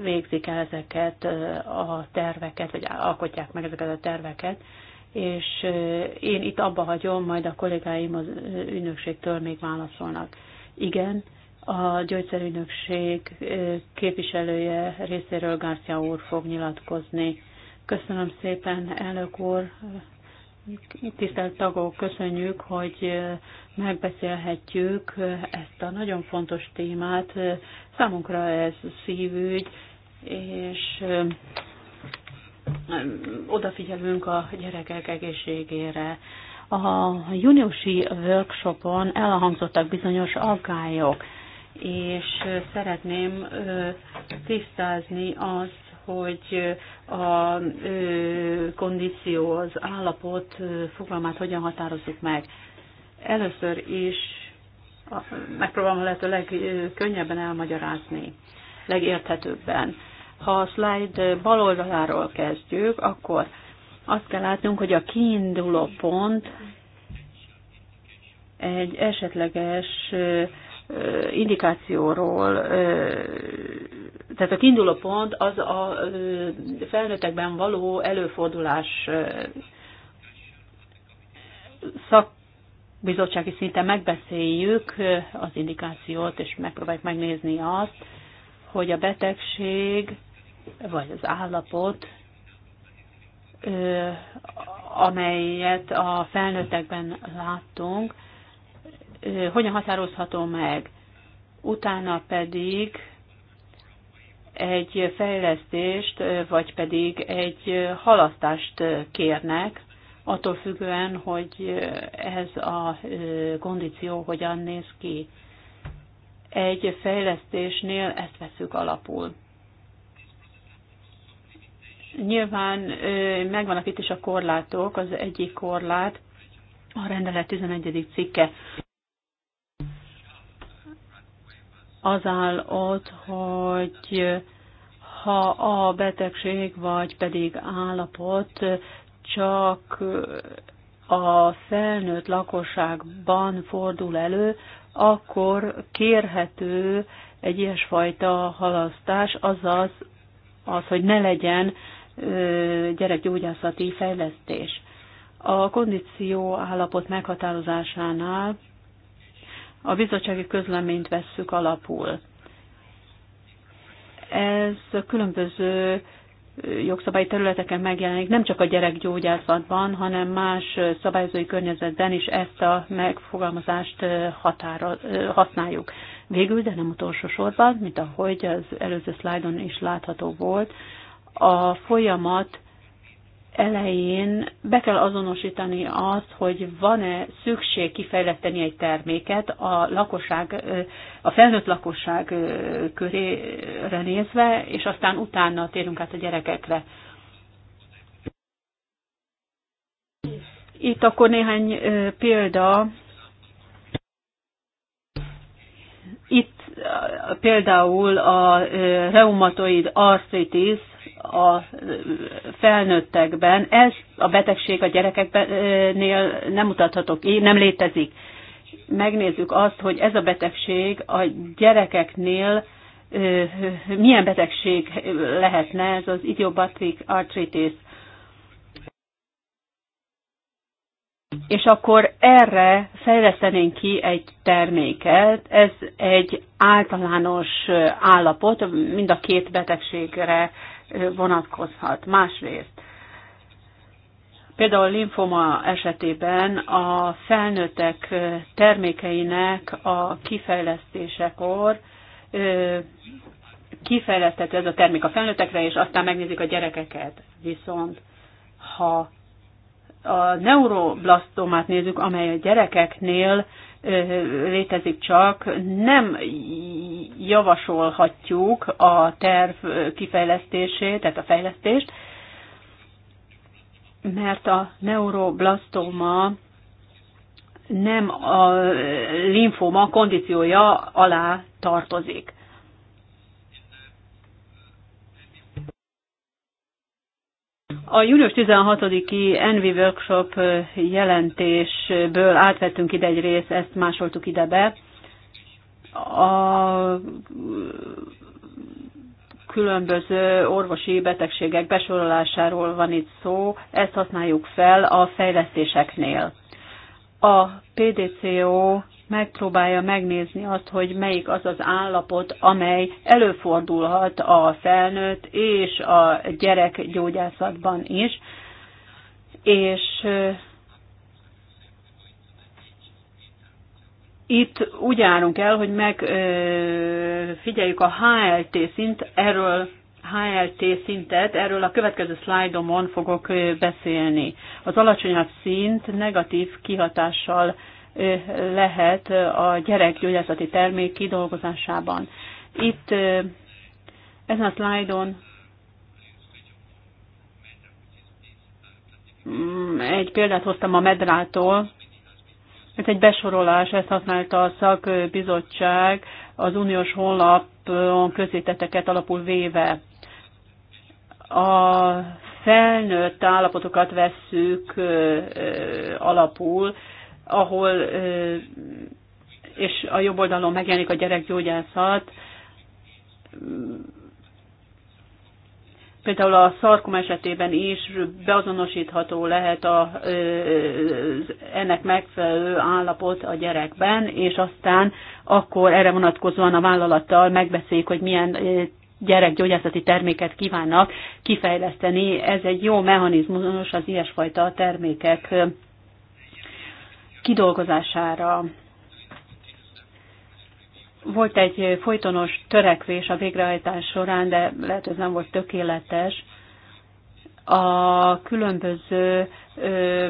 [SPEAKER 2] végzik el ezeket a terveket, vagy alkotják meg ezeket a terveket, és én itt abba hagyom, majd a kollégáim az ünnökségtől még válaszolnak. Igen, a gyógyszerügynökség képviselője részéről Garcia úr fog nyilatkozni. Köszönöm szépen, elnök úr, tisztelt tagok, köszönjük, hogy megbeszélhetjük ezt a nagyon fontos témát. Számunkra ez szívügy, és odafigyelünk a gyerekek egészségére. A júniusi workshopon elhangzottak bizonyos aggályok és szeretném tisztázni azt, hogy a kondíció, az állapot fogalmát hogyan határozzuk meg. Először is megpróbálom a lehető legkönnyebben elmagyarázni, legérthetőbben. Ha a slide bal oldaláról kezdjük, akkor azt kell látnunk, hogy a kiinduló pont egy esetleges indikációról, tehát a kiinduló pont az a felnőttekben való előfordulás szakbizottsági szinten megbeszéljük az indikációt, és megpróbáljuk megnézni azt, hogy a betegség vagy az állapot, amelyet a felnőttekben láttunk, hogyan határozható meg. Utána pedig egy fejlesztést, vagy pedig egy halasztást kérnek, attól függően, hogy ez a kondíció hogyan néz ki. Egy fejlesztésnél ezt veszük alapul. Nyilván megvannak itt is a korlátok, az egyik korlát a rendelet 11. cikke. az áll ott, hogy ha a betegség vagy pedig állapot csak a felnőtt lakosságban fordul elő, akkor kérhető egy ilyesfajta halasztás, azaz az, hogy ne legyen gyerekgyógyászati fejlesztés. A kondíció állapot meghatározásánál a bizottsági közleményt vesszük alapul. Ez a különböző jogszabályi területeken megjelenik, nem csak a gyerekgyógyászatban, hanem más szabályozói környezetben is ezt a megfogalmazást határa, használjuk. Végül, de nem utolsó sorban, mint ahogy az előző szlájdon is látható volt, a folyamat elején be kell azonosítani azt, hogy van-e szükség kifejleszteni egy terméket a lakosság, a felnőtt lakosság körére nézve, és aztán utána térünk át a gyerekekre. Itt akkor néhány példa. Itt például a reumatoid arthritis a felnőttekben, ez a betegség a gyerekeknél nem mutathatok, nem létezik. Megnézzük azt, hogy ez a betegség a gyerekeknél milyen betegség lehetne, ez az idiopatik arthritis. És akkor erre fejlesztenénk ki egy terméket, ez egy általános állapot, mind a két betegségre vonatkozhat. Másrészt, például linfoma esetében a felnőttek termékeinek a kifejlesztésekor kifejlesztett ez a termék a felnőttekre, és aztán megnézik a gyerekeket. Viszont ha a neuroblastomát nézzük, amely a gyerekeknél létezik csak, nem javasolhatjuk a terv kifejlesztését, tehát a fejlesztést, mert a neuroblastoma nem a linfoma kondíciója alá tartozik. A június 16-i Envi Workshop jelentésből átvettünk ide egy részt, ezt másoltuk ide be. A különböző orvosi betegségek besorolásáról van itt szó, ezt használjuk fel a fejlesztéseknél. A PDCO megpróbálja megnézni azt, hogy melyik az az állapot, amely előfordulhat a felnőtt és a gyerek gyógyászatban is, és itt úgy járunk el, hogy megfigyeljük a HLT szint, erről HLT szintet, erről a következő szlájdomon fogok beszélni. Az alacsonyabb szint negatív kihatással lehet a gyerekgyógyászati termék kidolgozásában. Itt ezen a szlájdon mm, egy példát hoztam a Medrától, ez egy besorolás, ezt használta a szakbizottság az uniós honlapon közéteteket alapul véve. A felnőtt állapotokat vesszük alapul, ahol és a jobb oldalon megjelenik a gyerekgyógyászat, például a szarkom esetében is beazonosítható lehet a, ennek megfelelő állapot a gyerekben, és aztán akkor erre vonatkozóan a vállalattal megbeszéljük, hogy milyen gyerekgyógyászati terméket kívánnak kifejleszteni. Ez egy jó mechanizmus az ilyesfajta termékek kidolgozására. Volt egy folytonos törekvés a végrehajtás során, de lehet, hogy nem volt tökéletes. A különböző ö,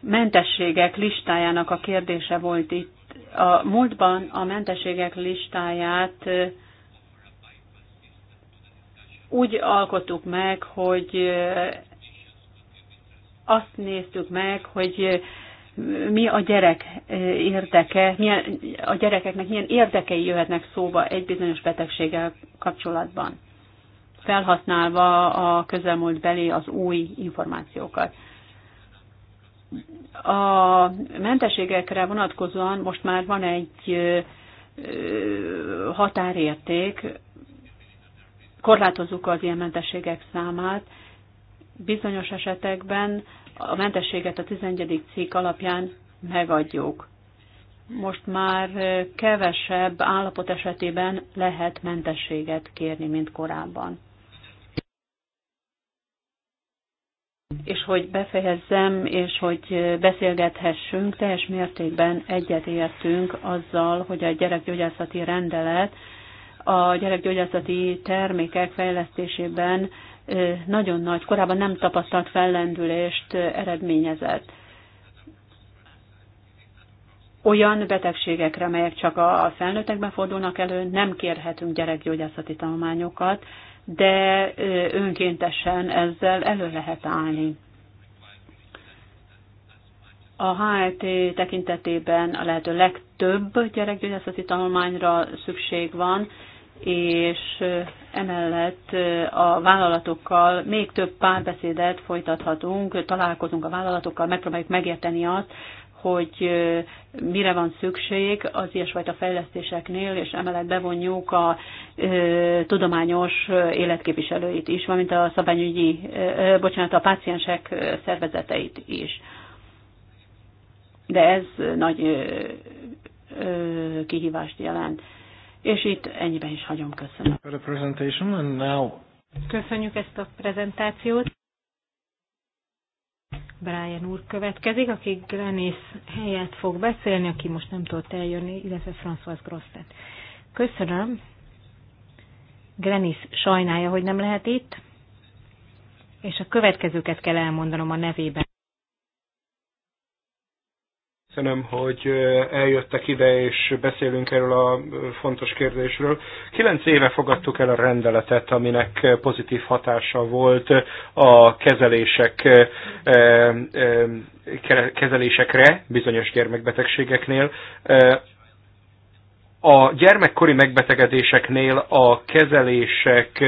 [SPEAKER 2] mentességek listájának a kérdése volt itt. A múltban a mentességek listáját ö, úgy alkottuk meg, hogy azt néztük meg, hogy mi a gyerek e, érdeke, milyen, a gyerekeknek milyen érdekei jöhetnek szóba egy bizonyos betegséggel kapcsolatban, felhasználva a közelmúlt belé az új információkat. A mentességekre vonatkozóan most már van egy e, határérték, korlátozzuk az ilyen mentességek számát, bizonyos esetekben a mentességet a 11. cikk alapján megadjuk. Most már kevesebb állapot esetében lehet mentességet kérni, mint korábban. És hogy befejezzem, és hogy beszélgethessünk, teljes mértékben egyetértünk azzal, hogy a gyerekgyógyászati rendelet a gyerekgyógyászati termékek fejlesztésében nagyon nagy, korábban nem tapasztalt fellendülést eredményezett. Olyan betegségekre, melyek csak a felnőttekben fordulnak elő, nem kérhetünk gyerekgyógyászati tanulmányokat, de önkéntesen ezzel elő lehet állni. A HLT tekintetében a lehető legtöbb gyerekgyógyászati tanulmányra szükség van, és emellett a vállalatokkal még több párbeszédet folytathatunk, találkozunk a vállalatokkal, megpróbáljuk megérteni azt, hogy mire van szükség az ilyesfajta fejlesztéseknél, és emellett bevonjuk a tudományos életképviselőit is, valamint a szabályügyi, e, bocsánat, a páciensek szervezeteit is. De ez nagy kihívást jelent.
[SPEAKER 3] És itt ennyiben is hagyom, köszönöm. Köszönjük ezt a prezentációt. Brian úr következik, aki Grenis helyett fog beszélni, aki most nem tudott eljönni, illetve François Grosset. Köszönöm. Grenis sajnálja, hogy nem lehet itt, és a következőket kell elmondanom a nevében.
[SPEAKER 1] Köszönöm, hogy eljöttek ide, és beszélünk erről a fontos kérdésről. Kilenc éve fogadtuk el a rendeletet, aminek pozitív hatása volt a kezelések, kezelésekre bizonyos gyermekbetegségeknél. A gyermekkori megbetegedéseknél a kezelések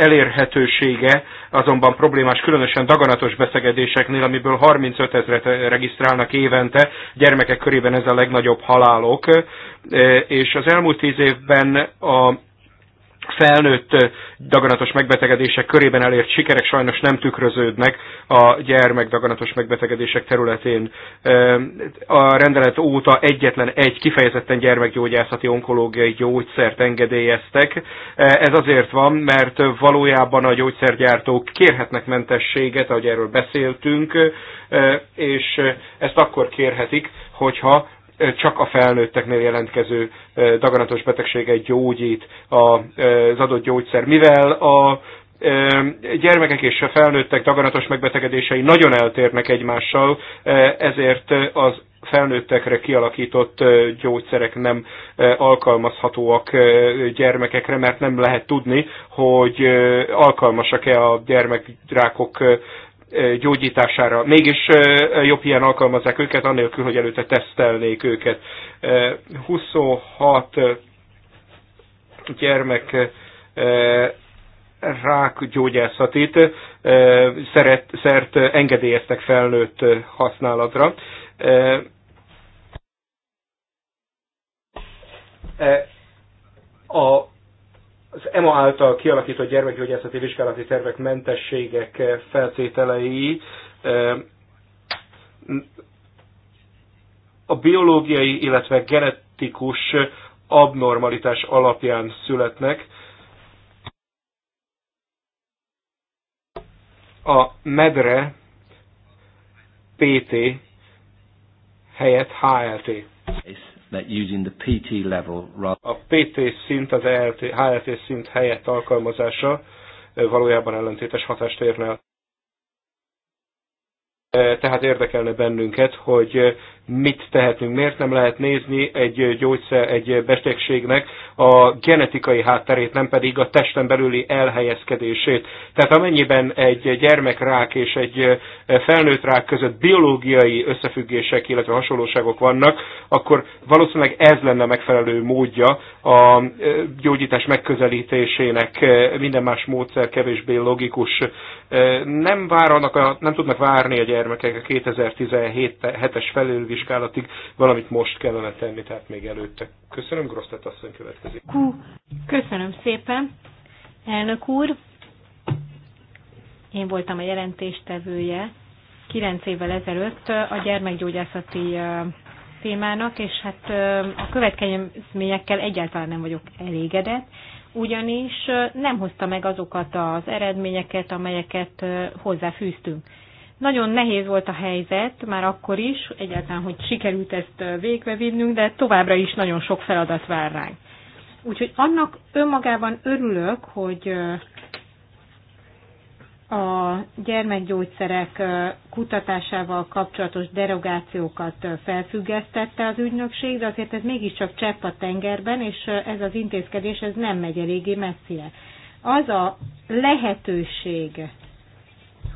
[SPEAKER 1] elérhetősége azonban problémás, különösen daganatos beszegedéseknél, amiből 35 ezeret regisztrálnak évente, gyermekek körében ez a legnagyobb halálok, e, és az elmúlt tíz évben a felnőtt daganatos megbetegedések körében elért sikerek sajnos nem tükröződnek a gyermek daganatos megbetegedések területén. A rendelet óta egyetlen egy kifejezetten gyermekgyógyászati onkológiai gyógyszert engedélyeztek. Ez azért van, mert valójában a gyógyszergyártók kérhetnek mentességet, ahogy erről beszéltünk, és ezt akkor kérhetik, hogyha csak a felnőtteknél jelentkező daganatos betegséget gyógyít az adott gyógyszer, mivel a gyermekek és a felnőttek daganatos megbetegedései nagyon eltérnek egymással, ezért az felnőttekre kialakított gyógyszerek nem alkalmazhatóak gyermekekre, mert nem lehet tudni, hogy alkalmasak-e a gyermekrákok gyógyítására. Mégis jobb ilyen alkalmazzák őket, annélkül, hogy előtte tesztelnék őket. 26 gyermek gyógyászatit szeret, szert engedélyeztek felnőtt használatra. A az EMA által kialakított gyermekgyógyászati vizsgálati tervek mentességek feltételei a biológiai, illetve genetikus abnormalitás alapján születnek. A medre PT helyett HLT that using the PT level rather... A PT szint az ELT, HLT szint helyett alkalmazása valójában ellentétes hatást érne e, Tehát érdekelne bennünket, hogy mit tehetünk, miért nem lehet nézni egy gyógyszer, egy betegségnek a genetikai hátterét, nem pedig a testen belüli elhelyezkedését. Tehát amennyiben egy gyermekrák és egy felnőtt rák között biológiai összefüggések, illetve hasonlóságok vannak, akkor valószínűleg ez lenne megfelelő módja a gyógyítás megközelítésének, minden más módszer kevésbé logikus. Nem, várnak a, nem tudnak várni a gyermekek a 2017-es felülvizsgálatot, vizsgálatig, valamit most kellene tenni, tehát még előtte. Köszönöm, Grosztet asszony következik.
[SPEAKER 3] Köszönöm szépen, elnök úr. Én voltam a jelentéstevője 9 évvel ezelőtt a gyermekgyógyászati témának, és hát a következményekkel egyáltalán nem vagyok elégedett, ugyanis nem hozta meg azokat az eredményeket, amelyeket hozzáfűztünk. Nagyon nehéz volt a helyzet, már akkor is, egyáltalán, hogy sikerült ezt végbe vinnünk, de továbbra is nagyon sok feladat vár ránk. Úgyhogy annak önmagában örülök, hogy a gyermekgyógyszerek kutatásával kapcsolatos derogációkat felfüggesztette az ügynökség, de azért ez mégiscsak csepp a tengerben, és ez az intézkedés ez nem megy eléggé messzire. Az a lehetőség,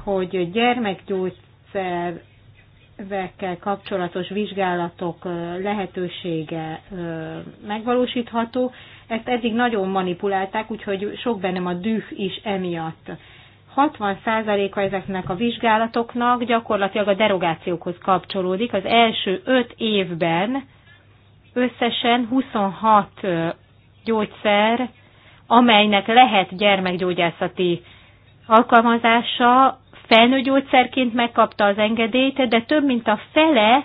[SPEAKER 3] hogy gyermekgyógyszerekkel kapcsolatos vizsgálatok lehetősége megvalósítható. Ezt eddig nagyon manipulálták, úgyhogy sok bennem a düh is emiatt. 60%-a ezeknek a vizsgálatoknak gyakorlatilag a derogációkhoz kapcsolódik. Az első 5 évben összesen 26 gyógyszer, amelynek lehet gyermekgyógyászati alkalmazása, felnőgyógyszerként megkapta az engedélyt, de több mint a fele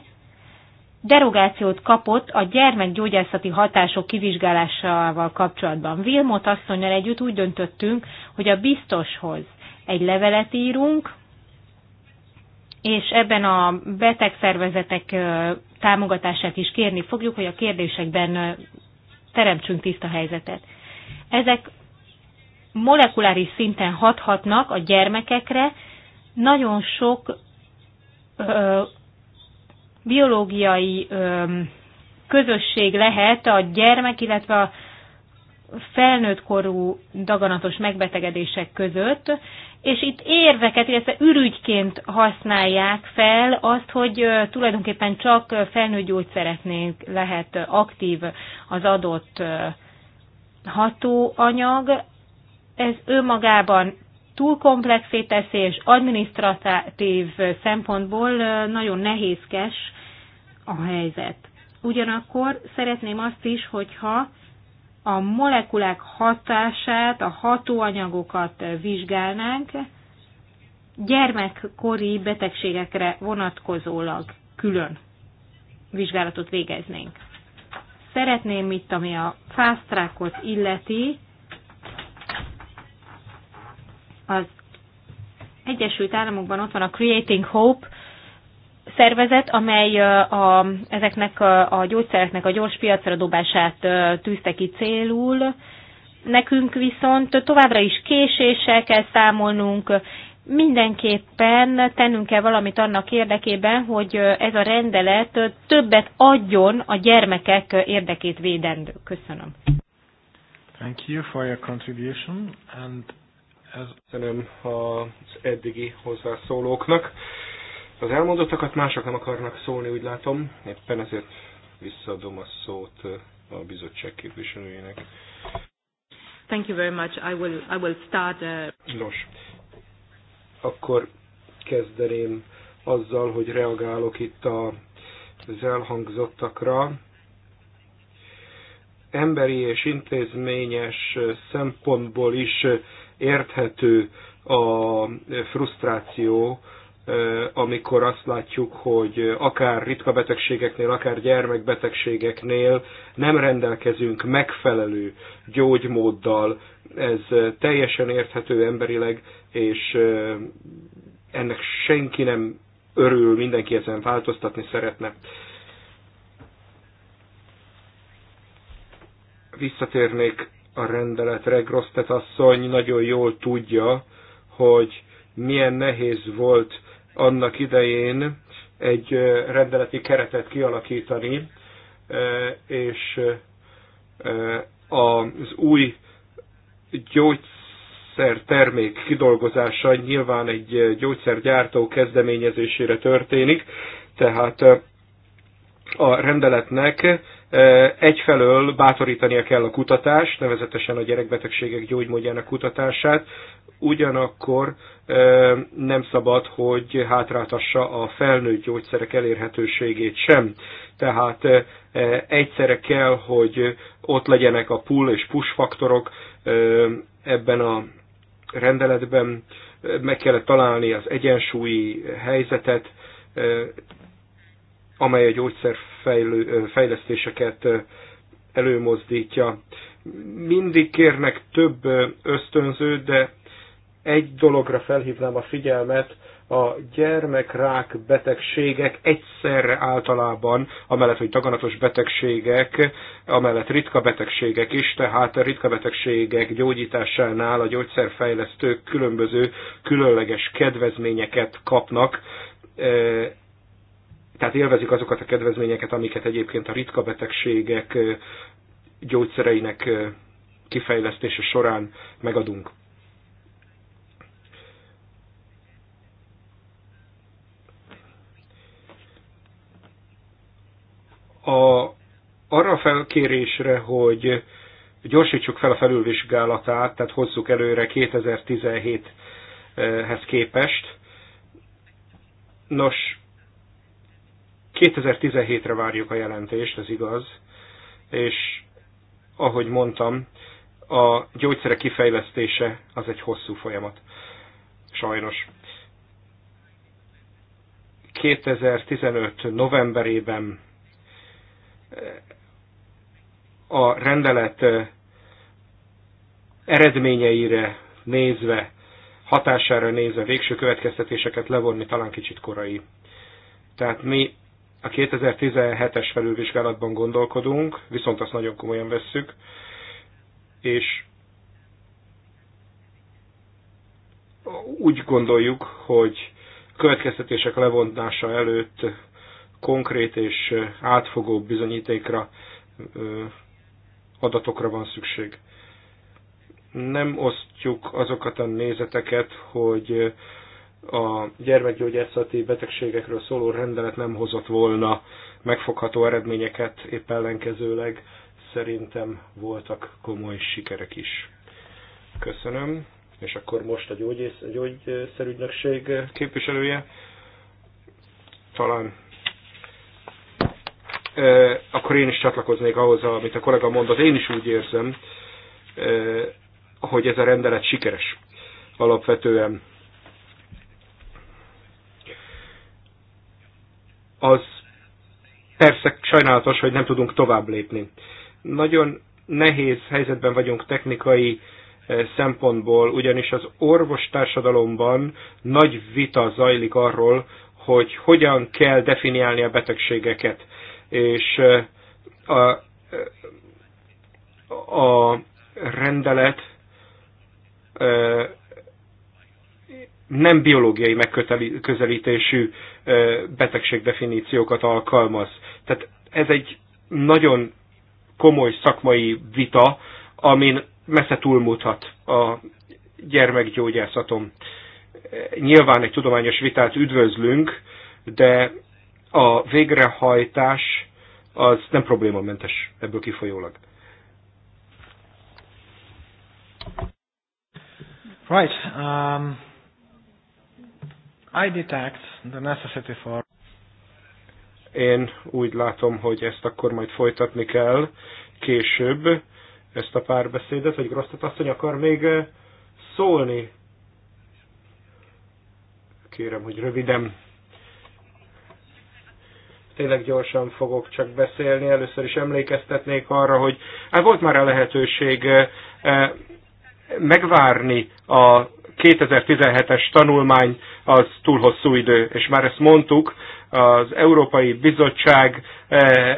[SPEAKER 3] derogációt kapott a gyermekgyógyászati hatások kivizsgálásával kapcsolatban. Vilmot asszonynal együtt úgy döntöttünk, hogy a biztoshoz egy levelet írunk, és ebben a betegszervezetek támogatását is kérni fogjuk, hogy a kérdésekben teremtsünk tiszta helyzetet. Ezek molekuláris szinten hathatnak a gyermekekre, nagyon sok ö, biológiai ö, közösség lehet a gyermek, illetve a korú daganatos megbetegedések között, és itt érveket, illetve ürügyként használják fel azt, hogy tulajdonképpen csak felnőtt gyógyszeretnénk lehet aktív az adott hatóanyag. Ez önmagában túl komplexé teszi, és adminisztratív szempontból nagyon nehézkes a helyzet. Ugyanakkor szeretném azt is, hogyha a molekulák hatását, a hatóanyagokat vizsgálnánk gyermekkori betegségekre vonatkozólag külön vizsgálatot végeznénk. Szeretném itt, ami a fast trackot illeti, az Egyesült Államokban ott van a Creating Hope szervezet, amely a, ezeknek a, a gyógyszereknek a gyors piacra dobását tűzte ki célul. Nekünk viszont továbbra is késéssel kell számolnunk, mindenképpen tennünk kell valamit annak érdekében, hogy ez a rendelet többet adjon a gyermekek érdekét védendő. Köszönöm.
[SPEAKER 1] Thank you for your contribution and Köszönöm az eddigi hozzászólóknak. Az elmondottakat mások nem akarnak szólni, úgy látom. Éppen ezért visszaadom a szót a bizottság képviselőjének.
[SPEAKER 3] Thank you very much. I will, I will start. Uh...
[SPEAKER 1] Nos, akkor kezdeném azzal, hogy reagálok itt a, az elhangzottakra. Emberi és intézményes szempontból is érthető a frusztráció, amikor azt látjuk, hogy akár ritka betegségeknél, akár gyermekbetegségeknél nem rendelkezünk megfelelő gyógymóddal. Ez teljesen érthető emberileg, és ennek senki nem örül, mindenki ezen változtatni szeretne. Visszatérnék a rendeletre. Grosztet asszony nagyon jól tudja, hogy milyen nehéz volt annak idején egy rendeleti keretet kialakítani, és az új gyógyszertermék kidolgozása nyilván egy gyógyszergyártó kezdeményezésére történik, tehát a rendeletnek Egyfelől bátorítania kell a kutatást, nevezetesen a gyerekbetegségek gyógymódjának kutatását, ugyanakkor nem szabad, hogy hátráltassa a felnőtt gyógyszerek elérhetőségét sem. Tehát egyszerre kell, hogy ott legyenek a pull és push faktorok ebben a rendeletben, meg kellett találni az egyensúlyi helyzetet, amely a gyógyszerfejlesztéseket előmozdítja. Mindig kérnek több ösztönzőt, de egy dologra felhívnám a figyelmet, a gyermekrák betegségek egyszerre általában, amellett, hogy daganatos betegségek, amellett ritka betegségek is, tehát a ritka betegségek gyógyításánál a gyógyszerfejlesztők különböző különleges kedvezményeket kapnak, tehát élvezik azokat a kedvezményeket, amiket egyébként a ritka betegségek gyógyszereinek kifejlesztése során megadunk. A, arra a felkérésre, hogy gyorsítsuk fel a felülvizsgálatát, tehát hozzuk előre 2017-hez képest. Nos, 2017-re várjuk a jelentést, ez igaz, és ahogy mondtam, a gyógyszerek kifejlesztése az egy hosszú folyamat. Sajnos. 2015. novemberében eh, a rendelet eh, eredményeire nézve, hatására nézve végső következtetéseket levonni talán kicsit korai. Tehát mi a 2017-es felülvizsgálatban gondolkodunk, viszont azt nagyon komolyan vesszük, és úgy gondoljuk, hogy következtetések levontása előtt konkrét és átfogó bizonyítékra, adatokra van szükség. Nem osztjuk azokat a nézeteket, hogy a gyermekgyógyászati betegségekről szóló rendelet nem hozott volna megfogható eredményeket, épp ellenkezőleg szerintem voltak komoly sikerek is. Köszönöm, és akkor most a gyógyész, gyógyszerügynökség képviselője talán akkor én is csatlakoznék ahhoz, amit a kollega mondott. Én is úgy érzem, hogy ez a rendelet sikeres alapvetően. az persze sajnálatos, hogy nem tudunk tovább lépni. Nagyon nehéz helyzetben vagyunk technikai eh, szempontból, ugyanis az orvostársadalomban nagy vita zajlik arról, hogy hogyan kell definiálni a betegségeket. És eh, a, eh, a rendelet nem biológiai megközelítésű betegségdefiníciókat alkalmaz. Tehát ez egy nagyon komoly szakmai vita, amin messze túlmutat a gyermekgyógyászatom. Nyilván egy tudományos vitát üdvözlünk, de a végrehajtás az nem problémamentes ebből kifolyólag. Right. Um, I detect the necessity for... Én úgy látom, hogy ezt akkor majd folytatni kell később, ezt a párbeszédet, hogy Grosztat asszony akar még eh, szólni. Kérem, hogy röviden. Tényleg gyorsan fogok csak beszélni. Először is emlékeztetnék arra, hogy hát volt már a lehetőség eh, eh, megvárni a 2017-es tanulmány az túl hosszú idő, és már ezt mondtuk, az Európai Bizottság eh, eh,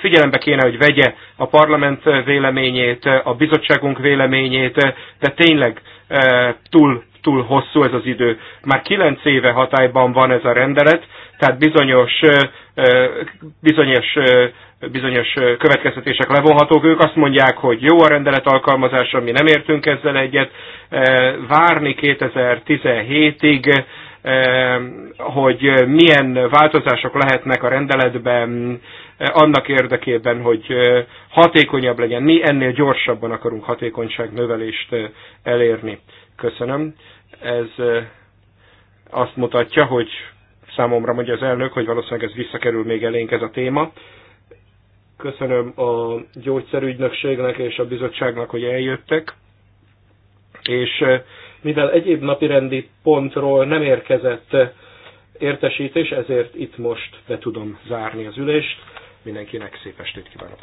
[SPEAKER 1] figyelembe kéne, hogy vegye a parlament véleményét, a bizottságunk véleményét, de tényleg eh, túl, túl hosszú ez az idő. Már kilenc éve hatályban van ez a rendelet, tehát bizonyos, bizonyos bizonyos következtetések levonhatók. Ők azt mondják, hogy jó a rendelet alkalmazása, mi nem értünk ezzel egyet. Várni 2017-ig, hogy milyen változások lehetnek a rendeletben annak érdekében, hogy hatékonyabb legyen. Mi ennél gyorsabban akarunk hatékonyság növelést elérni. Köszönöm. Ez azt mutatja, hogy számomra mondja az elnök, hogy valószínűleg ez visszakerül még elénk ez a téma. Köszönöm a gyógyszerügynökségnek és a bizottságnak, hogy eljöttek. És eh, mivel egyéb napirendi pontról nem érkezett eh, értesítés, ezért itt most be tudom zárni az ülést. Mindenkinek szép estét kívánok!